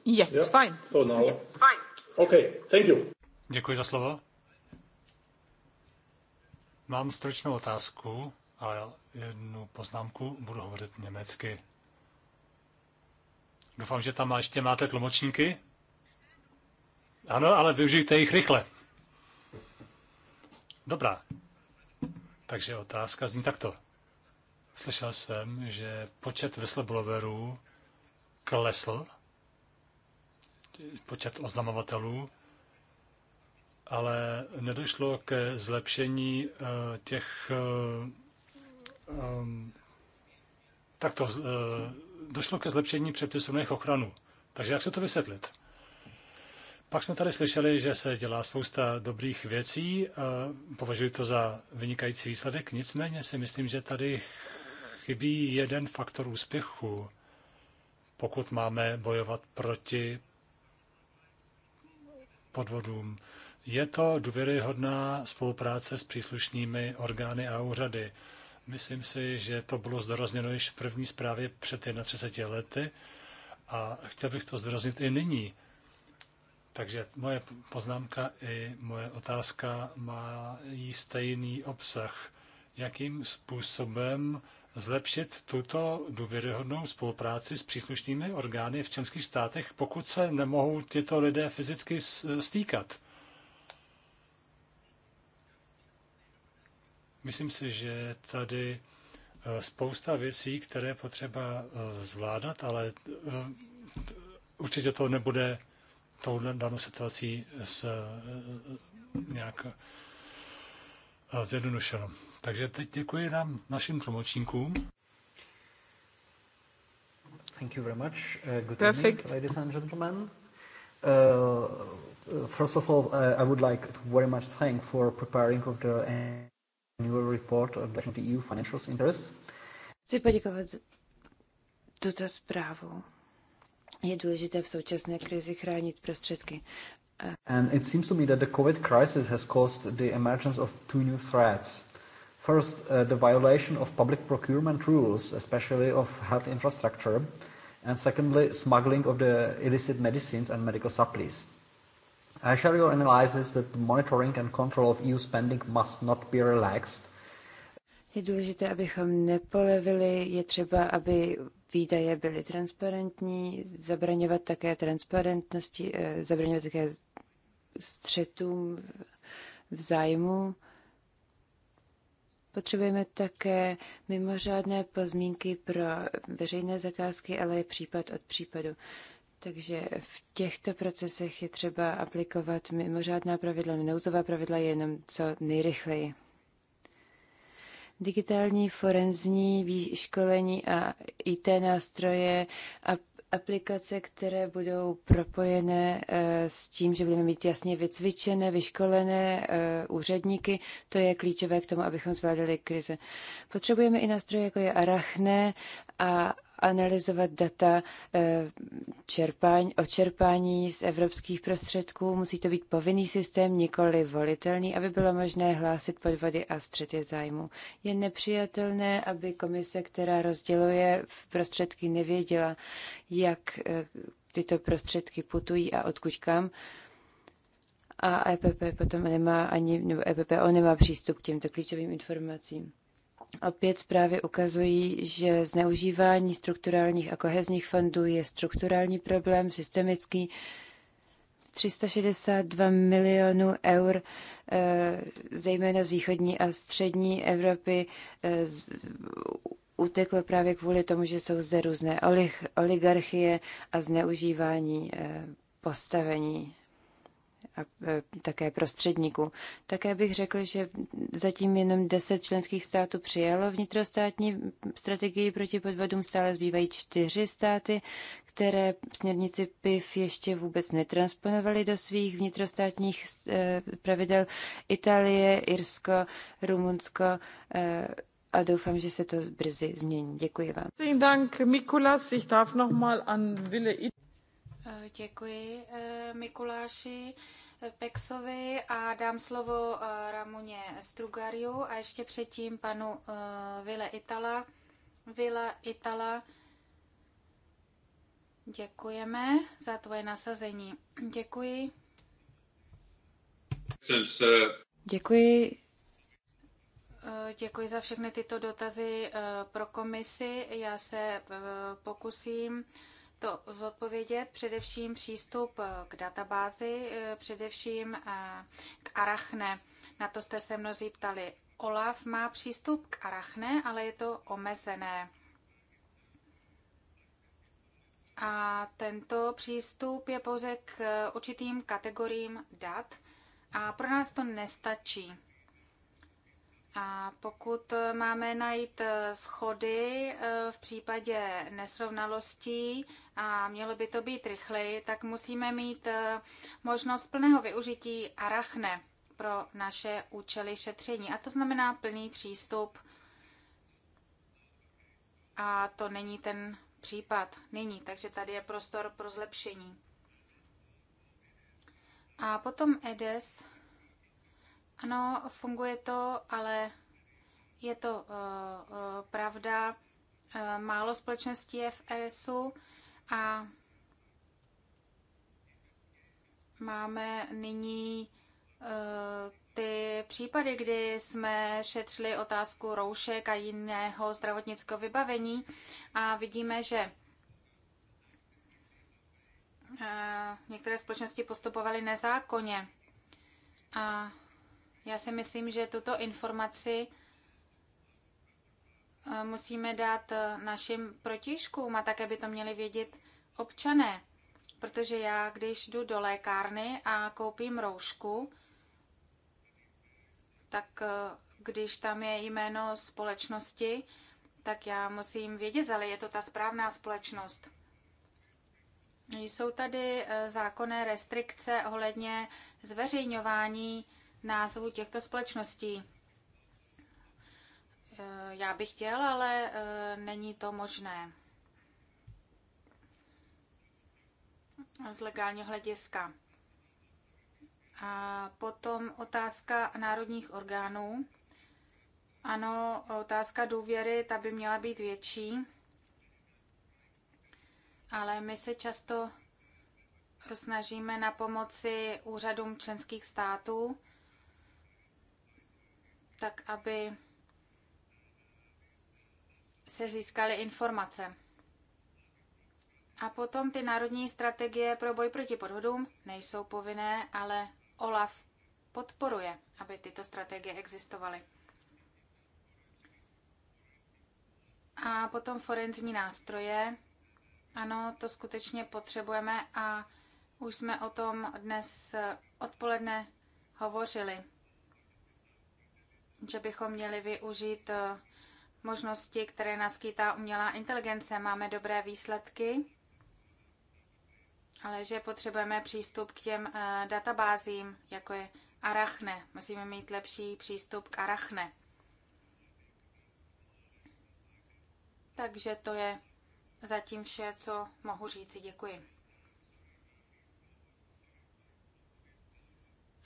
Yes, yeah? fine. So now. Yes, fine. Okay, thank you. Děkuji za slovo. Mám stručnou otázku a jednu poznámku. Budu hovořit německy. Doufám, že tam ještě máte tlumočníky. Ano, ale využijte jich rychle. Dobrá. Takže otázka zní takto. Slyšel jsem, že počet whistleblowerů klesl počet oznamovatelů, ale nedošlo ke zlepšení eh, těch eh, eh, tak to došlo ke zlepšení předpisů na jejich ochranu. Takže jak se to vysvětlit? Pak jsme tady slyšeli, že se dělá spousta dobrých věcí, považuji to za vynikající výsledek, nicméně si myslím, že tady chybí jeden faktor úspěchu, pokud máme bojovat proti podvodům. Je to důvěryhodná spolupráce s příslušnými orgány a úřady. Myslím si, že to bylo zdorozněno již v první zprávě před 31 lety a chtěl bych to zdůraznit i nyní. Takže moje poznámka i moje otázka má jí stejný obsah. Jakým způsobem zlepšit tuto důvěryhodnou spolupráci s příslušnými orgány v členských státech, pokud se nemohou tyto lidé fyzicky stýkat. Myslím si, že tady eh, spousta věcí, které potřeba eh, zvládat, ale eh, určitě to nebude touhle danou situací s nějak zjednodušenou. Takže teď děkuji nám, našim tlumočníkům. Thank you very much. Uh, good Perfect. evening, ladies and gentlemen. Uh, first of all, uh, I would like to very much thank for preparing of the annual report of the EU financial interests. Chci poděkovat tuto zprávu. Je důležité v současné krizi chránit prostředky. And it seems to me that the COVID crisis has caused the emergence of two new threats. First, uh, the violation of public procurement rules, especially of health infrastructure. And secondly, smuggling of the illicit medicines and medical supplies. I share your analysis that the monitoring and control of EU spending must not be relaxed. Je důležité, abychom nepolevili, je třeba, aby výdaje byly transparentní, zabraňovat také transparentnosti, eh, zabraňovat také střetům v zájmu Potřebujeme také mimořádné pozmínky pro veřejné zakázky, ale je případ od případu. Takže v těchto procesech je třeba aplikovat mimořádná pravidla, nouzová pravidla jenom co nejrychleji. Digitální forenzní školení a IT nástroje a aplikace, které budou propojené eh, s tím, že budeme mít jasně vycvičené, vyškolené eh, úředníky. To je klíčové k tomu, abychom zvládali krize. Potřebujeme i nástroje, jako je Arachne a analyzovat data eh, čerpání, o čerpání z evropských prostředků. Musí to být povinný systém, nikoli volitelný, aby bylo možné hlásit podvody a střety zájmu. Je nepřijatelné, aby komise, která rozděluje v prostředky, nevěděla, jak eh, tyto prostředky putují a odkud kam a EPP potom nemá ani, nebo EPPO nemá přístup k těmto klíčovým informacím opět zprávy ukazují, že zneužívání strukturálních a kohezních fondů je strukturální problém, systemický. 362 milionů eur, eh, zejména z východní a střední Evropy, eh, uteklo právě kvůli tomu, že jsou zde různé oligarchie a zneužívání eh, postavení a e, také prostředníků. Také bych řekl, že zatím jenom 10 členských států přijalo vnitrostátní strategii proti podvodům, stále zbývají čtyři státy, které směrnici pif ještě vůbec netransponovaly do svých vnitrostátních e, pravidel. Itálie, Irsko, Rumunsko e, a doufám, že se to brzy změní. Děkuji vám. Mikulas. an Eh, děkuji eh, Mikuláši eh, Peksovi a dám slovo Ramuně Strugariu a ještě předtím panu Vile Itala. Vila Itala, děkujeme za tvoje nasazení. Děkuji. Děkuji. Děkuji za všechny tyto dotazy pro komisi. Já se pokusím to zodpovědět, především přístup eh, k databázi, eh, především eh, k Arachne. Na to jste se mnozí ptali. Olaf má přístup k Arachne, ale je to omezené. A tento přístup je pouze k určitým kategoriím dat a pro nás to nestačí. A pokud máme najít eh, schody eh, v případě nesrovnalostí a mělo by to být rychleji, tak musíme mít eh, možnost plného využití arachne pro naše účely šetření. A to znamená plný přístup. A to není ten případ nyní, takže tady je prostor pro zlepšení. A potom EDES ano, funguje to, ale je to uh, uh, pravda. Uh, málo společností je v RSu a máme nyní uh, ty případy, kdy jsme šetřili otázku roušek a jiného zdravotnického vybavení a vidíme, že některé společnosti postupovaly nezákonně. A já si myslím, že tuto informaci eh, musíme dát eh, našim protižkům a také by to měli vědět občané. Protože já, když jdu do lékárny a koupím roušku, tak eh, když tam je jméno společnosti, tak já musím vědět, ale je to ta správná společnost. Jsou tady zákonné restrikce ohledně zveřejňování názvu těchto společností. Eh, já bych chtěl, ale eh, není to možné. Z legálního hlediska. A potom otázka národních orgánů. Ano, otázka důvěry, ta by měla být větší, ale my se často snažíme na pomoci úřadům členských států tak aby se získaly informace. A potom ty národní strategie pro boj proti podvodům nejsou povinné, ale OLAF podporuje, aby tyto strategie existovaly. A potom forenzní nástroje. Ano, to skutečně potřebujeme a už jsme o tom dnes odpoledne hovořili že bychom měli využít eh, možnosti, které naskýtá umělá inteligence. Máme dobré výsledky, ale že potřebujeme přístup k těm eh, databázím, jako je Arachne. Musíme mít lepší přístup k Arachne. Takže to je zatím vše, co mohu říci. Děkuji.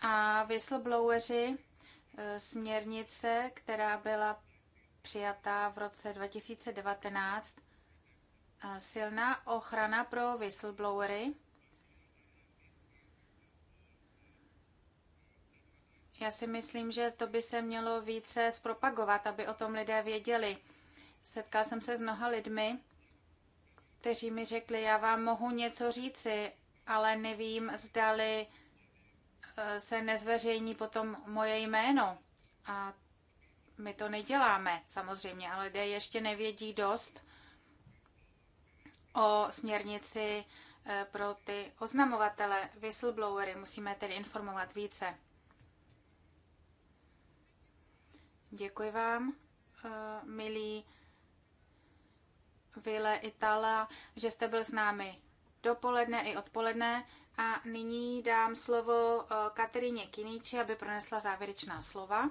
A whistlebloweri Eh, směrnice, která byla přijatá v roce 2019, eh, silná ochrana pro whistleblowery. Já si myslím, že to by se mělo více zpropagovat, aby o tom lidé věděli. Setkal jsem se s mnoha lidmi, kteří mi řekli, já vám mohu něco říci, ale nevím, zdali Eh, se nezveřejní potom moje jméno. A my to neděláme, samozřejmě, ale lidé ještě nevědí dost o směrnici eh, pro ty oznamovatele, whistleblowery. Musíme tedy informovat více. Děkuji vám, eh, milí Vile Itala, že jste byl s námi dopoledne i odpoledne. A nyní dám slovo eh, Kateríně Kiníči, aby pronesla závěrečná slova.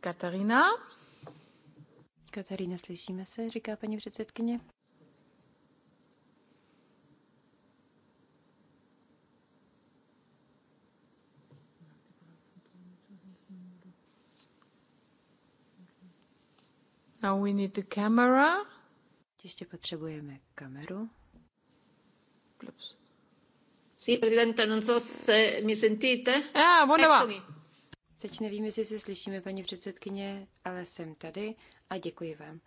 Katarína? Katarína, slyšíme se, říká paní předsedkyně. Now we need the camera. Ještě potřebujeme kameru. Plus. Sí, presidente, non so se mi sentite. Ah, buona Teď nevím, jestli se slyšíme, paní předsedkyně, ale jsem tady a děkuji vám.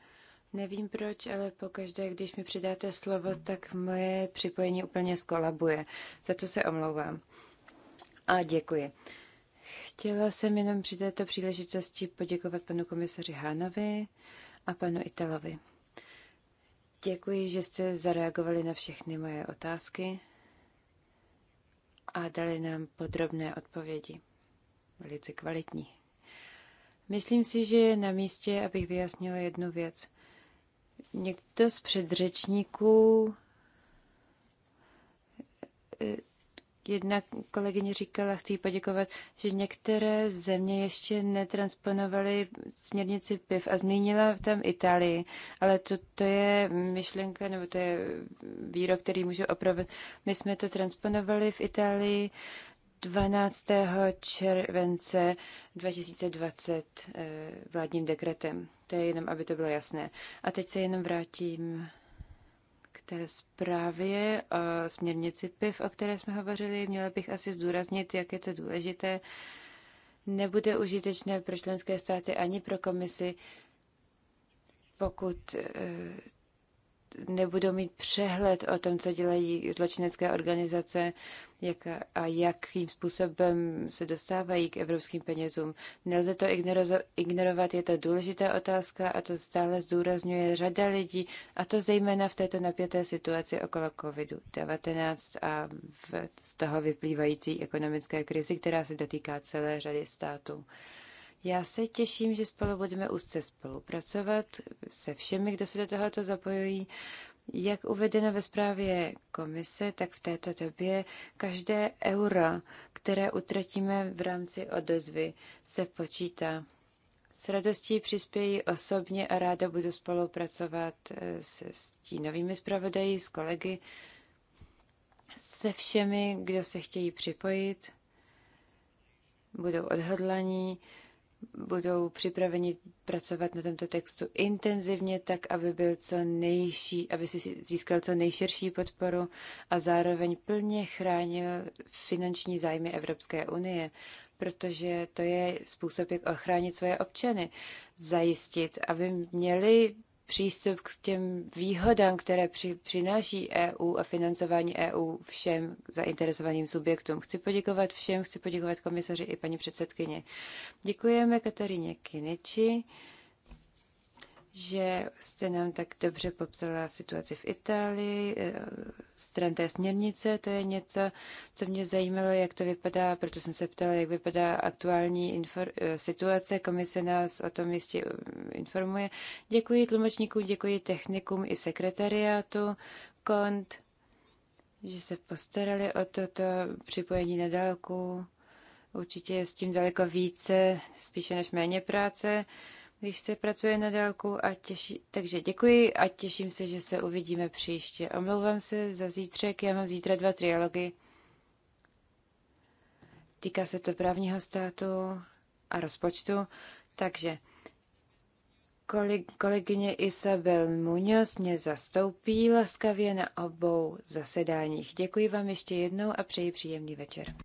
Nevím proč, ale pokaždé, když mi přidáte slovo, tak moje připojení úplně skolabuje. Za to se omlouvám. A děkuji. Chtěla jsem jenom při této příležitosti poděkovat panu komisaři Hánovi a panu Italovi. Děkuji, že jste zareagovali na všechny moje otázky a dali nám podrobné odpovědi. Velice kvalitní. Myslím si, že je na místě, abych vyjasnila jednu věc. Někdo z předřečníků Jedna kolegyně říkala, chci poděkovat, že některé země ještě netransponovaly směrnici PIV a zmínila tam Itálii, ale to, to je myšlenka, nebo to je výrok, který můžu opravit. My jsme to transponovali v Itálii 12. července 2020 eh, vládním dekretem. To je jenom, aby to bylo jasné. A teď se jenom vrátím té zprávě o eh, směrnici PIV, o které jsme hovořili, měla bych asi zdůraznit, jak je to důležité. Nebude užitečné pro členské státy ani pro komisi, pokud eh, nebudou mít přehled o tom, co dělají zločinecké organizace jak a jakým způsobem se dostávají k evropským penězům. Nelze to ignorovat, je to důležitá otázka a to stále zdůrazňuje řada lidí, a to zejména v této napěté situaci okolo COVID-19 a v, z toho vyplývající ekonomické krizi, která se dotýká celé řady států. Já se těším, že spolu budeme úzce spolupracovat se všemi, kdo se do tohoto zapojují. Jak uvedeno ve zprávě komise, tak v této době každé euro, které utratíme v rámci odezvy, se počítá. S radostí přispěji osobně a ráda budu spolupracovat eh, s stínovými zpravodaji, s kolegy, se všemi, kdo se chtějí připojit, budou odhodlaní budou připraveni pracovat na tomto textu intenzivně, tak aby, byl co nejší, aby si získal co nejširší podporu a zároveň plně chránil finanční zájmy Evropské unie, protože to je způsob, jak ochránit svoje občany, zajistit, aby měli přístup k těm výhodám, které při, přináší EU a financování EU všem zainteresovaným subjektům. Chci poděkovat všem, chci poděkovat komisaři i paní předsedkyně. Děkujeme Kataríně Kineči že jste nám tak dobře popsala situaci v Itálii, eh, stran té směrnice, to je něco, co mě zajímalo, jak to vypadá, proto jsem se ptala, jak vypadá aktuální eh, situace, komise nás o tom jistě eh, informuje. Děkuji tlumočníkům, děkuji technikům i sekretariátu, kont, že se postarali o toto připojení na dálku. Určitě je s tím daleko více, spíše než méně práce když se pracuje na dálku a těší, takže děkuji a těším se, že se uvidíme příště. Omlouvám se za zítřek, já mám zítra dva trialogy. Týká se to právního státu a rozpočtu, takže kolegyně Isabel Muñoz mě zastoupí laskavě na obou zasedáních. Děkuji vám ještě jednou a přeji příjemný večer.